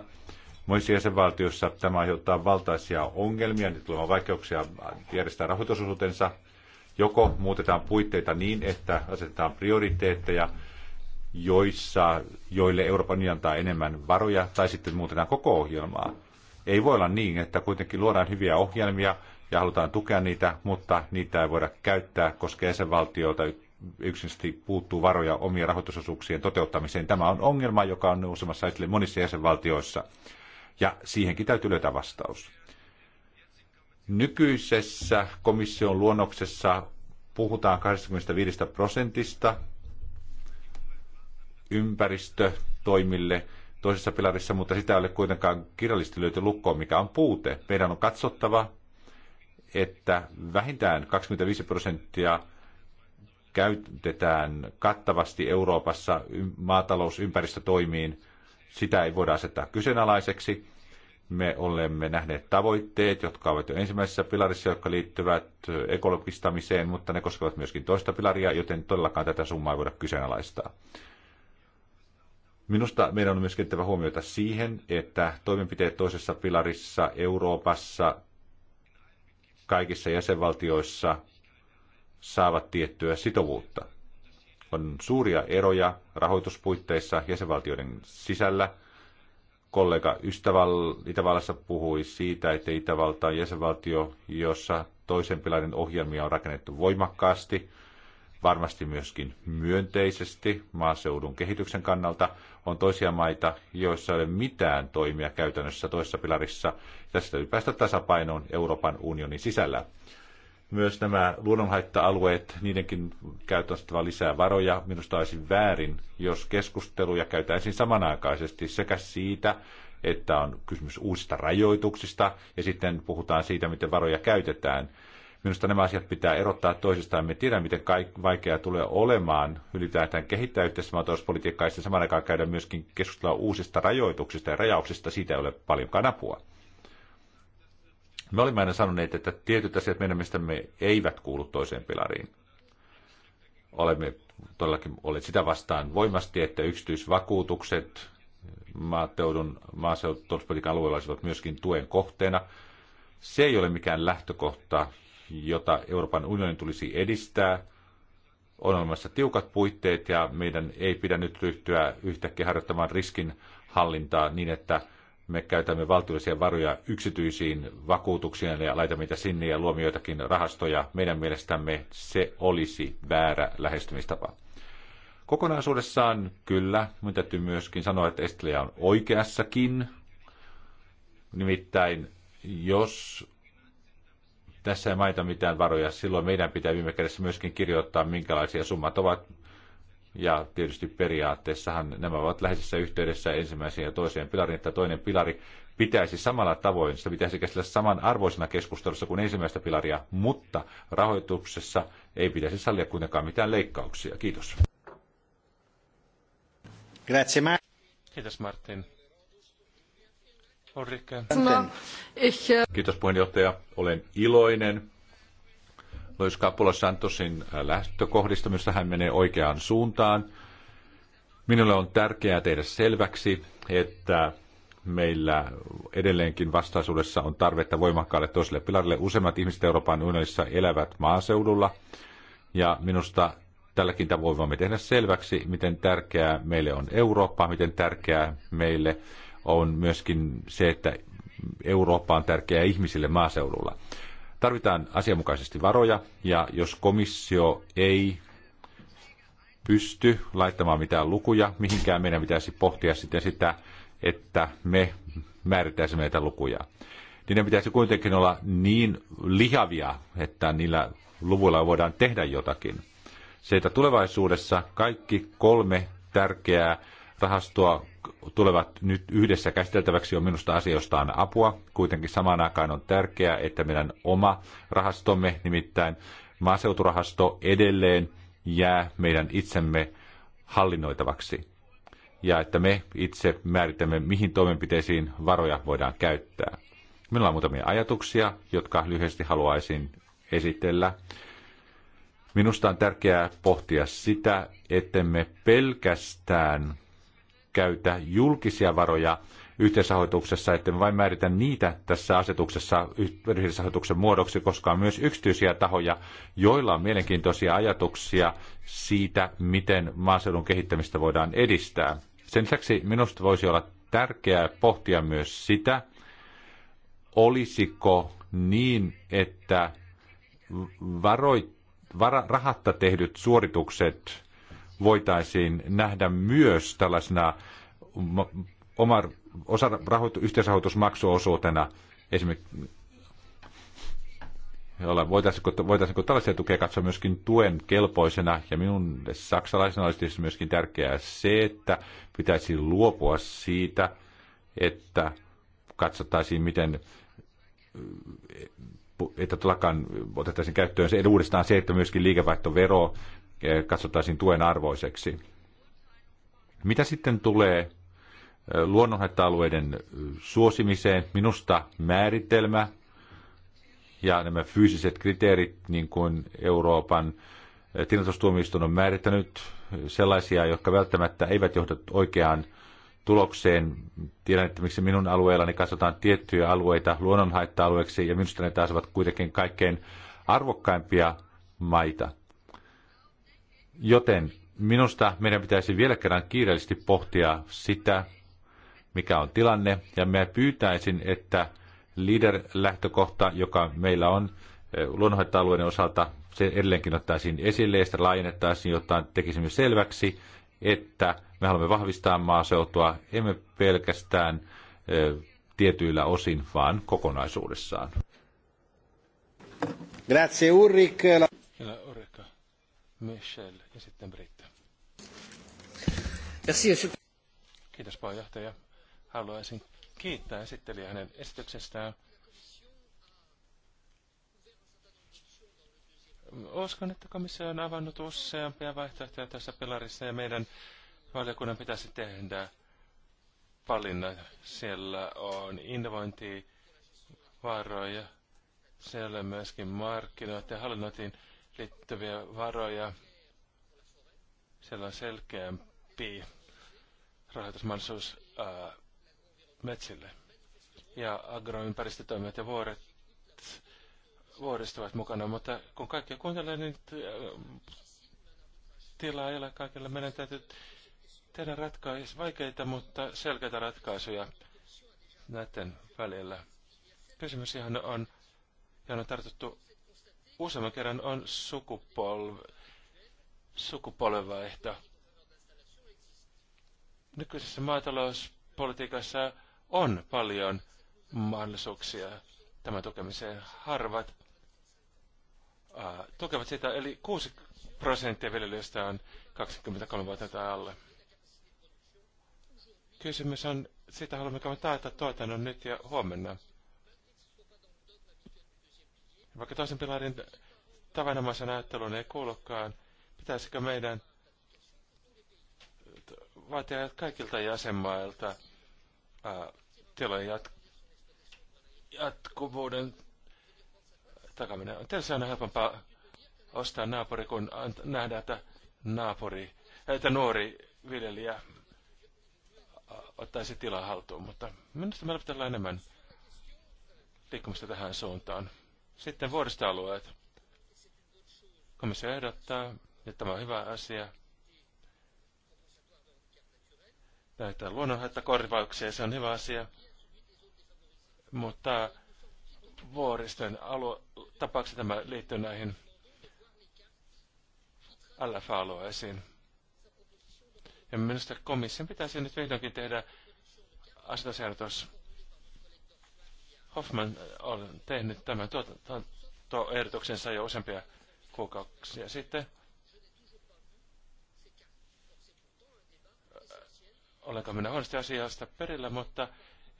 Monissa jäsenvaltioissa tämä aiheuttaa valtaisia ongelmia, niin tulee vaikeuksia järjestää rahoitusosuutensa. Joko muutetaan puitteita niin, että asetetaan prioriteetteja, joissa, joille Euroopan unioni antaa enemmän varoja, tai sitten muutetaan koko ohjelmaa. Ei voi olla niin, että kuitenkin luodaan hyviä ohjelmia ja halutaan tukea niitä, mutta niitä ei voida käyttää, koska jäsenvaltioita yksinkertaisesti puuttuu varoja omien rahoitusosuuksien toteuttamiseen. Tämä on ongelma, joka on nousemassa esille monissa jäsenvaltioissa. Ja siihenkin täytyy löytää vastaus. Nykyisessä komission luonnoksessa puhutaan 25 prosentista ympäristötoimille toisessa pilarissa, mutta sitä ei ole kuitenkaan kirjallisesti löyty lukkoon, mikä on puute. Meidän on katsottava, että vähintään 25 prosenttia käytetään kattavasti Euroopassa maatalousympäristötoimiin, sitä ei voida asettaa kyseenalaiseksi. Me olemme nähneet tavoitteet, jotka ovat jo ensimmäisessä pilarissa, jotka liittyvät ekologistamiseen, mutta ne koskevat myöskin toista pilaria, joten todellakaan tätä summaa ei voida kyseenalaistaa. Minusta meidän on myös kiinnittävä huomiota siihen, että toimenpiteet toisessa pilarissa Euroopassa, kaikissa jäsenvaltioissa saavat tiettyä sitovuutta. On suuria eroja rahoituspuitteissa jäsenvaltioiden sisällä. Kollega Ystäval- Itävallassa puhui siitä, että Itävalta on jäsenvaltio, jossa toisen pilarin ohjelmia on rakennettu voimakkaasti, varmasti myöskin myönteisesti maaseudun kehityksen kannalta. On toisia maita, joissa ei ole mitään toimia käytännössä toisessa pilarissa. Tästä täytyy päästä tasapainoon Euroopan unionin sisällä. Myös nämä luonnonhaitta-alueet, niidenkin käytön lisää varoja. Minusta olisi väärin, jos keskusteluja käytäisiin samanaikaisesti sekä siitä, että on kysymys uusista rajoituksista ja sitten puhutaan siitä, miten varoja käytetään. Minusta nämä asiat pitää erottaa toisistaan. Me tiedämme, miten vaikeaa tulee olemaan ylipäätään kehittää yhteistä maatalouspolitiikkaa ja samaan aikaan käydä myöskin keskustelua uusista rajoituksista ja rajauksista. Siitä ei ole paljonkaan apua. Me olimme aina sanoneet, että tietyt asiat meidän mielestämme eivät kuulu toiseen pilariin. Olemme todellakin olleet sitä vastaan voimasti, että yksityisvakuutukset maateudun maaseutupolitiikan alueella olisivat myöskin tuen kohteena. Se ei ole mikään lähtökohta, jota Euroopan unionin tulisi edistää. On olemassa tiukat puitteet ja meidän ei pidä nyt ryhtyä yhtäkkiä harjoittamaan riskin hallintaa niin, että me käytämme valtiollisia varoja yksityisiin vakuutuksiin ja laitamme niitä sinne ja luomme joitakin rahastoja. Meidän mielestämme se olisi väärä lähestymistapa. Kokonaisuudessaan kyllä, minun täytyy myöskin sanoa, että Estlejä on oikeassakin. Nimittäin, jos tässä ei mainita mitään varoja, silloin meidän pitää viime kädessä myöskin kirjoittaa, minkälaisia summat ovat ja tietysti periaatteessahan nämä ovat läheisessä yhteydessä ensimmäiseen ja toiseen pilariin, että toinen pilari pitäisi samalla tavoin, sitä pitäisi käsitellä saman arvoisena keskustelussa kuin ensimmäistä pilaria, mutta rahoituksessa ei pitäisi sallia kuitenkaan mitään leikkauksia. Kiitos. Grazie, Mar- Kiitos Martin. Ulrike. No, äh- Kiitos puheenjohtaja. Olen iloinen Luis Capula Santosin äh, lähtökohdista, missä hän menee oikeaan suuntaan. Minulle on tärkeää tehdä selväksi, että meillä edelleenkin vastaisuudessa on tarvetta voimakkaalle toiselle pilarille. Useimmat ihmiset Euroopan unionissa elävät maaseudulla, ja minusta tälläkin tavoin voimme tehdä selväksi, miten tärkeää meille on Eurooppa, miten tärkeää meille on myöskin se, että Eurooppa on tärkeää ihmisille maaseudulla. Tarvitaan asianmukaisesti varoja, ja jos komissio ei pysty laittamaan mitään lukuja mihinkään, meidän pitäisi pohtia sitten sitä, että me määrittäisimme näitä lukuja. ne pitäisi kuitenkin olla niin lihavia, että niillä luvuilla voidaan tehdä jotakin. Se, että tulevaisuudessa kaikki kolme tärkeää rahastoa tulevat nyt yhdessä käsiteltäväksi, on minusta asioistaan apua. Kuitenkin samaan aikaan on tärkeää, että meidän oma rahastomme, nimittäin maaseuturahasto, edelleen jää meidän itsemme hallinnoitavaksi. Ja että me itse määritämme, mihin toimenpiteisiin varoja voidaan käyttää. Minulla on muutamia ajatuksia, jotka lyhyesti haluaisin esitellä. Minusta on tärkeää pohtia sitä, ettemme pelkästään käytä julkisia varoja yhteisrahoituksessa, että me vain määritä niitä tässä asetuksessa yhteisrahoituksen muodoksi, koska on myös yksityisiä tahoja, joilla on mielenkiintoisia ajatuksia siitä, miten maaseudun kehittämistä voidaan edistää. Sen lisäksi minusta voisi olla tärkeää pohtia myös sitä, olisiko niin, että varoit, vara, rahatta tehdyt suoritukset voitaisiin nähdä myös tällaisena oma osa rahoitu, yhteisrahoitusmaksuosuutena esimerkiksi jolla voitaisiinko, voitaisiinko tällaisia tukea katsoa myöskin tuen kelpoisena. Ja minun saksalaisena olisi tietysti myöskin tärkeää se, että pitäisi luopua siitä, että katsottaisiin, miten että otettaisiin käyttöön se uudestaan se, että myöskin liikevaihtovero Eh, katsotaisiin tuen arvoiseksi. Mitä sitten tulee eh, luonnonhaitta-alueiden eh, suosimiseen? Minusta määritelmä ja nämä fyysiset kriteerit, niin kuin Euroopan tilastustuomioistuin on määrittänyt, sellaisia, jotka välttämättä eivät johda oikeaan tulokseen. Tiedän, että miksi minun alueellani katsotaan tiettyjä alueita luonnonhaitta-alueeksi, ja minusta ne taas ovat kuitenkin kaikkein arvokkaimpia maita. Joten minusta meidän pitäisi vielä kerran kiireellisesti pohtia sitä, mikä on tilanne, ja minä pyytäisin, että leader-lähtökohta, joka meillä on eh, luonnonhoitoalueiden osalta, se edelleenkin ottaisiin esille ja sitä laajennettaisiin, jotta tekisimme selväksi, että me haluamme vahvistaa maaseutua, emme pelkästään eh, tietyillä osin, vaan kokonaisuudessaan. Grazie Ulrich. Michel ja sitten Britta. Kiitos puheenjohtaja. Haluaisin kiittää esittelijä hänen esityksestään. Uskon, että komissio on avannut useampia vaihtoehtoja tässä pilarissa ja meidän valiokunnan pitäisi tehdä valinnat. Siellä on innovointivaroja, siellä on myöskin markkinoita ja hallinnointiin liittyviä varoja. Siellä on selkeämpi rahoitusmahdollisuus metsille. Ja agroympäristötoimijat ja vuoret vuoristuvat mukana, mutta kun kaikki kuuntelee, niin tilaa ei ole kaikille. Meidän täytyy tehdä ratkaisuja, vaikeita, mutta selkeitä ratkaisuja näiden välillä. Kysymys ihan on, ja on tartuttu useamman kerran on sukupolv, sukupolvenvaihto. Nykyisessä maatalouspolitiikassa on paljon mahdollisuuksia tämän tukemiseen. Harvat uh, tukevat sitä, eli 6 prosenttia viljelijöistä on 23 vuotta tai alle. Kysymys on, sitä haluamme taata tuotannon nyt ja huomenna. Vaikka toisen pelaajan tavanomaisessa näyttelyyn ei kuulukaan, pitäisikö meidän vaatia kaikilta jäsenmailta tilojen jat- jatkuvuuden takaminen. Tietysti on helpompaa ostaa naapuri, kun nähdään, että naapuri, että nuori viljelijä ottaisi tilaa haltuun, mutta minusta meillä pitää olla enemmän liikkumista tähän suuntaan. Sitten vuoristoalueet. Komissio ehdottaa, että tämä on hyvä asia, näitä luonnonhaittakorvauksia, se on hyvä asia. Mutta vuoristojen alue, tapauksessa tämä liittyy näihin LFA-alueisiin. Ja minusta komission pitäisi nyt vihdoinkin tehdä asetusehdotus Hoffman on tehnyt tämän tuotantoehdotuksensa jo useampia kuukausia sitten. Olenko minä huonosti asiasta perillä, mutta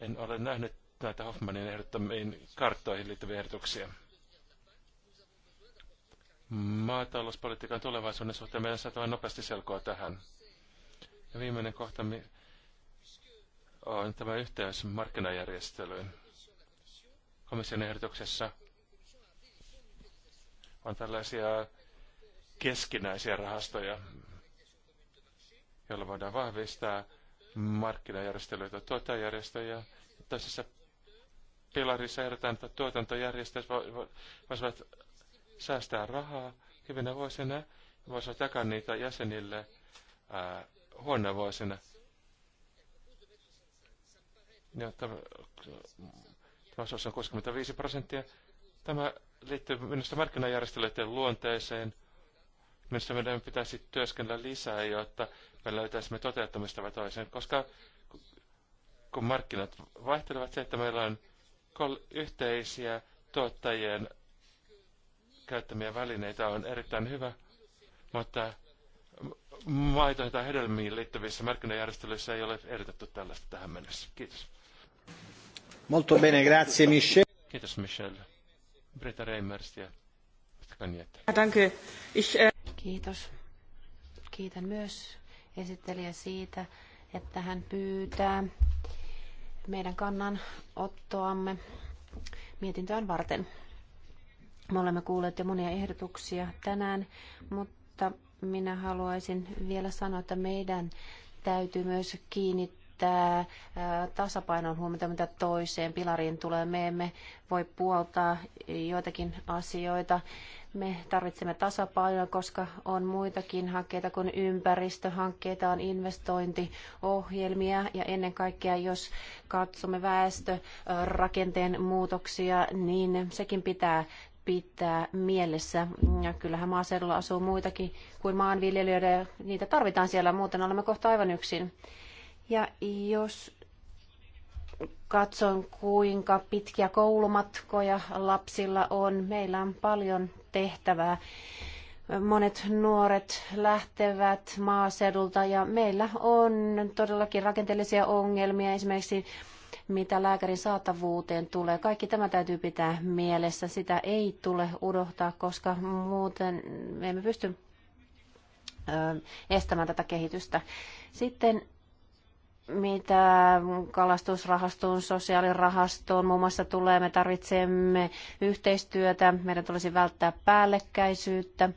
en ole nähnyt näitä Hoffmanin ehdottomiin karttoihin liittyviä ehdotuksia. Maatalouspolitiikan tulevaisuuden suhteen meidän saatava nopeasti selkoa tähän. Ja viimeinen kohta on tämä yhteys markkinajärjestelyyn komission ehdotuksessa on tällaisia keskinäisiä rahastoja, joilla voidaan vahvistaa markkinajärjestelyitä tuottajajärjestöjä. Toisessa pilarissa ehdotetaan, että tuotantojärjestöt voisivat säästää rahaa hyvinä vuosina ja voisivat jakaa niitä jäsenille huonoina vuosina. Ja tämä osuus on 65 prosenttia. Tämä liittyy minusta markkinajärjestelyiden luonteeseen. Minusta meidän pitäisi työskennellä lisää, jotta me löytäisimme vai toiseen. koska kun markkinat vaihtelevat, se, että meillä on yhteisiä tuottajien käyttämiä välineitä on erittäin hyvä, mutta maitoihin tai hedelmiin liittyvissä markkinajärjestelyissä ei ole ehdotettu tällaista tähän mennessä. Kiitos. Molto bene, grazie Michel. Kiitos Michel. Britta Reimers ja äh, Kiitos. Kiitän myös esittelijä siitä, että hän pyytää meidän kannanottoamme mietintöön varten. Me olemme kuulleet jo monia ehdotuksia tänään, mutta minä haluaisin vielä sanoa, että meidän täytyy myös kiinnittää kiinnittää tasapainon huomiota, mitä toiseen pilariin tulee. Me emme voi puoltaa joitakin asioita. Me tarvitsemme tasapainoa, koska on muitakin hankkeita kuin ympäristöhankkeita, on investointiohjelmia ja ennen kaikkea, jos katsomme väestörakenteen muutoksia, niin sekin pitää pitää mielessä. Ja kyllähän maaseudulla asuu muitakin kuin maanviljelijöitä ja niitä tarvitaan siellä, muuten olemme kohta aivan yksin. Ja jos katson, kuinka pitkiä koulumatkoja lapsilla on, meillä on paljon tehtävää. Monet nuoret lähtevät maaseudulta ja meillä on todellakin rakenteellisia ongelmia esimerkiksi mitä lääkärin saatavuuteen tulee. Kaikki tämä täytyy pitää mielessä. Sitä ei tule unohtaa, koska muuten me emme pysty estämään tätä kehitystä. Sitten mitä kalastusrahastoon, sosiaalirahastoon muun muassa tulee. Me tarvitsemme yhteistyötä, meidän tulisi välttää päällekkäisyyttä.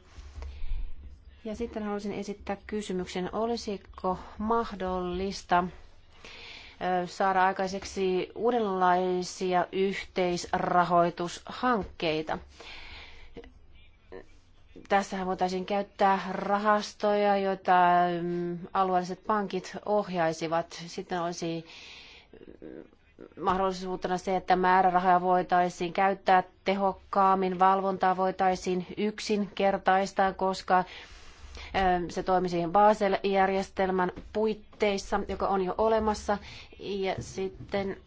Ja sitten haluaisin esittää kysymyksen, olisiko mahdollista saada aikaiseksi uudenlaisia yhteisrahoitushankkeita. Tässähän voitaisiin käyttää rahastoja, joita mm, alueelliset pankit ohjaisivat. Sitten olisi mm, mahdollisuutena se, että määrärahoja voitaisiin käyttää tehokkaammin, valvontaa voitaisiin yksinkertaistaa, koska mm, se toimisi Basel-järjestelmän puitteissa, joka on jo olemassa. Ja sitten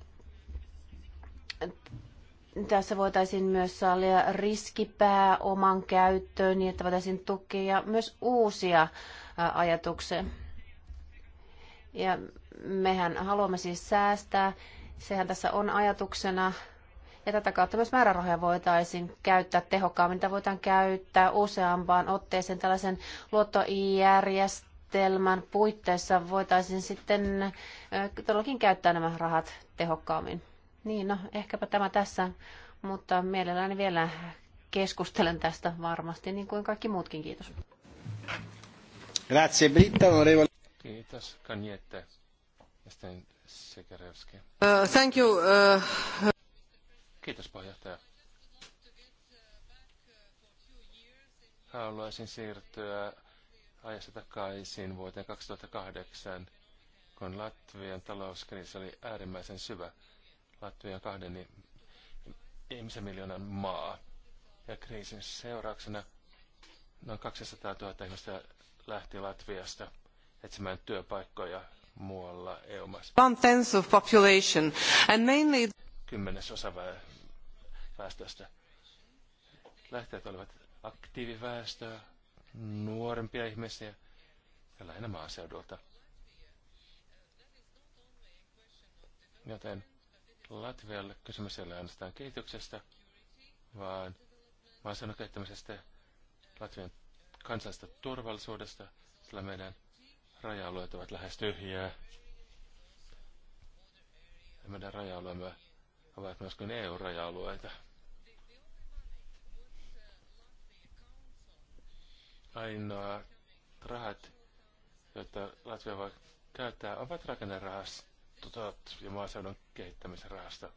tässä voitaisiin myös sallia riskipääoman käyttöön niin, että voitaisiin tukea myös uusia ajatuksia. Ja mehän haluamme siis säästää, sehän tässä on ajatuksena, ja tätä kautta myös määrärahoja voitaisiin käyttää tehokkaammin. mitä voidaan käyttää useampaan otteeseen tällaisen luottojärjestelmän puitteissa voitaisiin sitten todellakin käyttää nämä rahat tehokkaammin. Niin, no ehkäpä tämä tässä, mutta mielelläni vielä keskustelen tästä varmasti, niin kuin kaikki muutkin. Kiitos. Grazie, Britta. Kiitos, Kanjette. Ja sitten Sekerevski. Uh, thank you. Uh... Kiitos, puheenjohtaja. Haluaisin siirtyä ajassa takaisin vuoteen 2008, kun Latvian talouskriisi oli äärimmäisen syvä Latvia kahden ihmisen miljoonan maa. Ja kriisin seurauksena noin 200 000 ihmistä lähti Latviasta etsimään työpaikkoja muualla EU-maassa. One tenth of population and mainly... väestöstä. Lähteet olivat aktiiviväestöä, nuorempia ihmisiä ja lähinnä maaseudulta. Joten Latvialle kysymys ei ole ainoastaan kehityksestä, vaan maaseudun kehittämisestä, Latvian kansallisesta turvallisuudesta, sillä meidän raja-alueet ovat lähes tyhjiä. Ja meidän raja-alueemme ovat myöskin EU-raja-alueita. Ainoa rahat, joita Latvia voi käyttää, ovat rakennerahasto tuot ja maaseudun kehittämisrahasto.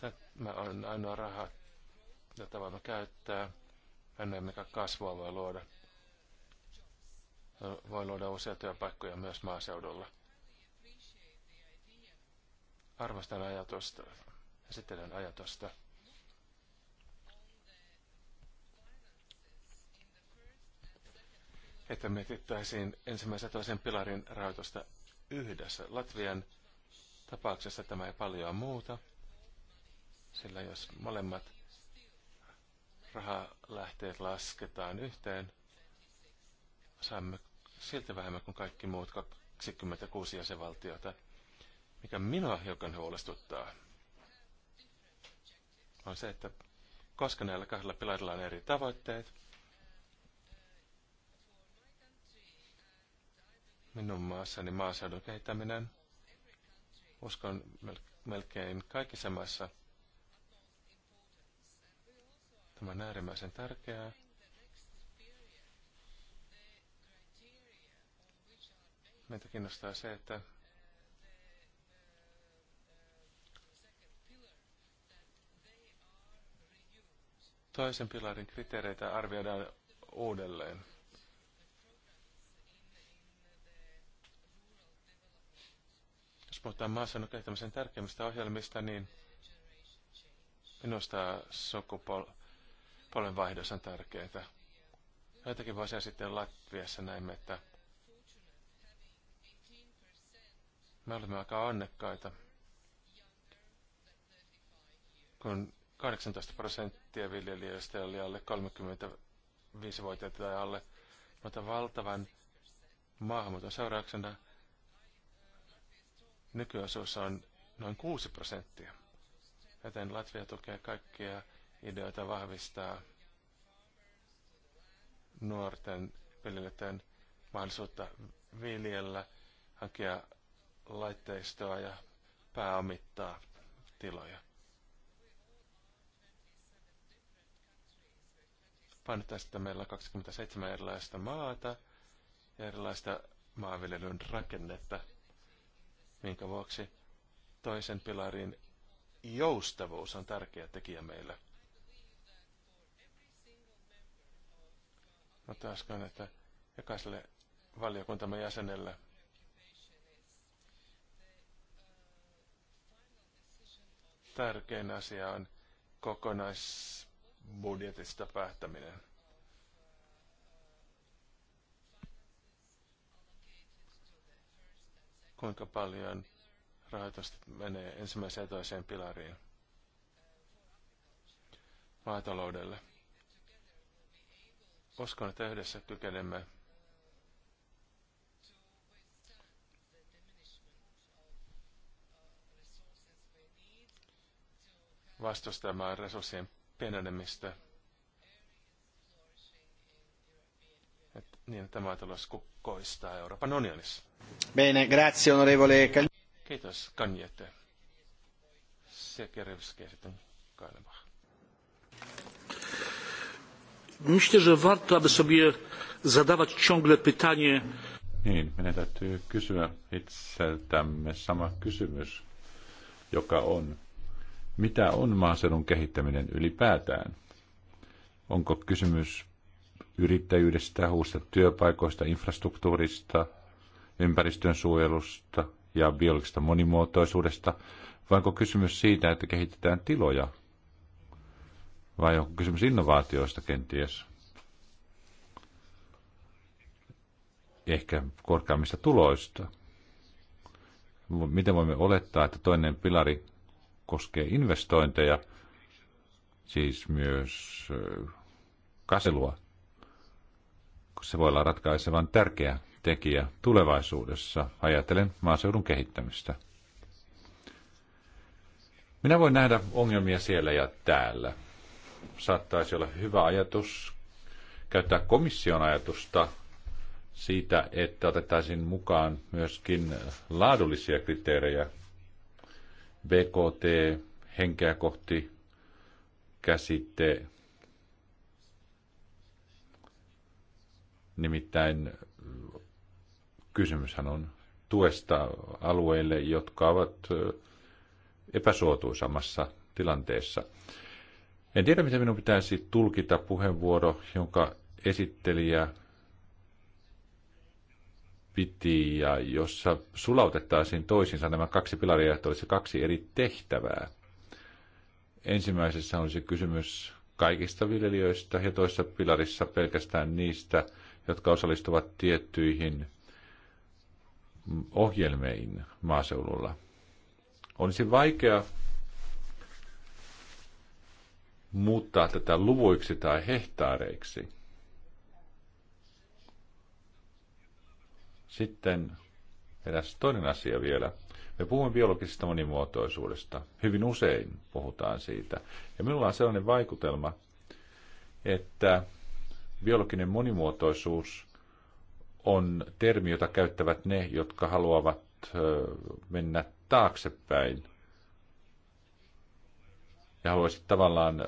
Tämä on ainoa raha, jota voimme käyttää. mikä kasvua voi luoda. Voi luoda uusia työpaikkoja myös maaseudulla. Arvostan ajatusta, esittelen ajatusta että mietittäisiin ensimmäisen toisen pilarin rahoitusta yhdessä. Latvian tapauksessa tämä ei paljon muuta, sillä jos molemmat rahalähteet lasketaan yhteen, saamme silti vähemmän kuin kaikki muut 26 jäsenvaltiota, mikä minua hiukan huolestuttaa, on se, että koska näillä kahdella pilarilla on eri tavoitteet, minun maassani maaseudun kehittäminen. Uskon melkein kaikissa maissa. Tämä on äärimmäisen tärkeää. Meitä kiinnostaa se, että toisen pilarin kriteereitä arvioidaan uudelleen. puhutaan maaseudun kehittämisen tärkeimmistä ohjelmista, niin minusta sukupolven vaihdos on tärkeää. Joitakin vuosia sitten Latviassa näimme, että me olemme aika onnekkaita, kun 18 prosenttia viljelijöistä oli alle 35-vuotiaita tai alle, mutta valtavan maahanmuuton seurauksena nykyosuus on noin 6 prosenttia. Joten Latvia tukee kaikkia ideoita vahvistaa nuorten viljelijöiden mahdollisuutta viljellä, hankkia laitteistoa ja pääomittaa tiloja. Painottaisi, että meillä on 27 erilaista maata ja erilaista maanviljelyn rakennetta – minkä vuoksi toisen pilarin joustavuus on tärkeä tekijä meillä. Mutta äsken, että jokaiselle valiokuntamme jäsenelle tärkein asia on kokonaisbudjetista päättäminen. kuinka paljon rahoitusta menee ensimmäiseen ja toiseen pilariin maataloudelle. Uskon, että yhdessä kykenemme vastustamaan resurssien pienenemistä. että niin, että maatalous koistaa Euroopan unionissa. Bene, grazie onorevole Kiitos, Kanjete. sitten Myślę, że warto, aby sobie zadawać ciągle pytanie. Niin, meidän täytyy kysyä itseltämme sama kysymys, joka on, mitä on maaseudun kehittäminen ylipäätään? Onko kysymys yrittäjyydestä, uusista työpaikoista, infrastruktuurista, ympäristön suojelusta ja biologisesta monimuotoisuudesta, vai onko kysymys siitä, että kehitetään tiloja, vai onko kysymys innovaatioista kenties? Ehkä korkeammista tuloista. Miten voimme olettaa, että toinen pilari koskee investointeja, siis myös kaselua? se voi olla ratkaisevan tärkeä tekijä tulevaisuudessa, ajatellen maaseudun kehittämistä. Minä voin nähdä ongelmia siellä ja täällä. Saattaisi olla hyvä ajatus käyttää komission ajatusta siitä, että otettaisiin mukaan myöskin laadullisia kriteerejä, BKT, henkeä kohti, käsitte. Nimittäin äh, kysymyshän on tuesta alueille, jotka ovat äh, epäsuotuisammassa tilanteessa. En tiedä, miten minun pitäisi tulkita puheenvuoro, jonka esittelijä piti ja jossa sulautettaisiin toisiinsa nämä kaksi pilaria, että olisi kaksi eri tehtävää. Ensimmäisessä olisi kysymys kaikista viljelijöistä ja toisessa pilarissa pelkästään niistä, jotka osallistuvat tiettyihin ohjelmiin maaseudulla. Olisi vaikea muuttaa tätä luvuiksi tai hehtaareiksi. Sitten eräs toinen asia vielä. Me puhumme biologisesta monimuotoisuudesta. Hyvin usein puhutaan siitä. Ja minulla on sellainen vaikutelma, että Biologinen monimuotoisuus on termi, jota käyttävät ne, jotka haluavat mennä taaksepäin. Ja haluaisit tavallaan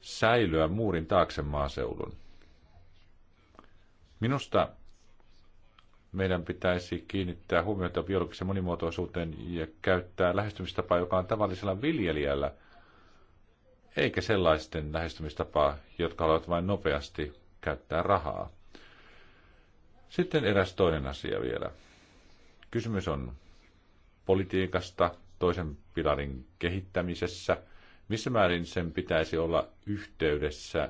säilyä muurin taakse maaseudun. Minusta meidän pitäisi kiinnittää huomiota biologisen monimuotoisuuteen ja käyttää lähestymistapaa, joka on tavallisella viljelijällä – eikä sellaisten lähestymistapaa, jotka haluavat vain nopeasti käyttää rahaa. Sitten eräs toinen asia vielä. Kysymys on politiikasta, toisen pilarin kehittämisessä. Missä määrin sen pitäisi olla yhteydessä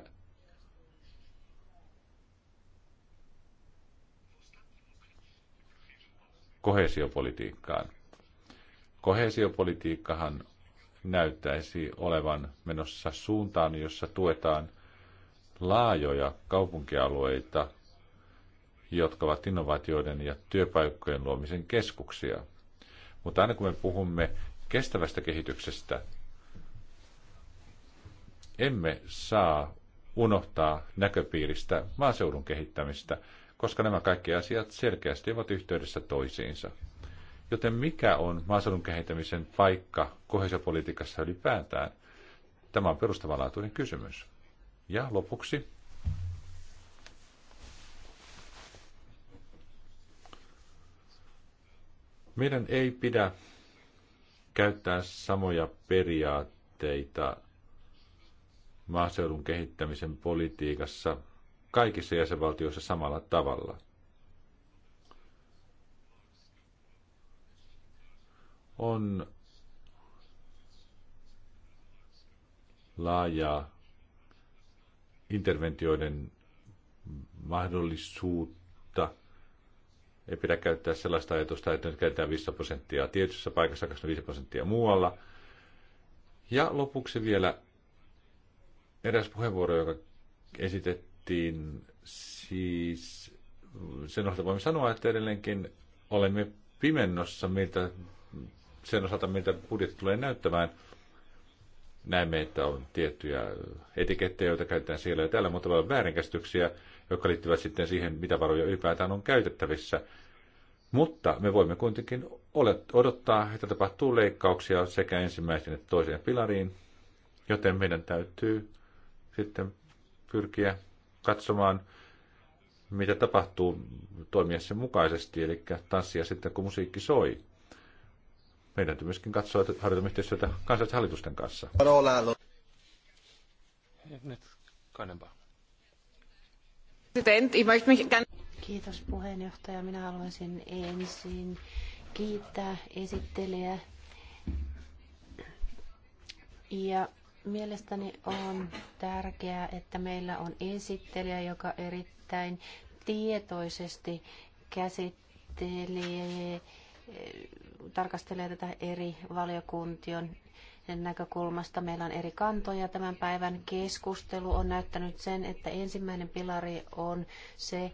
kohesiopolitiikkaan? Kohesiopolitiikkahan näyttäisi olevan menossa suuntaan, jossa tuetaan laajoja kaupunkialueita, jotka ovat innovaatioiden ja työpaikkojen luomisen keskuksia. Mutta aina kun me puhumme kestävästä kehityksestä, emme saa unohtaa näköpiiristä maaseudun kehittämistä, koska nämä kaikki asiat selkeästi ovat yhteydessä toisiinsa. Joten mikä on maaseudun kehittämisen paikka kohesiopolitiikassa ylipäätään? Tämä on perustavanlaatuinen kysymys. Ja lopuksi. Meidän ei pidä käyttää samoja periaatteita maaseudun kehittämisen politiikassa kaikissa jäsenvaltioissa samalla tavalla. on laaja interventioiden mahdollisuutta. Ei pidä käyttää sellaista ajatusta, että nyt käytetään 5 prosenttia tietyssä paikassa, 25 prosenttia muualla. Ja lopuksi vielä eräs puheenvuoro, joka esitettiin siis sen osalta voimme sanoa, että edelleenkin olemme pimennossa, miltä sen osalta, miltä budjetti tulee näyttämään, näemme, että on tiettyjä etikettejä, joita käytetään siellä ja täällä, mutta on väärinkäsityksiä, jotka liittyvät sitten siihen, mitä varoja ylipäätään on käytettävissä. Mutta me voimme kuitenkin odottaa, että tapahtuu leikkauksia sekä ensimmäisen että toiseen pilariin, joten meidän täytyy sitten pyrkiä katsomaan, mitä tapahtuu toimia sen mukaisesti, eli tanssia sitten, kun musiikki soi meidän täytyy myöskin katsoa, että harjoitamme yhteistyötä kansallisten hallitusten kanssa. Nyt kannempaa. Kiitos puheenjohtaja. Minä haluaisin ensin kiittää esittelijää. Ja mielestäni on tärkeää, että meillä on esittelijä, joka erittäin tietoisesti käsittelee tarkastelee tätä eri valiokuntien näkökulmasta. Meillä on eri kantoja. Tämän päivän keskustelu on näyttänyt sen, että ensimmäinen pilari on se,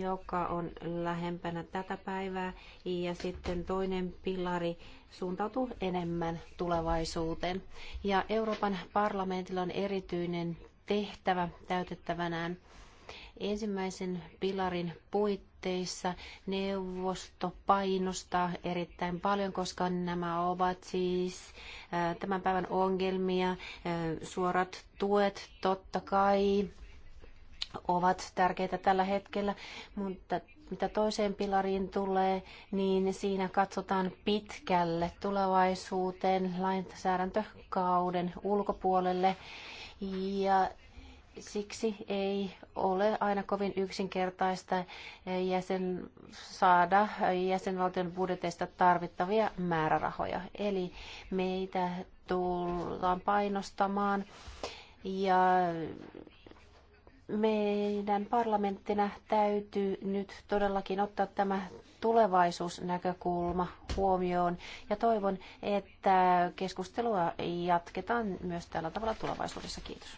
joka on lähempänä tätä päivää, ja sitten toinen pilari suuntautuu enemmän tulevaisuuteen. Ja Euroopan parlamentilla on erityinen tehtävä täytettävänään ensimmäisen pilarin puitteissa puitteissa neuvosto painostaa erittäin paljon, koska nämä ovat siis tämän päivän ongelmia. Suorat tuet totta kai ovat tärkeitä tällä hetkellä, mutta mitä toiseen pilariin tulee, niin siinä katsotaan pitkälle tulevaisuuteen lainsäädäntökauden ulkopuolelle. Ja siksi ei ole aina kovin yksinkertaista eh, jäsen, saada jäsenvaltion budjeteista tarvittavia määrärahoja. Eli meitä tullaan painostamaan ja meidän parlamenttina täytyy nyt todellakin ottaa tämä tulevaisuusnäkökulma huomioon ja toivon, että keskustelua jatketaan myös tällä tavalla tulevaisuudessa. Kiitos.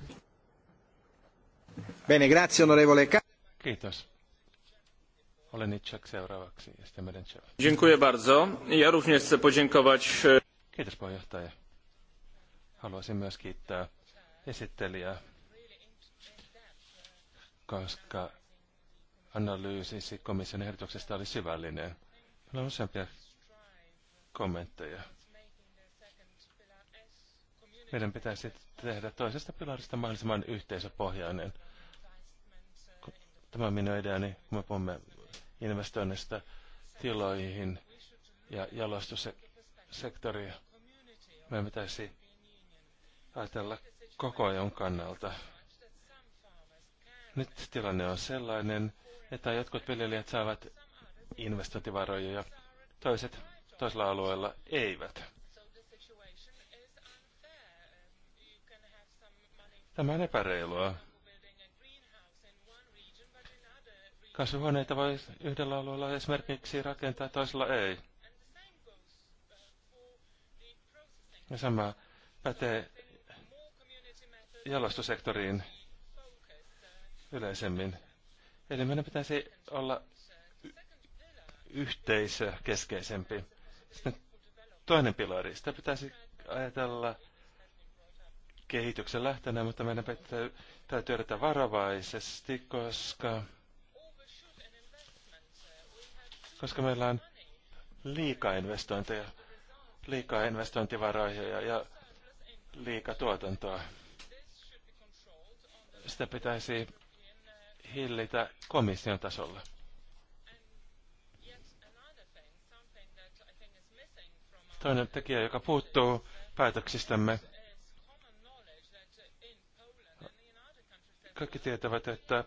Bene, grazie onorevole Kiitos. Olen Itchak seuraavaksi ja sitten meidän Dziękuję bardzo. Ja również chcę podziękować... E, Kiitos puheenjohtaja. Haluaisin myös kiittää esittelijää, koska analyysisi komission ehdotuksesta oli syvällinen. Meillä on useampia kommentteja. Meidän pitäisi tehdä toisesta pilarista mahdollisimman yhteisöpohjainen. Tämä on minun ideani, kun me puhumme investoinnista tiloihin ja jalostussektoria. Meidän pitäisi ajatella koko ajan kannalta. Nyt tilanne on sellainen, että jotkut viljelijät saavat investointivaroja ja toiset toisella alueella eivät. Tämä on epäreilua. Kasvihuoneita voi yhdellä alueella esimerkiksi rakentaa, toisella ei. Ja sama pätee jalostusektoriin yleisemmin. Eli meidän pitäisi olla yhteisö keskeisempi. Sitten toinen pilari, sitä pitäisi ajatella kehityksen lähtenä, mutta meidän pitää, täytyy edetä varovaisesti, koska, koska meillä on liikaa investointeja, liikaa investointivaroja ja liikaa tuotantoa. Sitä pitäisi hillitä komission tasolla. Toinen tekijä, joka puuttuu päätöksistämme, Kaikki tietävät, että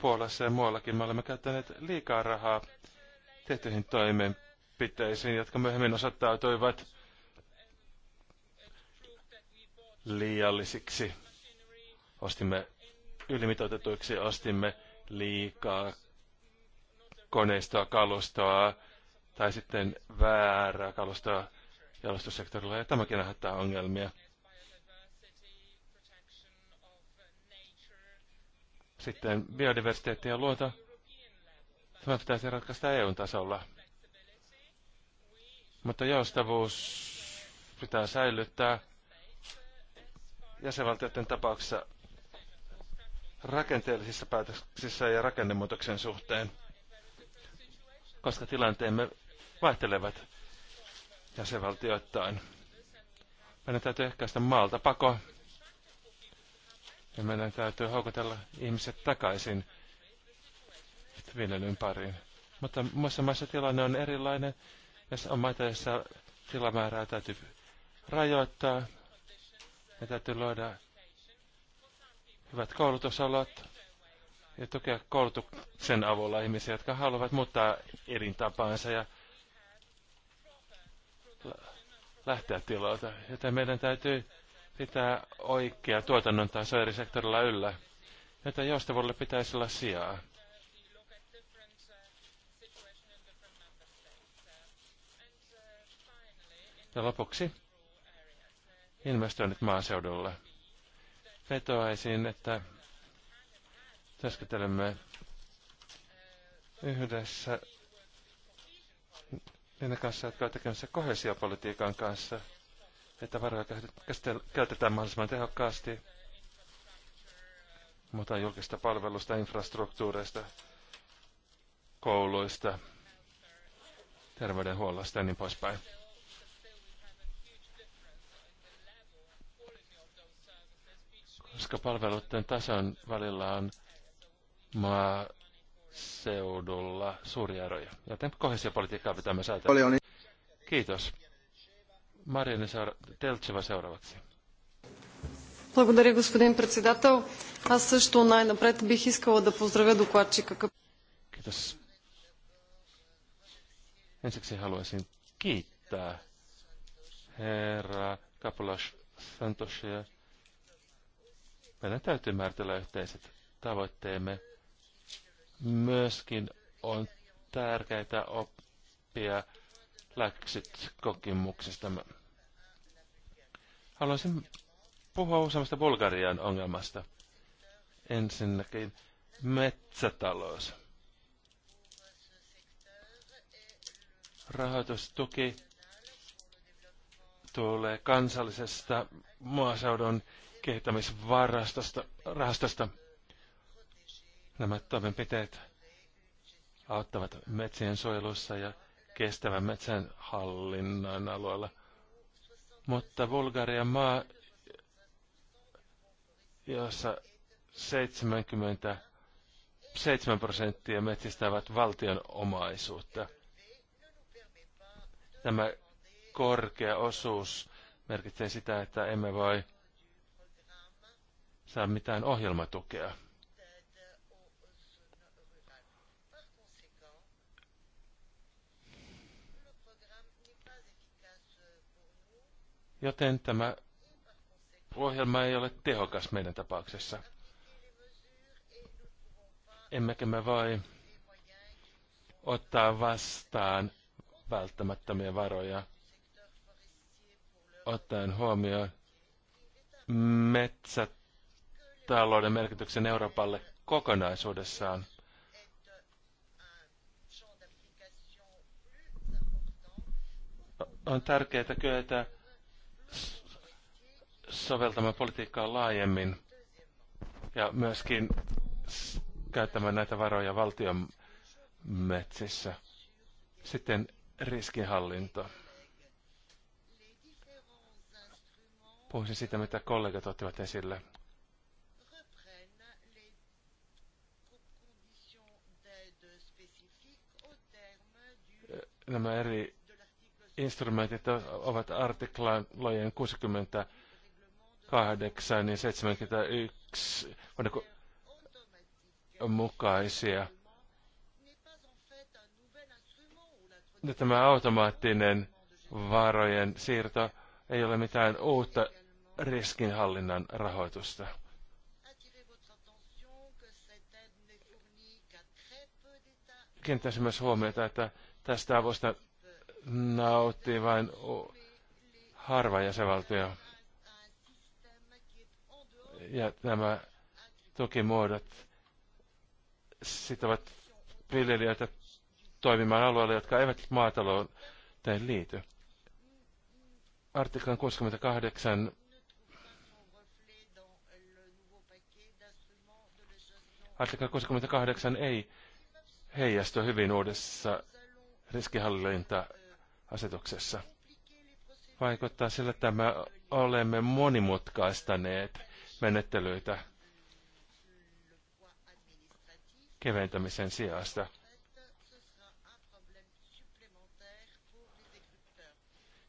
Puolassa ja muuallakin me olemme käyttäneet liikaa rahaa tehtyihin toimenpiteisiin, jotka myöhemmin osoittautuivat liiallisiksi. Ostimme ylimitoitetuiksi, ostimme liikaa koneistoa, kalustoa tai sitten väärää kalustoa jalostussektorilla. Ja tämäkin aiheuttaa ongelmia. Sitten biodiversiteetti luota. Tämä pitäisi ratkaista EU-tasolla. Mutta joustavuus pitää säilyttää jäsenvaltioiden tapauksessa rakenteellisissa päätöksissä ja rakennemuutoksen suhteen, koska tilanteemme vaihtelevat jäsenvaltioittain. Meidän täytyy ehkäistä maalta pakoa. Ja meidän täytyy houkutella ihmiset takaisin viljelyn pariin. Mutta muissa maissa tilanne on erilainen. Näissä on maita, joissa tilamäärää täytyy rajoittaa. Ja täytyy luoda hyvät koulutusalat ja tukea koulutuksen avulla ihmisiä, jotka haluavat muuttaa elintapaansa ja lähteä tilalta. Joten meidän täytyy pitää oikea tuotannon taso eri sektorilla yllä, joten joustavuudelle pitäisi olla sijaa. Ja lopuksi investoinnit maaseudulla. Vetoaisin, että työskentelemme yhdessä niiden kanssa, jotka ovat tekemässä kohesiopolitiikan kanssa – että varoja käytetään mahdollisimman tehokkaasti, mutta julkista palvelusta, infrastruktuureista, kouluista, terveydenhuollosta ja niin poispäin. Koska palveluiden tason välillä on maaseudulla suuria eroja, joten kohesiopolitiikkaa pitää myös ajatella. Kiitos. Marjane Благодаря, господин председател. Аз също най-напред бих искала да поздравя докладчика. Kiitos. Ensiksi haluaisin kiittää herra Kapulas Santosia. Meidän täytyy määritellä yhteiset tavoitteemme. Myöskin on tärkeää oppia läksyt kokemuksesta. Haluaisin puhua useammasta Bulgarian ongelmasta. Ensinnäkin metsätalous. Rahoitustuki tulee kansallisesta maaseudun kehittämisvarastosta, rahastosta. Nämä toimenpiteet auttavat metsien suojelussa ja kestävän metsän hallinnan alueella. Mutta Bulgarian maa, jossa 77 prosenttia metsistä ovat valtion omaisuutta. Tämä korkea osuus merkitsee sitä, että emme voi saa mitään ohjelmatukea. Joten tämä ohjelma ei ole tehokas meidän tapauksessa. Emmekä me voi ottaa vastaan välttämättömiä varoja, ottaen huomioon metsätalouden merkityksen Euroopalle kokonaisuudessaan. On tärkeää kyetä soveltamaan politiikkaa laajemmin ja myöskin käyttämään näitä varoja valtion metsissä. Sitten riskinhallinta. Puhuisin siitä, mitä kollegat ottivat esille. Nämä eri instrumentit ovat artiklojen 60 8 ja 71 mukaisia. Ja tämä automaattinen varojen siirto ei ole mitään uutta riskinhallinnan rahoitusta. Kiinnittäisi myös huomiota, että tästä avusta nauttii vain harva jäsenvaltio ja nämä tukimuodot sitovat viljelijöitä toimimaan alueella, jotka eivät maatalouteen liity. Artiklan 68 Artikla 68 ei heijastu hyvin uudessa riskihallinta-asetuksessa. Vaikuttaa sillä, että me olemme monimutkaistaneet menettelyitä keventämisen sijasta.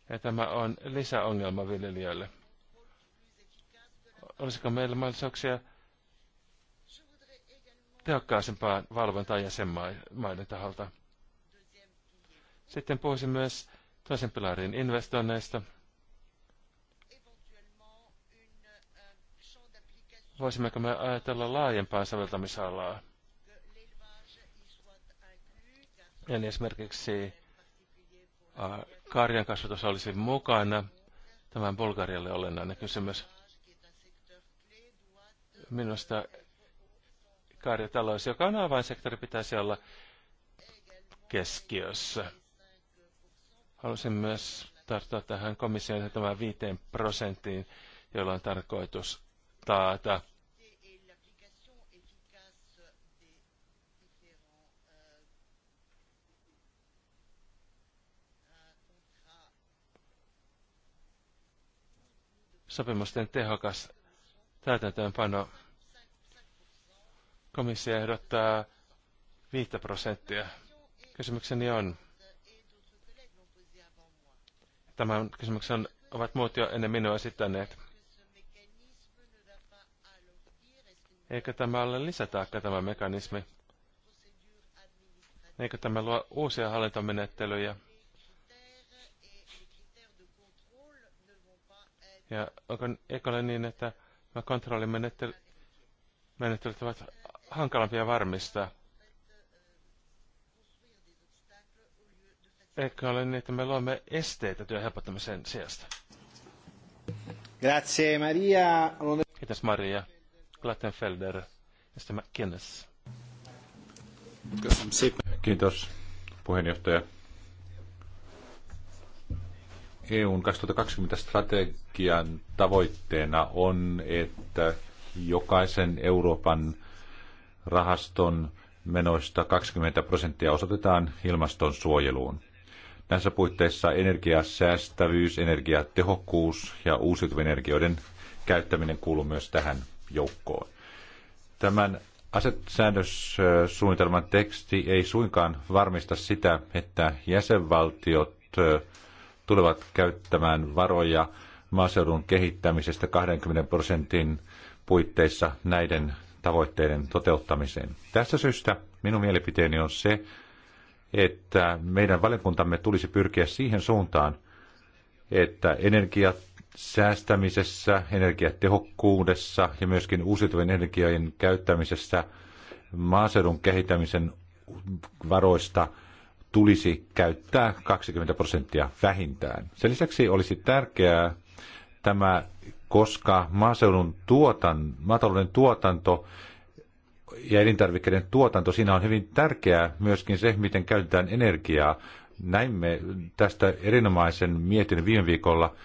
Ja tämä on lisäongelma viljelijöille. Olisiko meillä mahdollisuuksia tehokkaisempaan valvontaan jäsenmaiden taholta? Sitten puhuisin myös toisen pilarin investoinneista. voisimmeko me ajatella laajempaa soveltamisalaa? Eli esimerkiksi karjan kasvatus olisi mukana. Tämä on Bulgarialle olennainen kysymys. Minusta karjatalous, joka on avainsektori, pitäisi olla keskiössä. Haluaisin myös tarttua tähän komission tämän 5 prosenttiin, jolla on tarkoitus taata sopimusten tehokas täytäntöönpano. Komissio ehdottaa 5 prosenttia. Kysymykseni on, tämän kysymyksen ovat muut jo ennen minua esittäneet. Eikö tämä ole lisätaakka tämä mekanismi? Eikö tämä luo uusia hallintomenettelyjä? Ja onko, eikö ole niin, että nämä kontrollimenettelyt ovat hankalampia varmistaa? Eikö ole niin, että me luomme esteitä työn helpottamisen sijasta? Grazie Maria. Kiitos Maria. Plattenfelder ja sitten Kiitos puheenjohtaja. EUn 2020 strategian tavoitteena on, että jokaisen Euroopan rahaston menoista 20 prosenttia osoitetaan ilmaston suojeluun. Näissä puitteissa energiasäästävyys, energiatehokkuus ja uusiutuvien energioiden käyttäminen kuuluu myös tähän joukkoon. Tämän asetussäännössuunnitelman teksti ei suinkaan varmista sitä, että jäsenvaltiot tulevat käyttämään varoja maaseudun kehittämisestä 20 prosentin puitteissa näiden tavoitteiden toteuttamiseen. Tästä syystä minun mielipiteeni on se, että meidän valiokuntamme tulisi pyrkiä siihen suuntaan, että energiat säästämisessä, energiatehokkuudessa ja myöskin uusiutuvien energiojen käyttämisessä maaseudun kehittämisen varoista tulisi käyttää 20 prosenttia vähintään. Sen lisäksi olisi tärkeää tämä, koska maaseudun tuotan, maatalouden tuotanto ja elintarvikkeiden tuotanto, siinä on hyvin tärkeää myöskin se, miten käytetään energiaa. Näimme tästä erinomaisen mietin viime viikolla,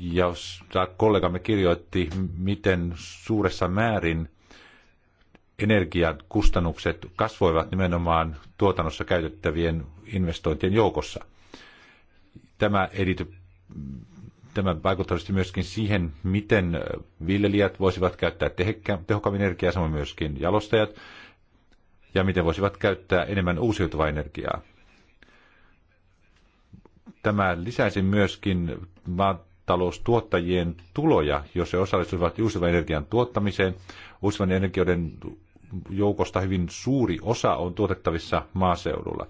josta kollegamme kirjoitti, miten suuressa määrin energian kustannukset kasvoivat nimenomaan tuotannossa käytettävien investointien joukossa. Tämä, edity, tämä vaikuttaa myöskin siihen, miten viljelijät voisivat käyttää tehokkaammin energiaa, samoin myöskin jalostajat, ja miten voisivat käyttää enemmän uusiutuvaa energiaa. Tämä lisäisi myöskin maataloustuottajien tuloja, jos he osallistuvat uusiutuvan energian tuottamiseen. Uusiutuvan energioiden joukosta hyvin suuri osa on tuotettavissa maaseudulla.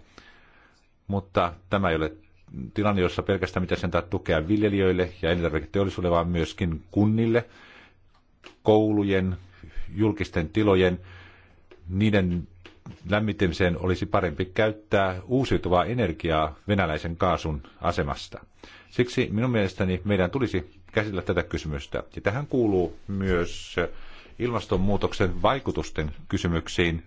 Mutta tämä ei ole tilanne, jossa pelkästään mitä sen tukea viljelijöille ja elintarviketeollisuudelle, vaan myöskin kunnille, koulujen, julkisten tilojen, niiden lämmittämiseen olisi parempi käyttää uusiutuvaa energiaa venäläisen kaasun asemasta. Siksi minun mielestäni meidän tulisi käsitellä tätä kysymystä. Ja tähän kuuluu myös ilmastonmuutoksen vaikutusten kysymyksiin.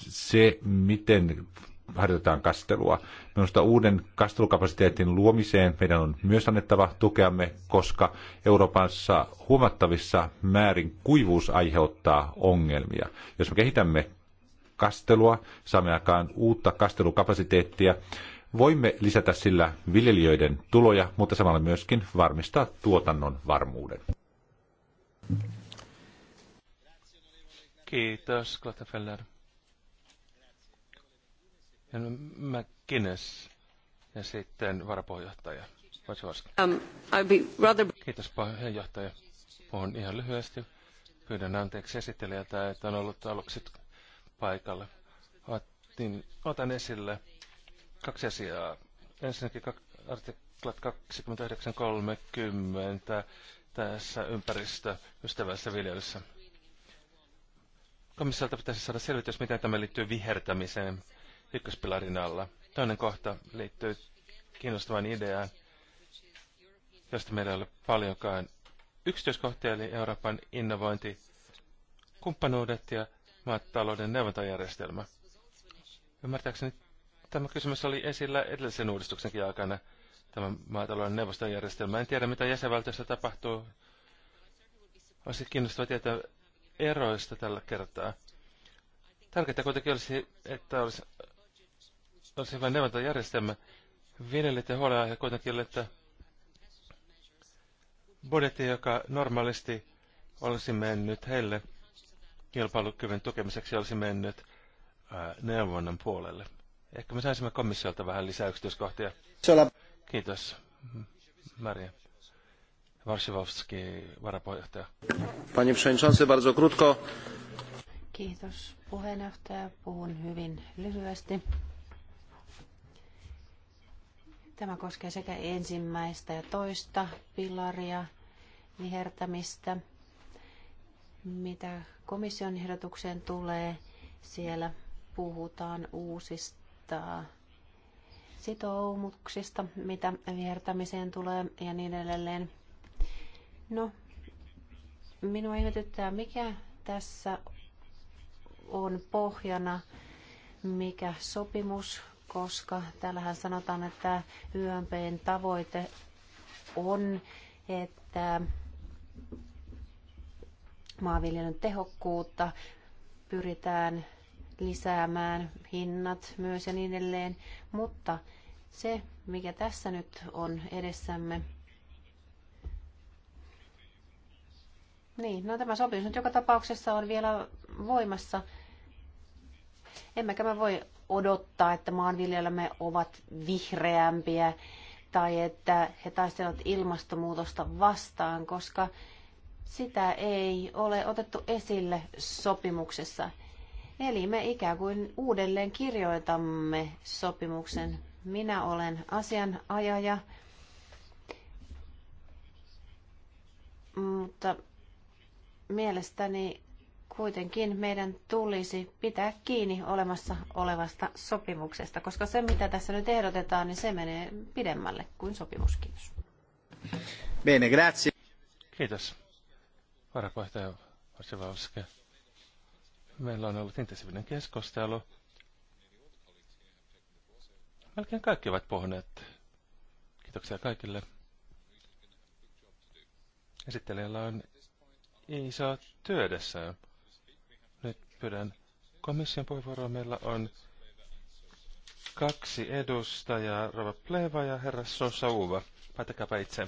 Se, miten harjoitetaan kastelua. Minusta uuden kastelukapasiteetin luomiseen meidän on myös annettava tukeamme, koska Euroopassa huomattavissa määrin kuivuus aiheuttaa ongelmia. Jos me kehitämme kastelua, saamme aikaan uutta kastelukapasiteettia, Voimme lisätä sillä viljelijöiden tuloja, mutta samalla myöskin varmistaa tuotannon varmuuden. Kiitos, Klottafeller. Ja McGuinness ja sitten varapuheenjohtaja. Um, rather... Kiitos puheenjohtaja. Puhun ihan lyhyesti. Pyydän anteeksi esittelijältä, että on ollut aluksi paikalla. Otin, otan esille Kaksi asiaa. Ensinnäkin artiklat 29.30 tässä ympäristöystävällisessä viljelyssä. Komissiolta pitäisi saada selvitys, miten tämä liittyy vihertämiseen ykköspilarin alla. Toinen kohta liittyy kiinnostavaan ideaan, josta meillä ei ole paljonkaan yksityiskohtia, eli Euroopan innovointi, kumppanuudet ja maatalouden neuvontajärjestelmä. Ymmärtääkseni Tämä kysymys oli esillä edellisen uudistuksenkin aikana, tämä maatalouden neuvoston järjestelmä. En tiedä, mitä jäsenvaltiossa tapahtuu. Olisi kiinnostava tietää eroista tällä kertaa. Tärkeintä kuitenkin olisi, että olisi, olisi hyvä neuvontajärjestelmä. Viljelijät ja huolenaihe kuitenkin, että budjetti, joka normaalisti olisi mennyt heille kilpailukyvyn tukemiseksi, olisi mennyt neuvonnan puolelle. Ehkä me saisimme komissiolta vähän lisää yksityiskohtia. Kiitos, Maria. Varsivovski varapuheenjohtaja. Pani przewodniczący, bardzo krótko. Kiitos puheenjohtaja. Puhun hyvin lyhyesti. Tämä koskee sekä ensimmäistä ja toista pilaria vihertämistä. Mitä komission ehdotukseen tulee, siellä puhutaan uusista tietoa sitoumuksista, mitä viertämiseen tulee ja niin edelleen. No, minua ihmetyttää, mikä tässä on pohjana, mikä sopimus, koska täällähän sanotaan, että YMPn tavoite on, että maanviljelyn tehokkuutta pyritään lisäämään hinnat myös ja niin edelleen, mutta se, mikä tässä nyt on edessämme, Niin, no tämä sopimus nyt joka tapauksessa on vielä voimassa. Emmekä mä voi odottaa, että maanviljelämme ovat vihreämpiä tai että he taistelevat ilmastonmuutosta vastaan, koska sitä ei ole otettu esille sopimuksessa. Eli me ikään kuin uudelleen kirjoitamme sopimuksen. Minä olen asianajaja, mutta mielestäni kuitenkin meidän tulisi pitää kiinni olemassa olevasta sopimuksesta, koska se mitä tässä nyt ehdotetaan, niin se menee pidemmälle kuin sopimus. Kiitos. Bene, grazie. Kiitos. Varapuheenjohtaja Varsivalske. Meillä on ollut intensiivinen keskustelu. Melkein kaikki ovat puhuneet. Kiitoksia kaikille. Esittelijällä on iso työ edessä. Nyt pyydän komission puheenvuoroa. Meillä on kaksi edustajaa, Rova Pleva ja herra Sosa Uva. Päätäkääpä itse.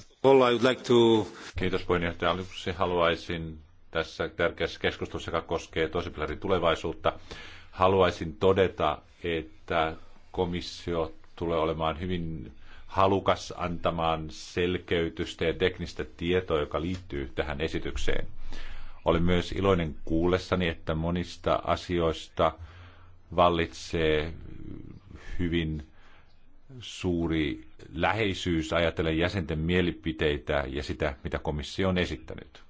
Kiitos puheenjohtaja. Aluksi haluaisin tässä tärkeässä keskustelussa, joka koskee toisen tulevaisuutta. Haluaisin todeta, että komissio tulee olemaan hyvin halukas antamaan selkeytystä ja teknistä tietoa, joka liittyy tähän esitykseen. Olen myös iloinen kuullessani, että monista asioista vallitsee hyvin suuri läheisyys ajatellen jäsenten mielipiteitä ja sitä, mitä komissio on esittänyt.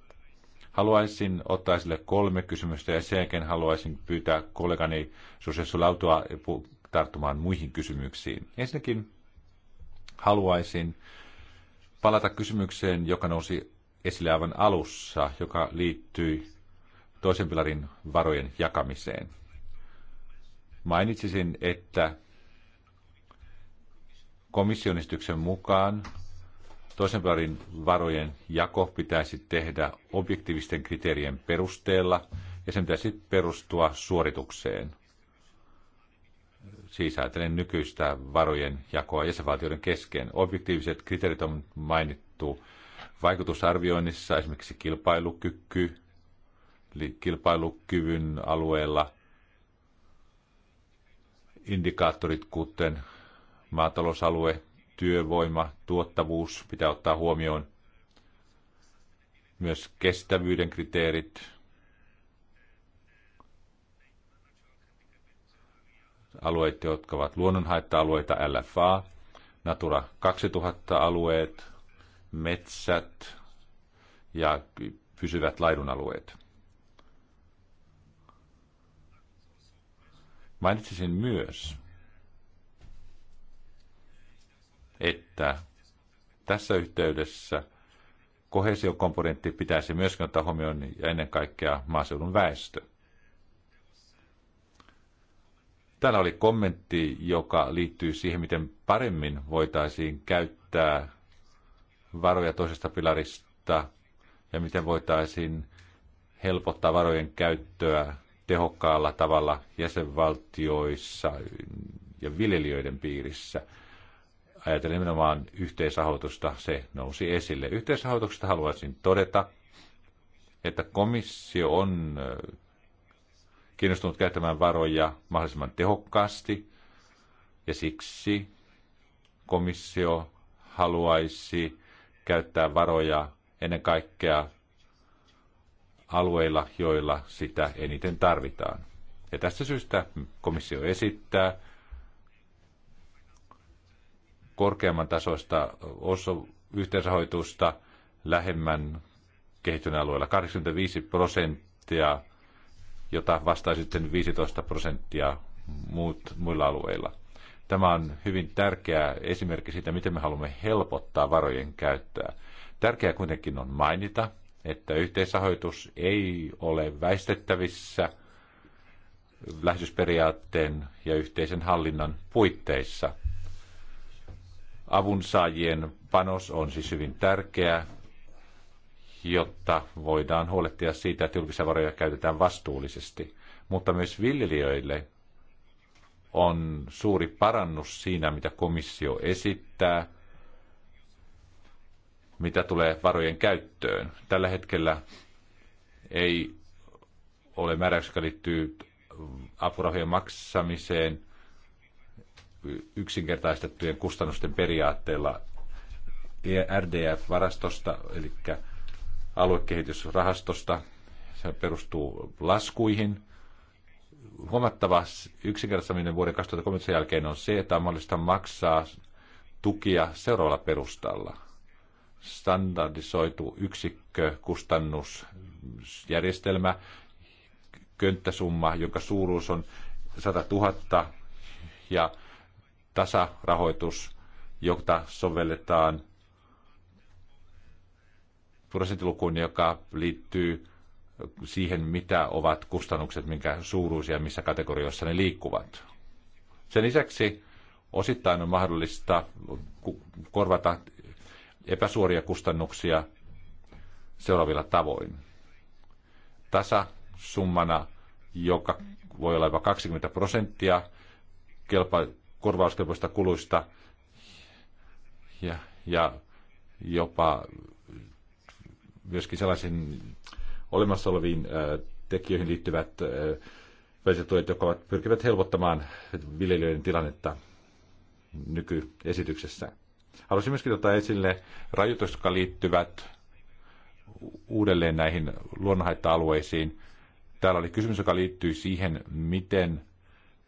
Haluaisin ottaa esille kolme kysymystä ja sen jälkeen haluaisin pyytää kollegani Susesso Lautua tarttumaan muihin kysymyksiin. Ensinnäkin haluaisin palata kysymykseen, joka nousi esille aivan alussa, joka liittyy toisen pilarin varojen jakamiseen. Mainitsisin, että komissionistyksen mukaan Toisen pilarin varojen jako pitäisi tehdä objektiivisten kriteerien perusteella ja sen pitäisi perustua suoritukseen. Siis ajatellen nykyistä varojen jakoa jäsenvaltioiden kesken. Objektiiviset kriteerit on mainittu vaikutusarvioinnissa, esimerkiksi kilpailukyky, kilpailukyvyn alueella, indikaattorit kuten maatalousalue, työvoima, tuottavuus pitää ottaa huomioon. Myös kestävyyden kriteerit. Alueet, jotka ovat luonnonhaitta-alueita, LFA, Natura 2000-alueet, metsät ja pysyvät laidunalueet. Mainitsisin myös, että tässä yhteydessä kohesiokomponentti pitäisi myöskin ottaa huomioon ja ennen kaikkea maaseudun väestö. Täällä oli kommentti, joka liittyy siihen, miten paremmin voitaisiin käyttää varoja toisesta pilarista ja miten voitaisiin helpottaa varojen käyttöä tehokkaalla tavalla jäsenvaltioissa ja viljelijöiden piirissä – ajatellen nimenomaan yhteisrahoitusta, se nousi esille. Yhteisrahoituksesta haluaisin todeta, että komissio on kiinnostunut käyttämään varoja mahdollisimman tehokkaasti, ja siksi komissio haluaisi käyttää varoja ennen kaikkea alueilla, joilla sitä eniten tarvitaan. Ja tästä syystä komissio esittää, korkeamman tasoista osu- yhteisrahoitusta lähemmän kehittyneen alueella 85 prosenttia, jota vastaa sitten 15 prosenttia muut, muilla alueilla. Tämä on hyvin tärkeä esimerkki siitä, miten me haluamme helpottaa varojen käyttöä. Tärkeää kuitenkin on mainita, että yhteisrahoitus ei ole väistettävissä läheisyysperiaatteen ja yhteisen hallinnan puitteissa – Avunsaajien panos on siis hyvin tärkeä, jotta voidaan huolehtia siitä, että julkisia varoja käytetään vastuullisesti. Mutta myös viljelijöille on suuri parannus siinä, mitä komissio esittää, mitä tulee varojen käyttöön. Tällä hetkellä ei ole määräyksiä, joka liittyy apurahojen maksamiseen yksinkertaistettujen kustannusten periaatteella e RDF-varastosta, eli aluekehitysrahastosta. Se perustuu laskuihin. Huomattava yksinkertaistaminen vuoden 2013 jälkeen on se, että on mahdollista maksaa tukia seuraavalla perustalla. Standardisoitu yksikkökustannusjärjestelmä, könttäsumma, jonka suuruus on 100 000 ja tasarahoitus, jota sovelletaan prosenttilukuun, joka liittyy siihen, mitä ovat kustannukset, minkä suuruisia, missä kategoriossa ne liikkuvat. Sen lisäksi osittain on mahdollista korvata epäsuoria kustannuksia seuraavilla tavoin. Tasa summana, joka voi olla jopa 20 prosenttia kelpa korvauskelpoista kuluista ja, ja jopa myöskin sellaisiin olemassa oleviin tekijöihin liittyvät väliset jotka ovat, pyrkivät helpottamaan viljelijöiden tilannetta nykyesityksessä. Haluaisin myöskin ottaa esille rajoitukset, jotka liittyvät uudelleen näihin luonnonhaitta-alueisiin. Täällä oli kysymys, joka liittyy siihen, miten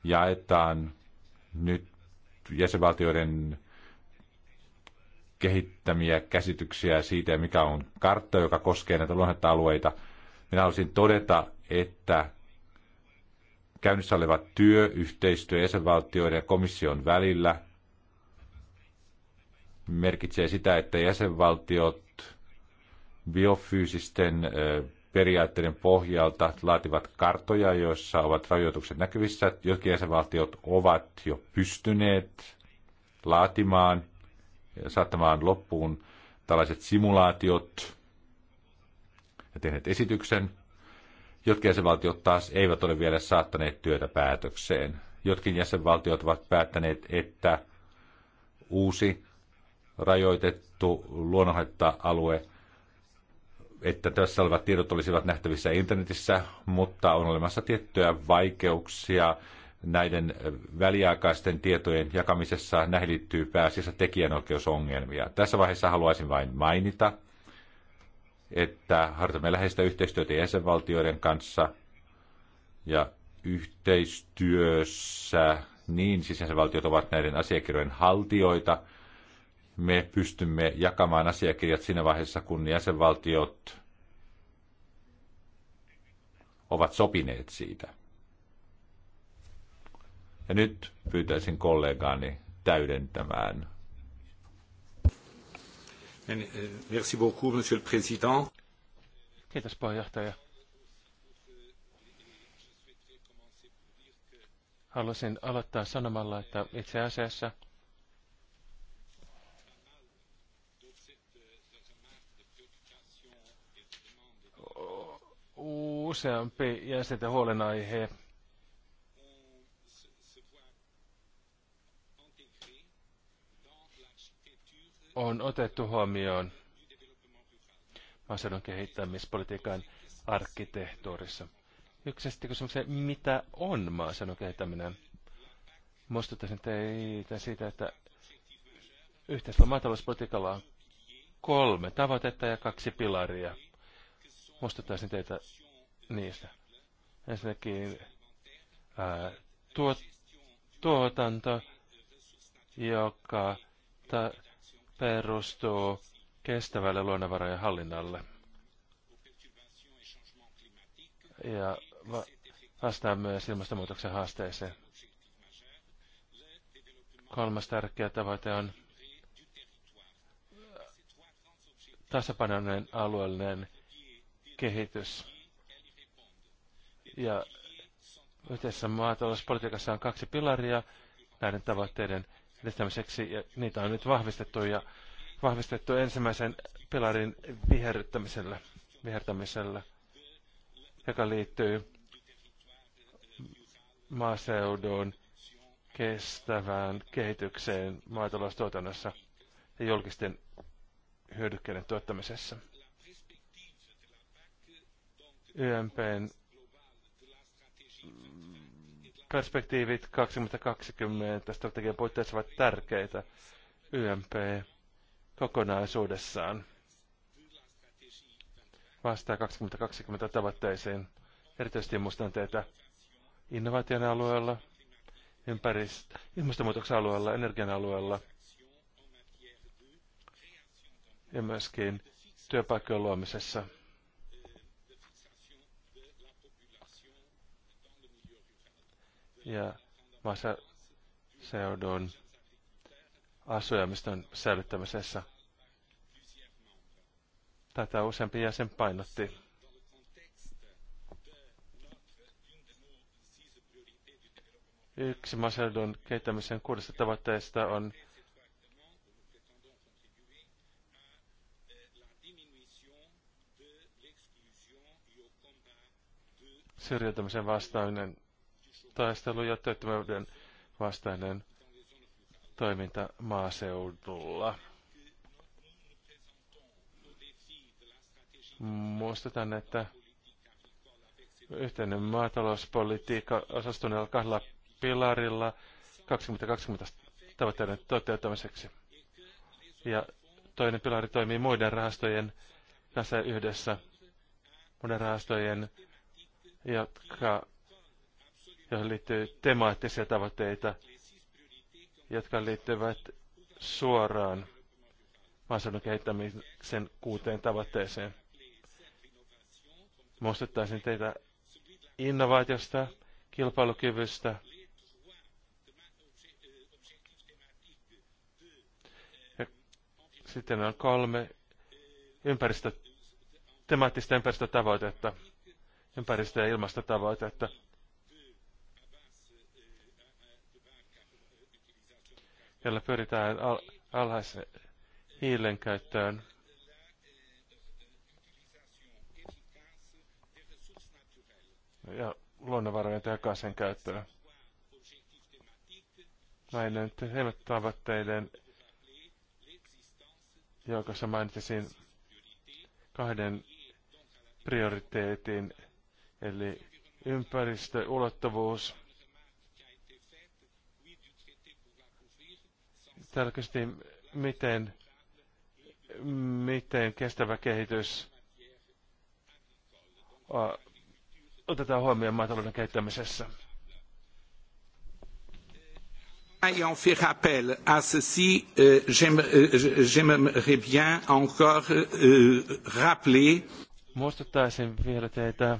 jaetaan nyt jäsenvaltioiden kehittämiä käsityksiä siitä, mikä on kartta, joka koskee näitä luonnetta-alueita. Minä haluaisin todeta, että käynnissä oleva työ, yhteistyö jäsenvaltioiden ja komission välillä merkitsee sitä, että jäsenvaltiot biofyysisten periaatteiden pohjalta laativat kartoja, joissa ovat rajoitukset näkyvissä. Jotkin jäsenvaltiot ovat jo pystyneet laatimaan ja saattamaan loppuun tällaiset simulaatiot ja tehneet esityksen. Jotkin jäsenvaltiot taas eivät ole vielä saattaneet työtä päätökseen. Jotkin jäsenvaltiot ovat päättäneet, että uusi rajoitettu luonnonhaitta-alue – että tässä olevat tiedot olisivat nähtävissä internetissä, mutta on olemassa tiettyjä vaikeuksia näiden väliaikaisten tietojen jakamisessa. Näihin liittyy pääasiassa tekijänoikeusongelmia. Tässä vaiheessa haluaisin vain mainita, että harjoitamme läheistä yhteistyötä jäsenvaltioiden kanssa ja yhteistyössä niin siis valtiot ovat näiden asiakirjojen haltioita – me pystymme jakamaan asiakirjat siinä vaiheessa, kun jäsenvaltiot ovat sopineet siitä. Ja nyt pyytäisin kollegaani täydentämään. Merci beaucoup, monsieur le président. Kiitos puheenjohtaja. Haluaisin aloittaa sanomalla, että itse asiassa – useampi jäsenten huolenaihe. on otettu huomioon maaseudun kehittämispolitiikan arkkitehtuurissa. Yksi kysymykseen, mitä on maaseudun kehittäminen? Muistuttaisin teitä siitä, että yhteisellä maatalouspolitiikalla on kolme tavoitetta ja kaksi pilaria. Muistuttaisin teitä niistä. Ensinnäkin ää, tuo, tuotanto, joka ta, perustuu kestävälle luonnonvarojen hallinnalle. Ja va, vastaa myös ilmastonmuutoksen haasteeseen. Kolmas tärkeä tavoite on tasapainoinen alueellinen kehitys ja yhteisessä maatalouspolitiikassa on kaksi pilaria näiden tavoitteiden edistämiseksi, ja niitä on nyt vahvistettu, ja vahvistettu ensimmäisen pilarin viherryttämisellä, vihertämisellä, joka liittyy maaseudun kestävään kehitykseen maataloustuotannossa ja julkisten hyödykkeiden tuottamisessa. YMPn perspektiivit 2020 strategian puitteissa ovat tärkeitä YMP kokonaisuudessaan. Vastaa 2020 tavoitteisiin. Erityisesti muistan teitä innovaation alueella, ilmastonmuutoksen alueella, energian alueella ja myöskin työpaikkojen luomisessa – ja mistä on säilyttämisessä. Tätä useampi jäsen painotti. Yksi maaseudun kehittämisen kuudesta tavoitteesta on syrjäytymisen vastainen taistelu ja työttömyyden vastainen toiminta maaseudulla. Muistetaan, että yhteinen maatalouspolitiikka osastuneella kahdella pilarilla 2020 tavoitteiden toteuttamiseksi. Ja toinen pilari toimii muiden rahastojen kanssa yhdessä, muiden rahastojen, jotka joihin liittyy temaattisia tavoitteita, jotka liittyvät suoraan maaseudun kehittämisen kuuteen tavoitteeseen. Muistuttaisin teitä innovaatiosta, kilpailukyvystä, ja sitten on kolme ympäristö, temaattista ympäristötavoitetta, ympäristö- ja ilmastotavoitetta. jolla pyritään al alhaisen hiilen käyttöön. ja luonnonvarojen takaisin käyttöön. Näiden tavoitteiden joukossa mainitsin kahden prioriteetin, eli ympäristöulottuvuus Täällä kysyttiin, miten, miten kestävä kehitys otetaan huomioon maatalouden kehittämisessä. Ayant fait rappel à ceci, euh, euh, j'aimerais bien encore euh, rappeler. vielä teitä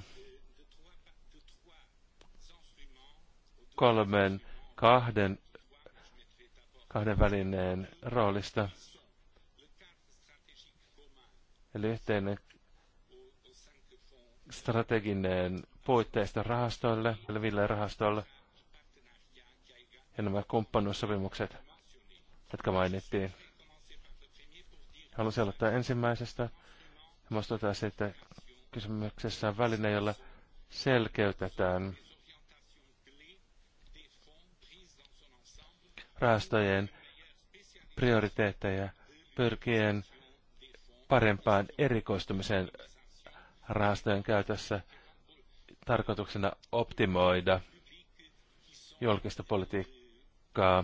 kolmen kahden kahden välineen roolista. Eli yhteinen strateginen puitteista rahastoille, leville rahastoille ja nämä kumppanuussopimukset, jotka mainittiin. Haluaisin aloittaa ensimmäisestä. Muistutaan siitä, että kysymyksessä on väline, jolla selkeytetään rahastojen prioriteetteja pyrkien parempaan erikoistumiseen rahastojen käytössä tarkoituksena optimoida julkista politiikkaa.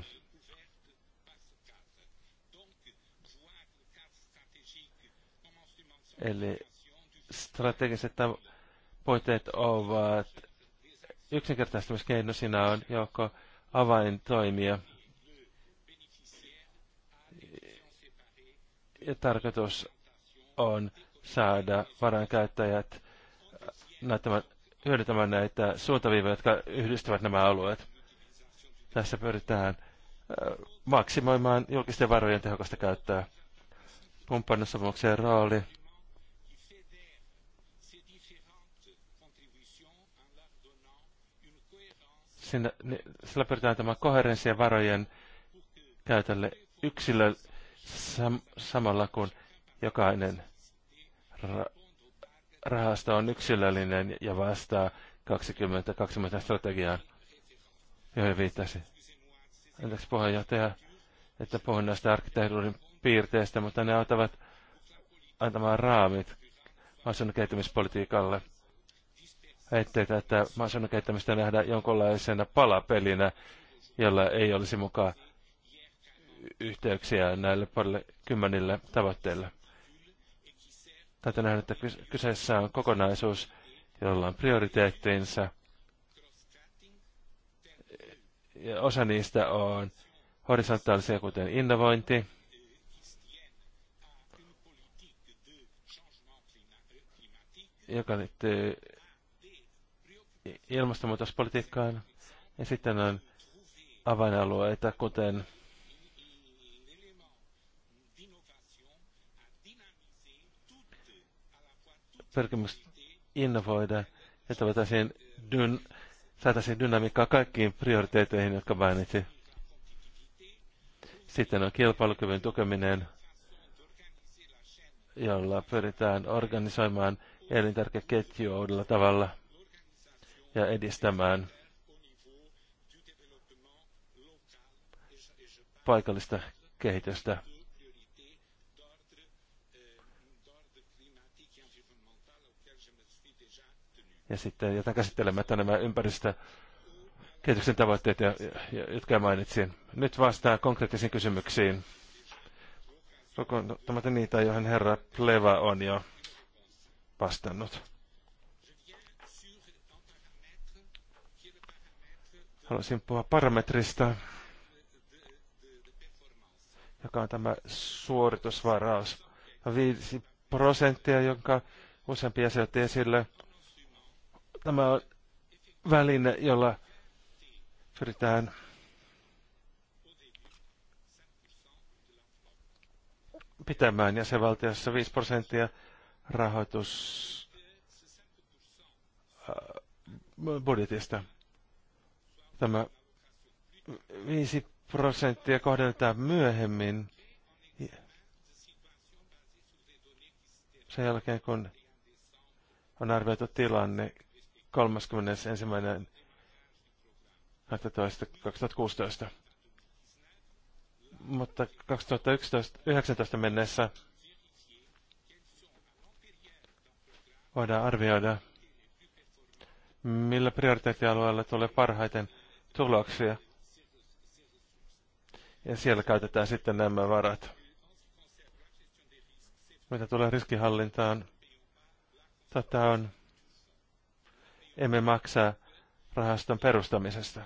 Eli strategiset puitteet ovat yksinkertaistamiskeino. Siinä on joko avaintoimia, tarkoitus on saada varankäyttäjät näyttämään, hyödyntämään näitä suuntaviivoja, jotka yhdistävät nämä alueet. Tässä pyritään maksimoimaan julkisten varojen tehokasta käyttöä. Kumppanussopimuksen rooli sillä pyritään tämä koherenssien varojen käytölle yksilö, Sam- samalla kun jokainen ra- rahasto on yksilöllinen ja vastaa 2020 strategiaan, johon viittasi. Anteeksi puheenjohtaja, että puhun näistä arkkitehtuurin piirteistä, mutta ne auttavat antamaan raamit maaseudun kehittämispolitiikalle. Etteitä, että maaseudun kehittämistä nähdään jonkunlaisena palapelinä, jolla ei olisi mukaan yhteyksiä näille parille kymmenille tavoitteille. Täytyy nähdä, että kyseessä on kokonaisuus, jolla on prioriteettinsa. Ja osa niistä on horisontaalisia, kuten innovointi, joka liittyy ilmastonmuutospolitiikkaan. Ja sitten on avainalueita, kuten pyrkimys innovoida, että voitaisiin dyn, saataisiin dynamiikkaa kaikkiin prioriteeteihin, jotka mainitsi. Sitten on kilpailukyvyn tukeminen, jolla pyritään organisoimaan elintarkeketjua uudella tavalla ja edistämään paikallista kehitystä. ja sitten jota käsittelemättä nämä ympäristö kehityksen tavoitteet, ja, ja, jotka mainitsin. Nyt vastaa konkreettisiin kysymyksiin. Kokoontumatta niitä, joihin herra Pleva on jo vastannut. Haluaisin puhua parametrista, joka on tämä suoritusvaraus. 5 prosenttia, jonka useampi jäsen otti esille – Tämä on väline, jolla pyritään pitämään jäsenvaltiossa 5 prosenttia rahoitus äh, budjetista. Tämä 5 prosenttia kohdennetaan myöhemmin sen jälkeen, kun on arvioitu tilanne 31.12.2016. Mutta 2019 mennessä voidaan arvioida, millä prioriteettialueella tulee parhaiten tuloksia. Ja siellä käytetään sitten nämä varat. Mitä tulee riskihallintaan, tätä on emme maksa rahaston perustamisesta.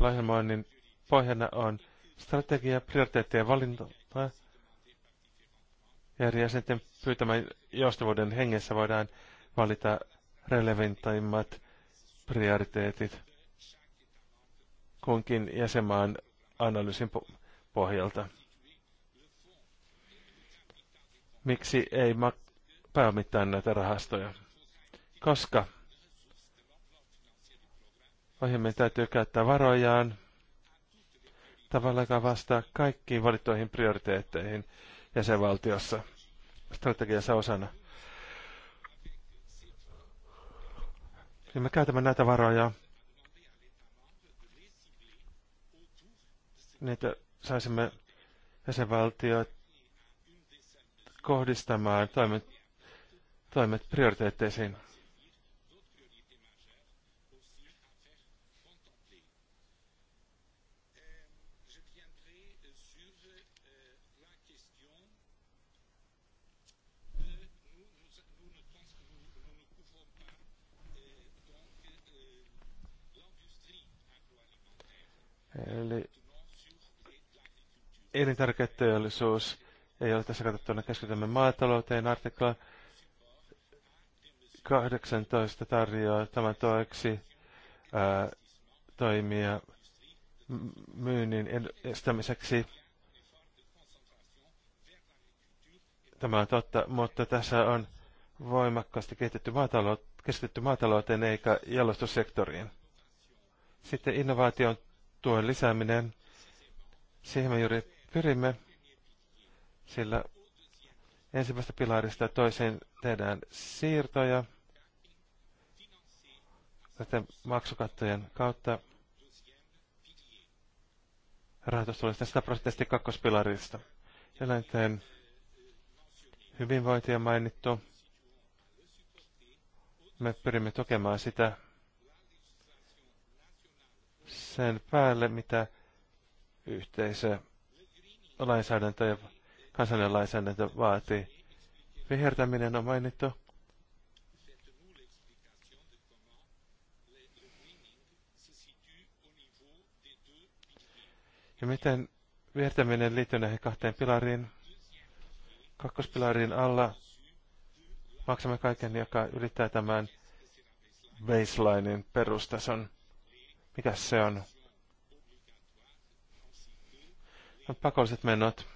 Lahjelmoinnin pohjana on strategia, ja valinta ja eri jäsenten pyytämän joustavuuden hengessä voidaan valita relevantimmat prioriteetit kunkin jäsenmaan analyysin pohjalta miksi ei mak- pääomittaa näitä rahastoja. Koska ohjelmien täytyy käyttää varojaan tavalla, joka vastaa kaikkiin valittuihin prioriteetteihin jäsenvaltiossa strategiassa osana. Ja me käytämme näitä varoja, niitä saisimme jäsenvaltioita kohdistamaan toimet, toimet prioriteetteisiin. Eli elintarviketeollisuus ei ole tässä katsottuna. Keskitymme maatalouteen. Artikla 18 tarjoaa tämän toeksi ää, toimia myynnin estämiseksi. Tämä on totta, mutta tässä on voimakkaasti kehitetty maatalou- keskitytty maatalouteen eikä jalostussektoriin. Sitten innovaation tuen lisääminen. Siihen me juuri pyrimme sillä ensimmäistä pilarista toiseen tehdään siirtoja näiden maksukattojen kautta. Rahoitus tulee sitten 100 prosenttisesti kakkospilarista. Eläinten hyvinvointia mainittu. Me pyrimme tukemaan sitä sen päälle, mitä yhteisö lainsäädäntö ja kansallinen lainsäädäntö vaatii. Vihertäminen on mainittu. Ja miten vihertäminen liittyy näihin kahteen pilariin? Kakkospilariin alla maksamme kaiken, joka ylittää tämän baselinein perustason. mikä se on? No, pakolliset menot.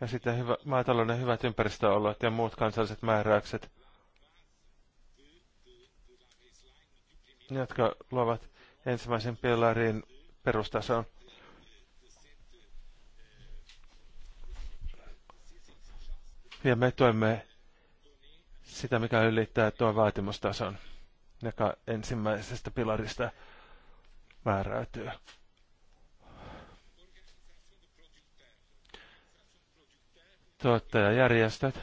ja sitten hyvä, maatalouden hyvät ympäristöolot ja muut kansalliset määräykset, jotka luovat ensimmäisen pilarin perustason. Ja me tuemme sitä, mikä ylittää tuon vaatimustason, joka ensimmäisestä pilarista määräytyy. tuottajajärjestöt.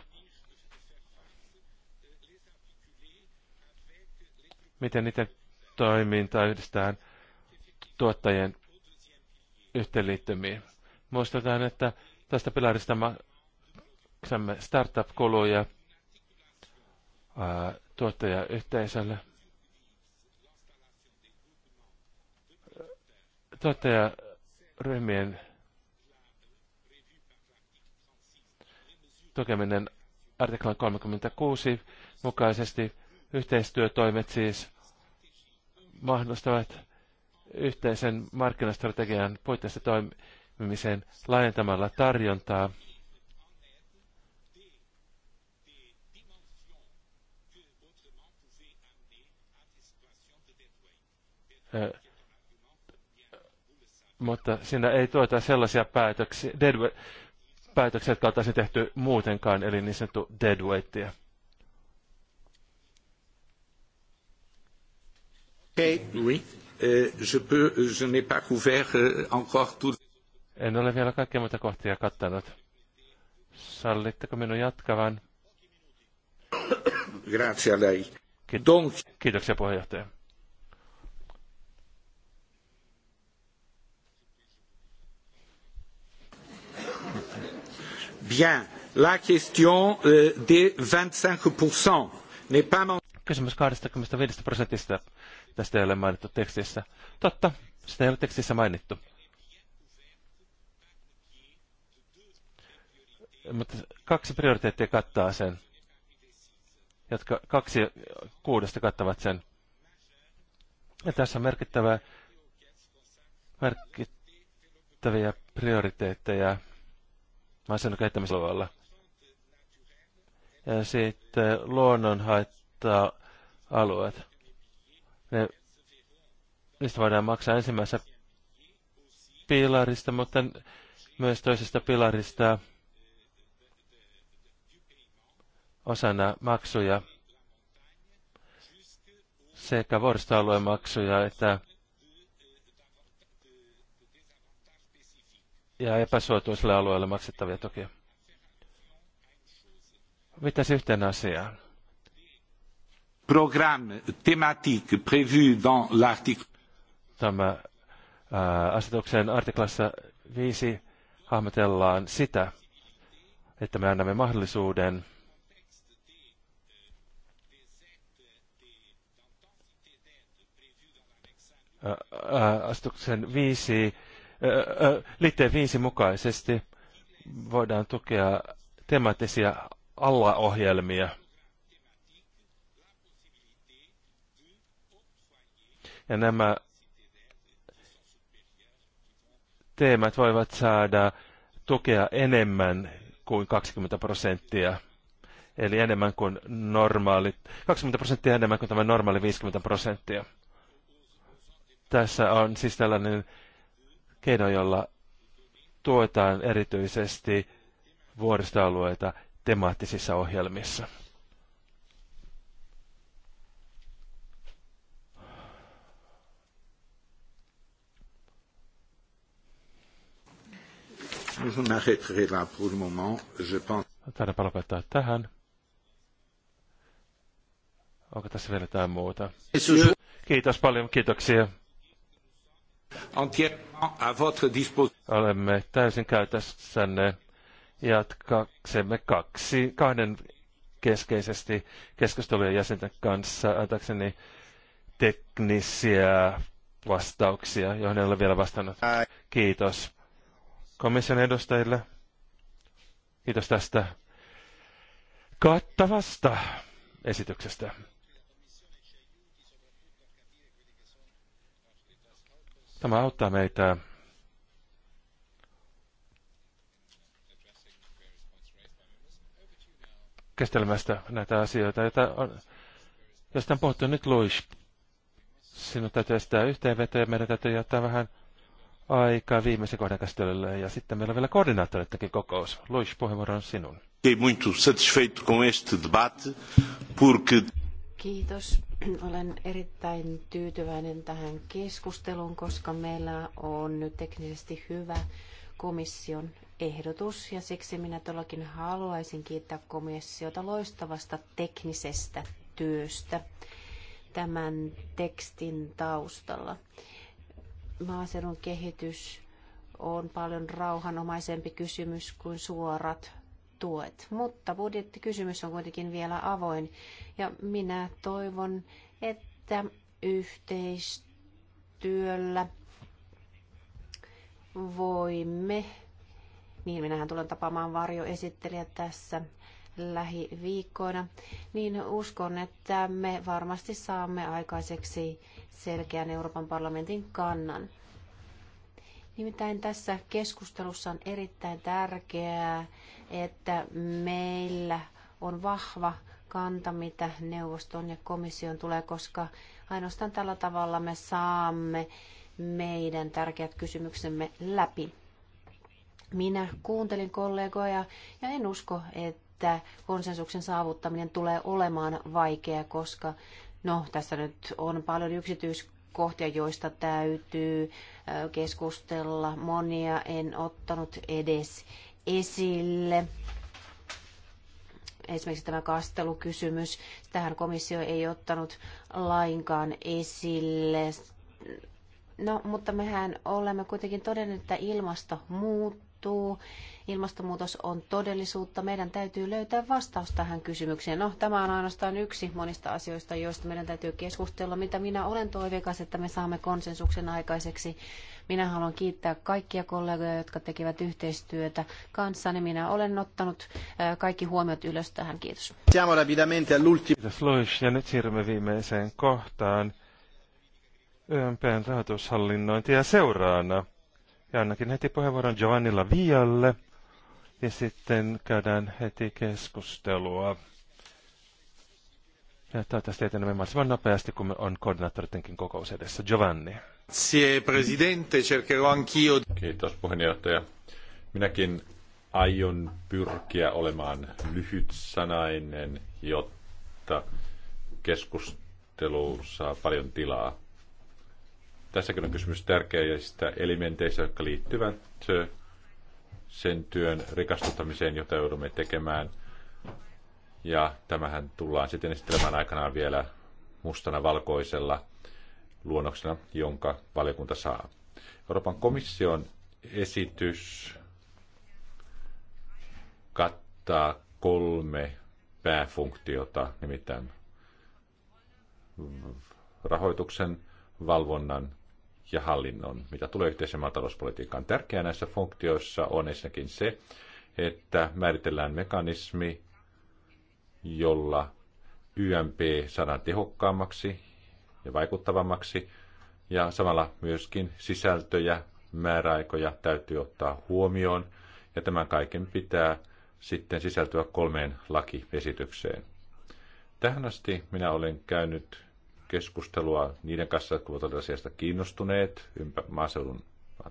Miten niiden toimintaa yhdistetään tuottajien yhteenliittymiin. Muistetaan, että tästä pilarista maksamme startup-kuluja tuottajayhteisölle. Tuottajaryhmien tukeminen artiklan 36 mukaisesti. Yhteistyötoimet siis mahdollistavat yhteisen markkinastrategian puitteissa toimimisen laajentamalla tarjontaa. mutta siinä ei tuota sellaisia päätöksiä, päätöksiä, jotka oltaisiin tehty muutenkaan, eli niin sanottu deadweightia. Okay. Oui. Euh, je peux, je n'ai pas couvert euh, encore tout... En ole vielä kaikkia muita kohtia kattanut. Sallitteko minun jatkavan? Grazie a lei. Kiitoksia puheenjohtaja. Bien. La question euh, des 25% n'est pas Kysymys 25 prosentista tästä ei ole mainittu tekstissä. Totta, sitä ei ole tekstissä mainittu. Mutta kaksi prioriteettia kattaa sen, jotka kaksi kuudesta kattavat sen. Ja tässä on merkittävä, merkittäviä prioriteetteja maaseudun kehittämisalueella. Ja sitten luonnonhaittaa alueet. Ne, niistä voidaan maksaa ensimmäisestä pilarista, mutta myös toisesta pilarista osana maksuja sekä vuoristoalueen maksuja että ja epäsuotuisille alueille maksettavia tukia. Mitäs yhteen asiaan? Programme thématique prévu dans l'article. Tämä ää, asetuksen artiklassa 5 hahmotellaan sitä, että me annamme mahdollisuuden asetuksen 5 liitteen viisi mukaisesti voidaan tukea temaattisia alaohjelmia. Ja nämä teemat voivat saada tukea enemmän kuin 20 prosenttia. Eli enemmän kuin normaali, 20 prosenttia enemmän kuin tämä normaali 50 prosenttia. Tässä on siis tällainen keino, jolla tuetaan erityisesti vuoristoalueita temaattisissa ohjelmissa. Je m'arrêterai Taidaanpa lopettaa tähän. Onko tässä vielä jotain muuta? Kiitos paljon, kiitoksia. Olemme täysin käytössänne jatkaksemme kaksi, kahden keskeisesti keskustelujen jäsenten kanssa antaakseni teknisiä vastauksia, joihin en ole vielä vastannut. Kiitos komission edustajille. Kiitos tästä kattavasta esityksestä. Tämä auttaa meitä käsittelemästä näitä asioita, joita on, josta on puhuttu nyt Luis. Sinun täytyy estää yhteenveto ja meidän täytyy jättää vähän aikaa viimeisen kohdan käsittelylle ja sitten meillä on vielä koordinaattoreittakin kokous. Luis, puheenvuoro on sinun. Olen hyvin satisfeito com este debate porque Kiitos. Olen erittäin tyytyväinen tähän keskusteluun, koska meillä on nyt teknisesti hyvä komission ehdotus ja siksi minä todellakin haluaisin kiittää komissiota loistavasta teknisestä työstä tämän tekstin taustalla. Maaseudun kehitys on paljon rauhanomaisempi kysymys kuin suorat tuet. Mutta budjettikysymys on kuitenkin vielä avoin ja minä toivon, että yhteistyöllä voimme, niin minähän tulen tapaamaan varjoesittelijä tässä lähiviikkoina, niin uskon, että me varmasti saamme aikaiseksi selkeän Euroopan parlamentin kannan. Nimittäin tässä keskustelussa on erittäin tärkeää että meillä on vahva kanta, mitä neuvoston ja komission tulee, koska ainoastaan tällä tavalla me saamme meidän tärkeät kysymyksemme läpi. Minä kuuntelin kollegoja ja en usko, että konsensuksen saavuttaminen tulee olemaan vaikea, koska no, tässä nyt on paljon yksityiskohtia, joista täytyy keskustella. Monia en ottanut edes esille. Esimerkiksi tämä kastelukysymys, tähän komissio ei ottanut lainkaan esille. No, mutta mehän olemme kuitenkin todenneet, että ilmasto muuttuu. Ilmastonmuutos on todellisuutta. Meidän täytyy löytää vastaus tähän kysymykseen. No, tämä on ainoastaan yksi monista asioista, joista meidän täytyy keskustella. Mitä minä olen toiveikas, että me saamme konsensuksen aikaiseksi minä haluan kiittää kaikkia kollegoja, jotka tekivät yhteistyötä kanssani. Minä olen ottanut kaikki huomiot ylös tähän. Kiitos. Kiitos Luis. Ja nyt siirrymme viimeiseen kohtaan. YMPn ja seuraana. Ja ainakin heti puheenvuoron Giovannilla Vialle. Ja sitten käydään heti keskustelua. Ja toivottavasti etenemme mahdollisimman nopeasti, kun on koordinaattoritenkin kokous edessä. Giovanni. Kiitos puheenjohtaja. Minäkin aion pyrkiä olemaan lyhytsanainen, jotta keskustelu saa paljon tilaa. Tässäkin on kysymys tärkeistä elementeistä, jotka liittyvät sen työn rikastuttamiseen, jota joudumme tekemään – ja tämähän tullaan sitten esittelemään aikanaan vielä mustana valkoisella luonnoksena, jonka valiokunta saa. Euroopan komission esitys kattaa kolme pääfunktiota, nimittäin rahoituksen, valvonnan ja hallinnon, mitä tulee yhteisen maatalouspolitiikkaan. Tärkeää näissä funktioissa on ensinnäkin se, että määritellään mekanismi, jolla YMP saadaan tehokkaammaksi ja vaikuttavammaksi, ja samalla myöskin sisältöjä, määräaikoja täytyy ottaa huomioon, ja tämän kaiken pitää sitten sisältyä kolmeen lakiesitykseen. Tähän asti minä olen käynyt keskustelua niiden kanssa, jotka ovat asiasta kiinnostuneet ympä maaseudun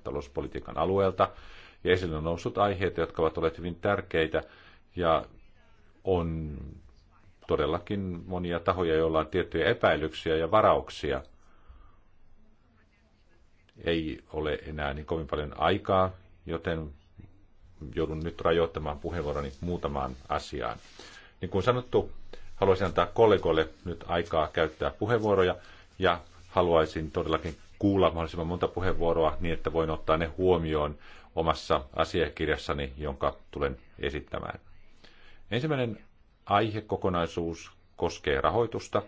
talouspolitiikan alueelta. Ja esille on noussut aiheita, jotka ovat olleet hyvin tärkeitä ja on todellakin monia tahoja, joilla on tiettyjä epäilyksiä ja varauksia. Ei ole enää niin kovin paljon aikaa, joten joudun nyt rajoittamaan puheenvuoroni muutamaan asiaan. Niin kuin sanottu, haluaisin antaa kollegoille nyt aikaa käyttää puheenvuoroja ja haluaisin todellakin kuulla mahdollisimman monta puheenvuoroa niin, että voin ottaa ne huomioon omassa asiakirjassani, jonka tulen esittämään. Ensimmäinen aihekokonaisuus koskee rahoitusta,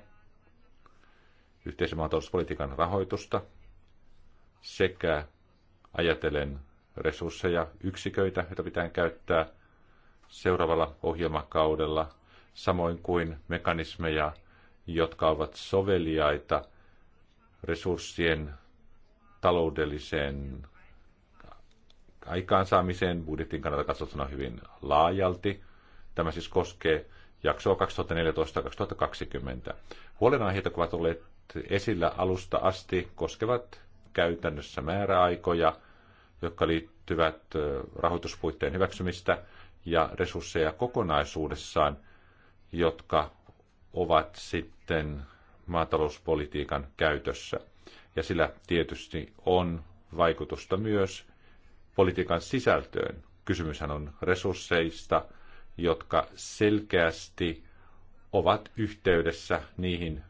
yhteisen maatalouspolitiikan rahoitusta sekä ajatellen resursseja, yksiköitä, joita pitää käyttää seuraavalla ohjelmakaudella, samoin kuin mekanismeja, jotka ovat soveliaita resurssien taloudelliseen aikaansaamiseen budjetin kannalta katsottuna hyvin laajalti. Tämä siis koskee jaksoa 2014-2020. Huolenaiheet, ovat olleet esillä alusta asti, koskevat käytännössä määräaikoja, jotka liittyvät rahoituspuitteen hyväksymistä ja resursseja kokonaisuudessaan, jotka ovat sitten maatalouspolitiikan käytössä. Ja sillä tietysti on vaikutusta myös politiikan sisältöön. Kysymyshän on resursseista – jotka selkeästi ovat yhteydessä niihin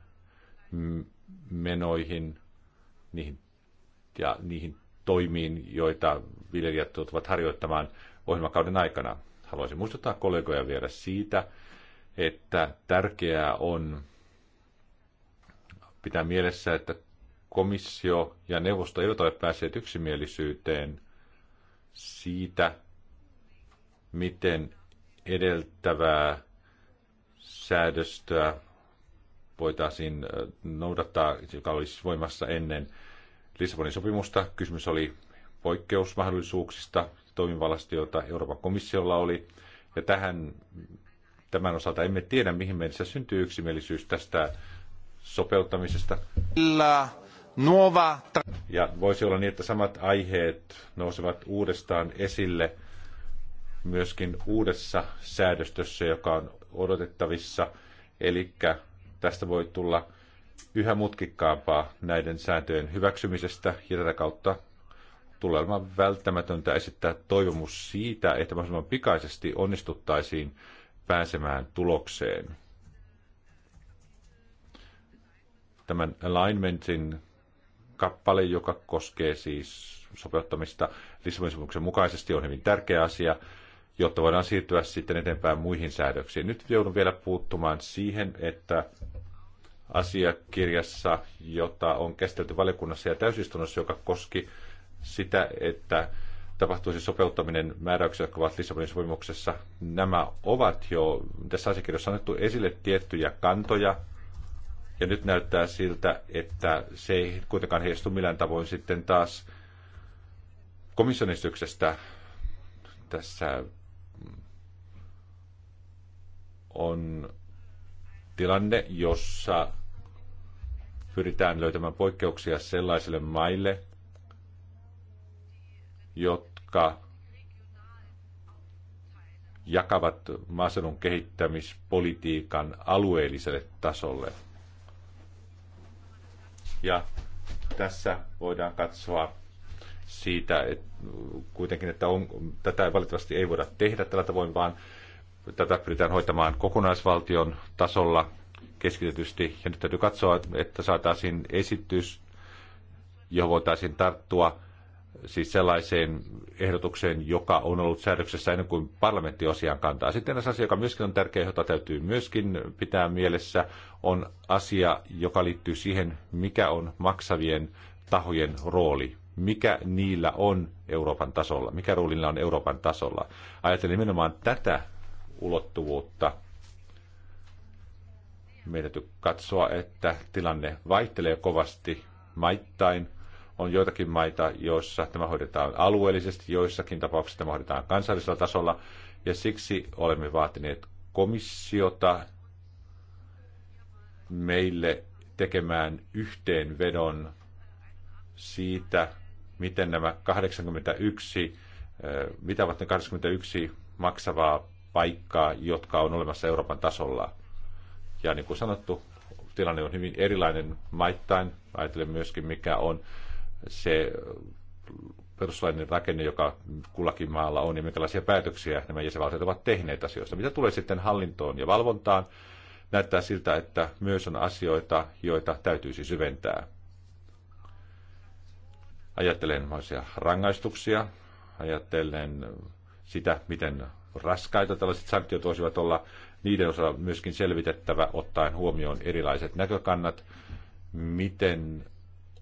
menoihin niihin, ja niihin toimiin, joita viljelijät tuottavat harjoittamaan ohjelmakauden aikana. Haluaisin muistuttaa kollegoja vielä siitä, että tärkeää on pitää mielessä, että komissio ja neuvosto eivät ole päässeet yksimielisyyteen siitä, miten edeltävää säädöstöä voitaisiin noudattaa, joka olisi voimassa ennen Lissabonin sopimusta. Kysymys oli poikkeusmahdollisuuksista, toimivallasta, jota Euroopan komissiolla oli. Ja tähän, tämän osalta emme tiedä, mihin mennessä syntyy yksimielisyys tästä sopeuttamisesta. La nuova... Ja voisi olla niin, että samat aiheet nousevat uudestaan esille – myöskin uudessa säädöstössä, joka on odotettavissa. Eli tästä voi tulla yhä mutkikkaampaa näiden sääntöjen hyväksymisestä ja tätä kautta tulee olemaan välttämätöntä esittää toivomus siitä, että mahdollisimman pikaisesti onnistuttaisiin pääsemään tulokseen. Tämän alignmentin kappale, joka koskee siis sopeuttamista Lissabonin sopimuksen mukaisesti, on hyvin tärkeä asia jotta voidaan siirtyä sitten eteenpäin muihin säädöksiin. Nyt joudun vielä puuttumaan siihen, että asiakirjassa, jota on käsitelty valiokunnassa ja täysistunnossa, joka koski sitä, että tapahtuisi sopeuttaminen määräyksiä, jotka ovat Lissabonin sopimuksessa. Nämä ovat jo tässä asiakirjassa annettu esille tiettyjä kantoja, ja nyt näyttää siltä, että se ei kuitenkaan heistu millään tavoin sitten taas komissionistyksestä tässä on tilanne, jossa pyritään löytämään poikkeuksia sellaisille maille, jotka jakavat maaseudun kehittämispolitiikan alueelliselle tasolle. Ja tässä voidaan katsoa siitä, että kuitenkin, että on, tätä valitettavasti ei voida tehdä tällä tavoin, vaan Tätä pyritään hoitamaan kokonaisvaltion tasolla keskitetysti. Ja nyt täytyy katsoa, että saataisiin esitys, johon voitaisiin tarttua siis sellaiseen ehdotukseen, joka on ollut säädöksessä ennen kuin parlamentti osiaan kantaa. Sitten eräs asia, joka myöskin on tärkeä, jota täytyy myöskin pitää mielessä, on asia, joka liittyy siihen, mikä on maksavien tahojen rooli. Mikä niillä on Euroopan tasolla? Mikä roolilla on Euroopan tasolla? Ajattelin nimenomaan tätä ulottuvuutta. Meidän täytyy katsoa, että tilanne vaihtelee kovasti maittain. On joitakin maita, joissa tämä hoidetaan alueellisesti, joissakin tapauksissa tämä hoidetaan kansallisella tasolla, ja siksi olemme vaatineet komissiota meille tekemään yhteenvedon siitä, miten nämä 81, eh, mitä ovat ne 81 maksavaa paikkaa, jotka on olemassa Euroopan tasolla. Ja niin kuin sanottu, tilanne on hyvin erilainen maittain. Ajattelen myöskin, mikä on se perustuslainen rakenne, joka kullakin maalla on, ja minkälaisia päätöksiä nämä jäsenvaltiot ovat tehneet asioista. Mitä tulee sitten hallintoon ja valvontaan, näyttää siltä, että myös on asioita, joita täytyisi syventää. Ajattelen rangaistuksia, ajattelen sitä, miten raskaita. Tällaiset sanktiot voisivat olla niiden osalta myöskin selvitettävä ottaen huomioon erilaiset näkökannat, miten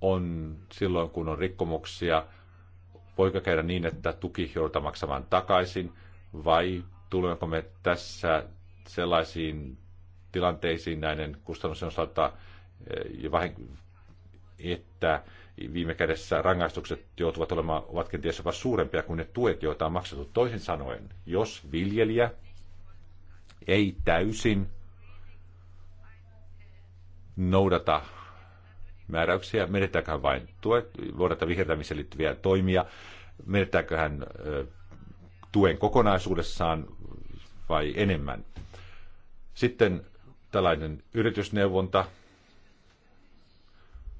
on silloin, kun on rikkomuksia, voiko käydä niin, että tuki joudutaan maksamaan takaisin, vai tulemmeko me tässä sellaisiin tilanteisiin näiden kustannusten osalta, eh, että viime kädessä rangaistukset joutuvat olemaan, ovat kenties jopa suurempia kuin ne tuet, joita on maksettu. Toisin sanoen, jos viljelijä ei täysin noudata määräyksiä, menettääkö hän vain tuet, noudata vihertämiseen liittyviä toimia, menettääkö hän tuen kokonaisuudessaan vai enemmän. Sitten tällainen yritysneuvonta,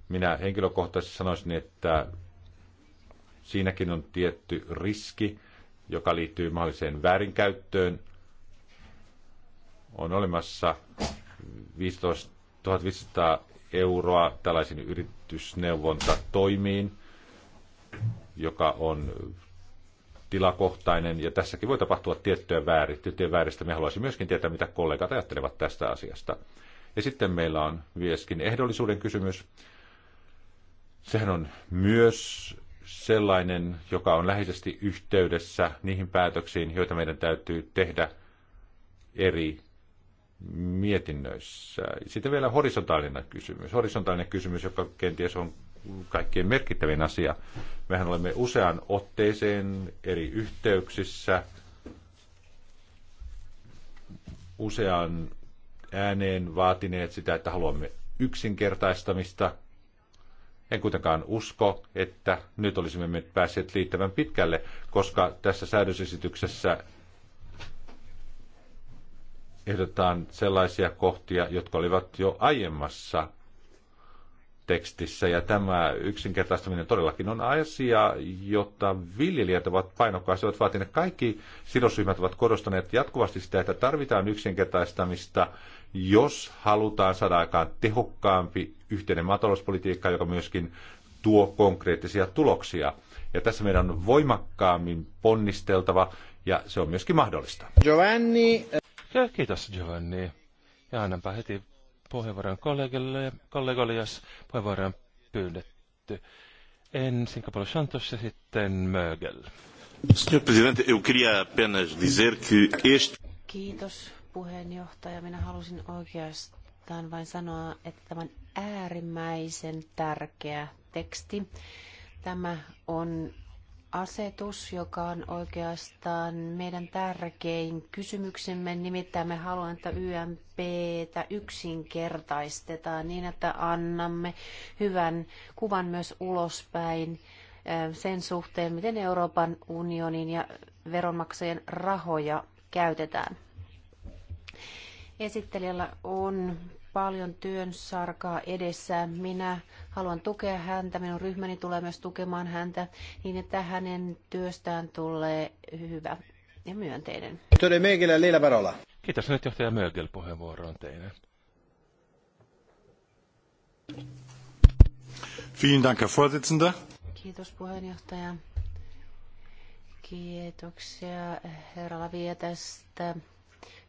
minä henkilökohtaisesti sanoisin, että siinäkin on tietty riski, joka liittyy mahdolliseen väärinkäyttöön. On olemassa 15, 1500 euroa tällaisiin yritysneuvontatoimiin, joka on tilakohtainen, ja tässäkin voi tapahtua tiettyä väärin, tiettyä vääristä. Me haluaisin myöskin tietää, mitä kollegat ajattelevat tästä asiasta. Ja sitten meillä on myöskin ehdollisuuden kysymys. Sehän on myös sellainen, joka on läheisesti yhteydessä niihin päätöksiin, joita meidän täytyy tehdä eri mietinnöissä. Sitten vielä horisontaalinen kysymys. Horisontaalinen kysymys, joka kenties on kaikkein merkittävin asia. Mehän olemme usean otteeseen eri yhteyksissä, usean ääneen vaatineet sitä, että haluamme yksinkertaistamista – en kuitenkaan usko, että nyt olisimme päässeet liittävän pitkälle, koska tässä säädösesityksessä ehdotetaan sellaisia kohtia, jotka olivat jo aiemmassa tekstissä. Ja tämä yksinkertaistaminen todellakin on asia, jota viljelijät ovat painokkaasti ovat vaatineet. Kaikki sidosryhmät ovat korostaneet jatkuvasti sitä, että tarvitaan yksinkertaistamista jos halutaan saada aikaan tehokkaampi yhteinen maatalouspolitiikka, joka myöskin tuo konkreettisia tuloksia. Ja tässä meidän on voimakkaammin ponnisteltava, ja se on myöskin mahdollista. Giovanni. Ja kiitos Giovanni. Ja annanpa heti puheenvuoron kollegalle, kollegalle jos on pyydetty. Ensin Capolo Santos ja sitten Mögel. Senhor Presidente, eu queria apenas dizer que este... Kiitos puheenjohtaja. Minä halusin oikeastaan vain sanoa, että tämä on äärimmäisen tärkeä teksti. Tämä on asetus, joka on oikeastaan meidän tärkein kysymyksemme. Nimittäin me haluamme, että YMPtä yksinkertaistetaan niin, että annamme hyvän kuvan myös ulospäin sen suhteen, miten Euroopan unionin ja veronmaksajien rahoja käytetään. Esittelijällä on paljon työn sarkaa edessään. Minä haluan tukea häntä, minun ryhmäni tulee myös tukemaan häntä niin, että hänen työstään tulee hyvä ja myönteinen. Kiitos nyt johtaja Mögel puheenvuoroon teille. Vielen Dank, Herr Vorsitzender. Kiitos puheenjohtaja. Kiitoksia herra Lavia tästä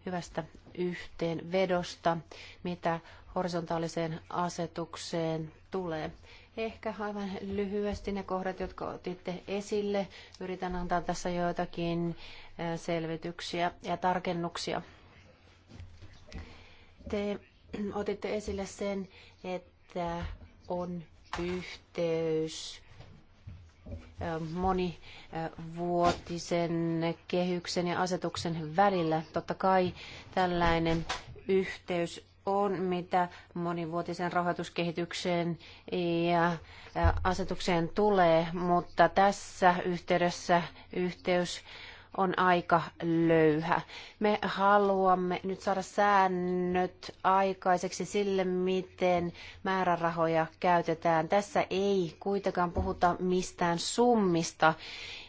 hyvästä yhteenvedosta, mitä horisontaaliseen asetukseen tulee. Ehkä aivan lyhyesti ne kohdat, jotka otitte esille. Yritän antaa tässä joitakin selvityksiä ja tarkennuksia. Te otitte esille sen, että on yhteys monivuotisen kehyksen ja asetuksen välillä. Totta kai tällainen yhteys on, mitä monivuotisen rahoituskehitykseen ja asetukseen tulee, mutta tässä yhteydessä yhteys on aika löyhä. Me haluamme nyt saada säännöt aikaiseksi sille, miten määrärahoja käytetään. Tässä ei kuitenkaan puhuta mistään summista,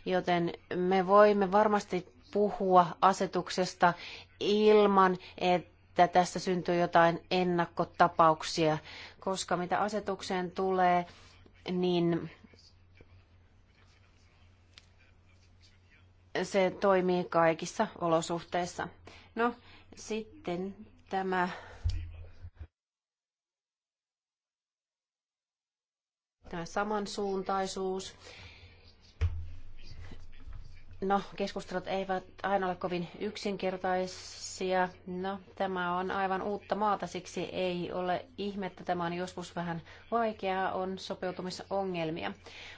joten me voimme varmasti puhua asetuksesta ilman, että tässä syntyy jotain ennakkotapauksia, koska mitä asetukseen tulee, niin se toimii kaikissa olosuhteissa. No sitten tämä tämä samansuuntaisuus. No, keskustelut eivät aina ole kovin yksinkertaisia. No, tämä on aivan uutta maata, siksi ei ole ihmettä. Tämä on joskus vähän vaikeaa, on sopeutumisongelmia.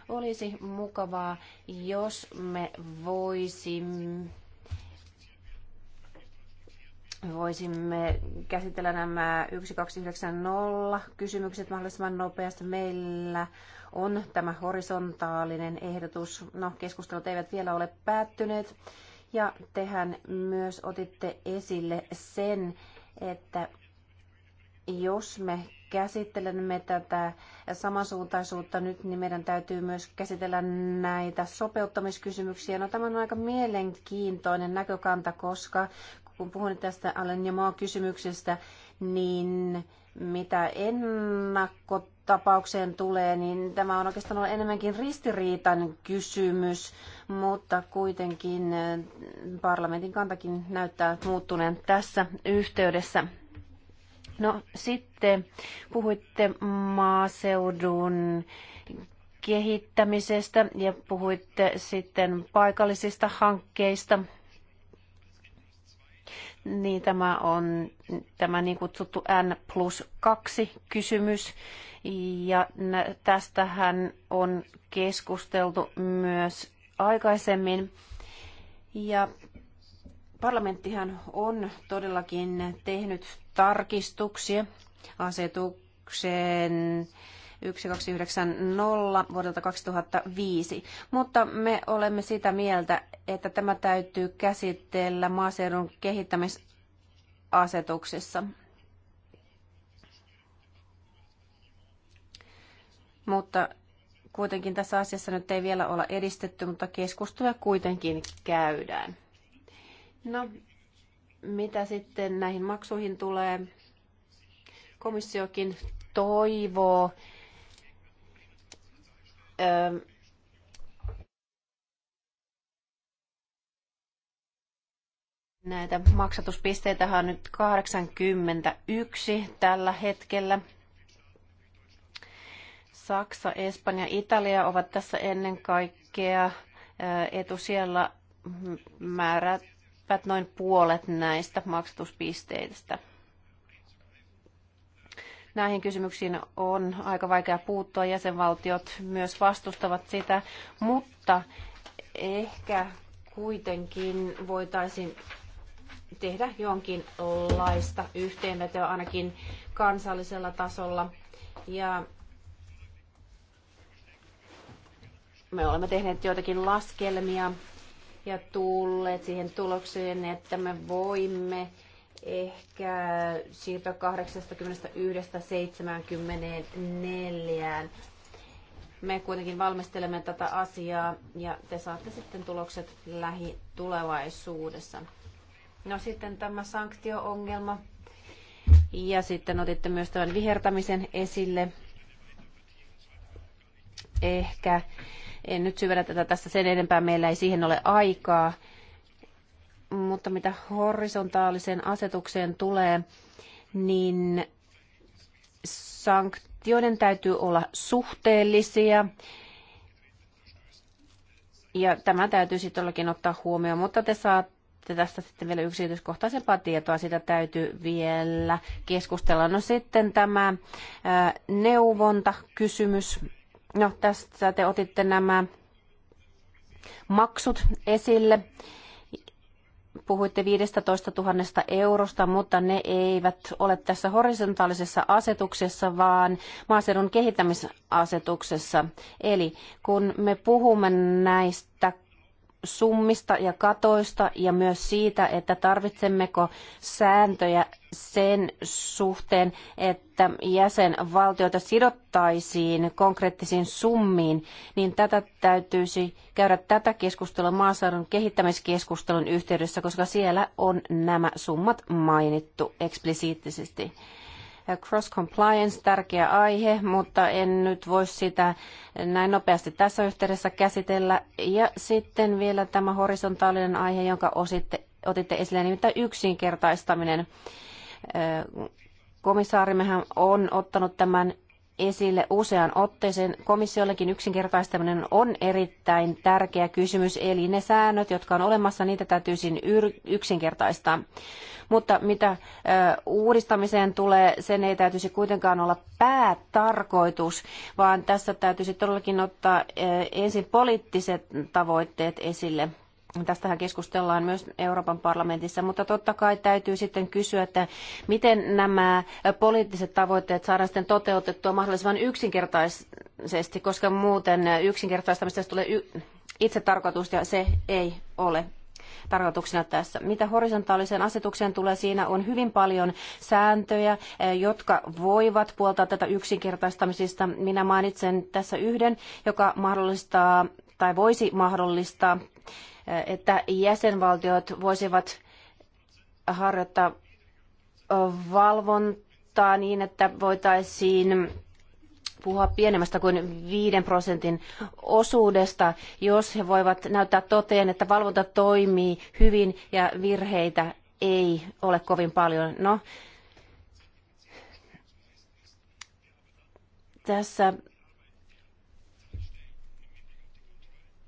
Olisi mukavaa, jos me voisimme voisimme käsitellä nämä 1290 kysymykset mahdollisimman nopeasti. Meillä on tämä horisontaalinen ehdotus. No, keskustelut eivät vielä ole päättyneet. Ja tehän myös otitte esille sen, että jos me käsittelemme tätä samansuuntaisuutta nyt, niin meidän täytyy myös käsitellä näitä sopeuttamiskysymyksiä. No tämä on aika mielenkiintoinen näkökanta, koska kun puhun tästä Allen ja maa kysymyksestä, niin mitä ennakkotapaukseen tulee, niin tämä on oikeastaan ollut enemmänkin ristiriitan kysymys, mutta kuitenkin parlamentin kantakin näyttää muuttuneen tässä yhteydessä. No sitten puhuitte maaseudun kehittämisestä ja puhuitte sitten paikallisista hankkeista – niin tämä on tämä niin kutsuttu N plus 2 kysymys. Ja tästähän on keskusteltu myös aikaisemmin. Ja parlamenttihan on todellakin tehnyt tarkistuksia asetukseen 1290 vuodelta 2005. Mutta me olemme sitä mieltä, että tämä täytyy käsitellä maaseudun kehittämisasetuksessa. Mutta kuitenkin tässä asiassa nyt ei vielä olla edistetty, mutta keskustelua kuitenkin käydään. No, mitä sitten näihin maksuihin tulee? Komissiokin toivoo, Ähm, näitä maksatuspisteitä on nyt 81 tällä hetkellä. Saksa, Espanja, Italia ovat tässä ennen kaikkea äh, etusijalla määrät noin puolet näistä maksatuspisteistä. Näihin kysymyksiin on aika vaikea puuttua. Jäsenvaltiot myös vastustavat sitä, mutta ehkä kuitenkin voitaisiin tehdä jonkinlaista yhteenvetoa ainakin kansallisella tasolla. Ja me olemme tehneet joitakin laskelmia ja tulleet siihen tulokseen, että me voimme ehkä siitä 81-74. Me kuitenkin valmistelemme tätä asiaa ja te saatte sitten tulokset lähitulevaisuudessa. No sitten tämä sanktioongelma. Ja sitten otitte myös tämän vihertämisen esille. Ehkä en nyt syvennä tätä tässä sen enempää, meillä ei siihen ole aikaa. Mutta mitä horisontaaliseen asetukseen tulee, niin sanktioiden täytyy olla suhteellisia. Ja tämä täytyy sitten ollakin ottaa huomioon, mutta te saatte tästä sitten vielä yksityiskohtaisempaa tietoa, sitä täytyy vielä keskustella. No sitten tämä neuvontakysymys. No tästä te otitte nämä maksut esille puhuitte 15 000 eurosta, mutta ne eivät ole tässä horisontaalisessa asetuksessa, vaan maaseudun kehittämisasetuksessa. Eli kun me puhumme näistä summista ja katoista ja myös siitä, että tarvitsemmeko sääntöjä sen suhteen, että jäsenvaltioita sidottaisiin konkreettisiin summiin, niin tätä täytyisi käydä tätä keskustelua maaseudun kehittämiskeskustelun yhteydessä, koska siellä on nämä summat mainittu eksplisiittisesti. Cross compliance, tärkeä aihe, mutta en nyt voi sitä näin nopeasti tässä yhteydessä käsitellä. Ja sitten vielä tämä horisontaalinen aihe, jonka ositte, otitte esille, nimittäin yksinkertaistaminen. Komissaarimmehän on ottanut tämän esille usean otteeseen. Komissiollekin yksinkertaistaminen on erittäin tärkeä kysymys, eli ne säännöt, jotka on olemassa, niitä täytyy yksinkertaistaa. Mutta mitä uudistamiseen tulee, sen ei täytyisi kuitenkaan olla päätarkoitus, vaan tässä täytyisi todellakin ottaa ensin poliittiset tavoitteet esille. Tästähän keskustellaan myös Euroopan parlamentissa, mutta totta kai täytyy sitten kysyä, että miten nämä poliittiset tavoitteet saadaan sitten toteutettua mahdollisimman yksinkertaisesti, koska muuten yksinkertaistamista tulee itse tarkoitus ja se ei ole tarkoituksena tässä. Mitä horisontaaliseen asetukseen tulee, siinä on hyvin paljon sääntöjä, eh, jotka voivat puoltaa tätä yksinkertaistamisista. Minä mainitsen tässä yhden, joka mahdollistaa tai voisi mahdollistaa, eh, että jäsenvaltiot voisivat harjoittaa eh, valvontaa niin, että voitaisiin puhua pienemmästä kuin 5 prosentin osuudesta, jos he voivat näyttää toteen, että valvonta toimii hyvin ja virheitä ei ole kovin paljon. No, tässä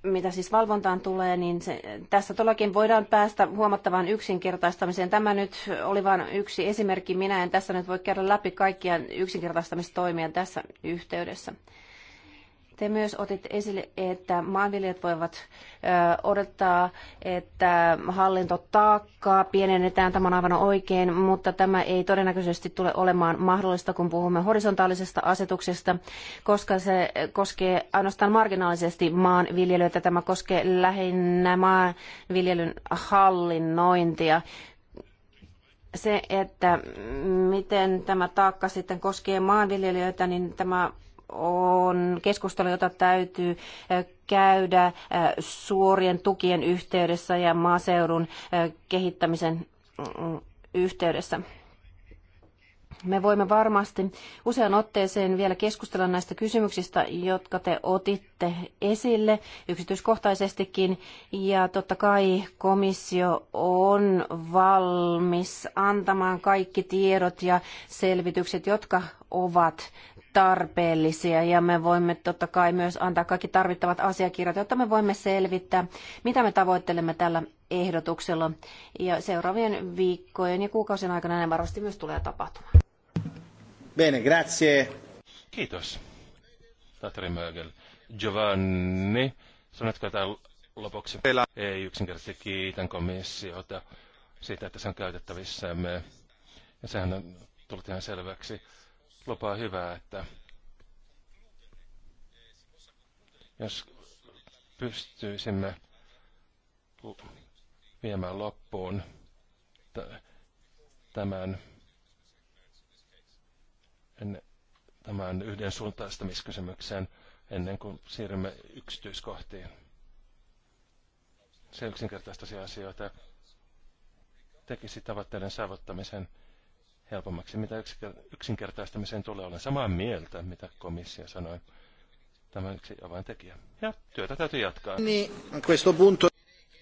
mitä siis valvontaan tulee, niin se, tässä todellakin voidaan päästä huomattavaan yksinkertaistamiseen. Tämä nyt oli vain yksi esimerkki. Minä en tässä nyt voi käydä läpi kaikkia yksinkertaistamistoimia tässä yhteydessä. Te myös otit esille, että maanviljelijät voivat odottaa, että hallintotaakkaa pienennetään. Tämä on aivan oikein, mutta tämä ei todennäköisesti tule olemaan mahdollista, kun puhumme horisontaalisesta asetuksesta, koska se koskee ainoastaan marginaalisesti maanviljelijöitä. Tämä koskee lähinnä maanviljelyn hallinnointia se, että miten tämä taakka sitten koskee maanviljelijöitä, niin tämä on keskustelu, jota täytyy käydä suorien tukien yhteydessä ja maaseudun kehittämisen mm, yhteydessä. Me voimme varmasti usean otteeseen vielä keskustella näistä kysymyksistä, jotka te otitte esille yksityiskohtaisestikin. Ja totta kai komissio on valmis antamaan kaikki tiedot ja selvitykset, jotka ovat tarpeellisia ja me voimme totta kai myös antaa kaikki tarvittavat asiakirjat, jotta me voimme selvittää, mitä me tavoittelemme tällä ehdotuksella. Ja seuraavien viikkojen ja kuukausien aikana näin varmasti myös tulee tapahtumaan. Bene, grazie. Kiitos. Tatri Mögel. Giovanni, sanotko jotain lopuksi? Ei yksinkertaisesti kiitän komissiota siitä, että se on käytettävissämme. Ja sehän on tullut ihan selväksi Lopaa hyvää, että jos pystyisimme viemään loppuun tämän, tämän yhden suuntaistamiskysymyksen ennen kuin siirrymme yksityiskohtiin. Se yksinkertaistaisia asioita tekisi tavoitteiden saavuttamisen helpommaksi, mitä yksinkertaistamiseen tulee. Olen samaa mieltä, mitä komissio sanoi. Tämä on yksi avaintekijä. Ja työtä täytyy jatkaa. Niin, questo punto.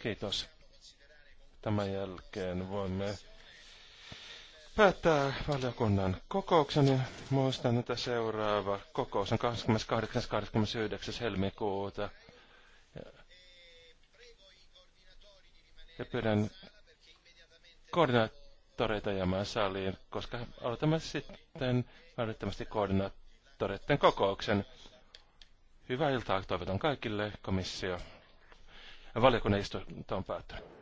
Kiitos. Tämän jälkeen voimme päättää valiokunnan kokouksen. Ja muistan, että seuraava kokous on 28.29. helmikuuta. Ja, ja pyydän koordinaat koordinaattoreita jäämään saliin, koska aloitamme sitten välittömästi koordinaattoreiden kokouksen. Hyvää iltaa toivotan kaikille komissio. Valiokunnan istunto on päättynyt.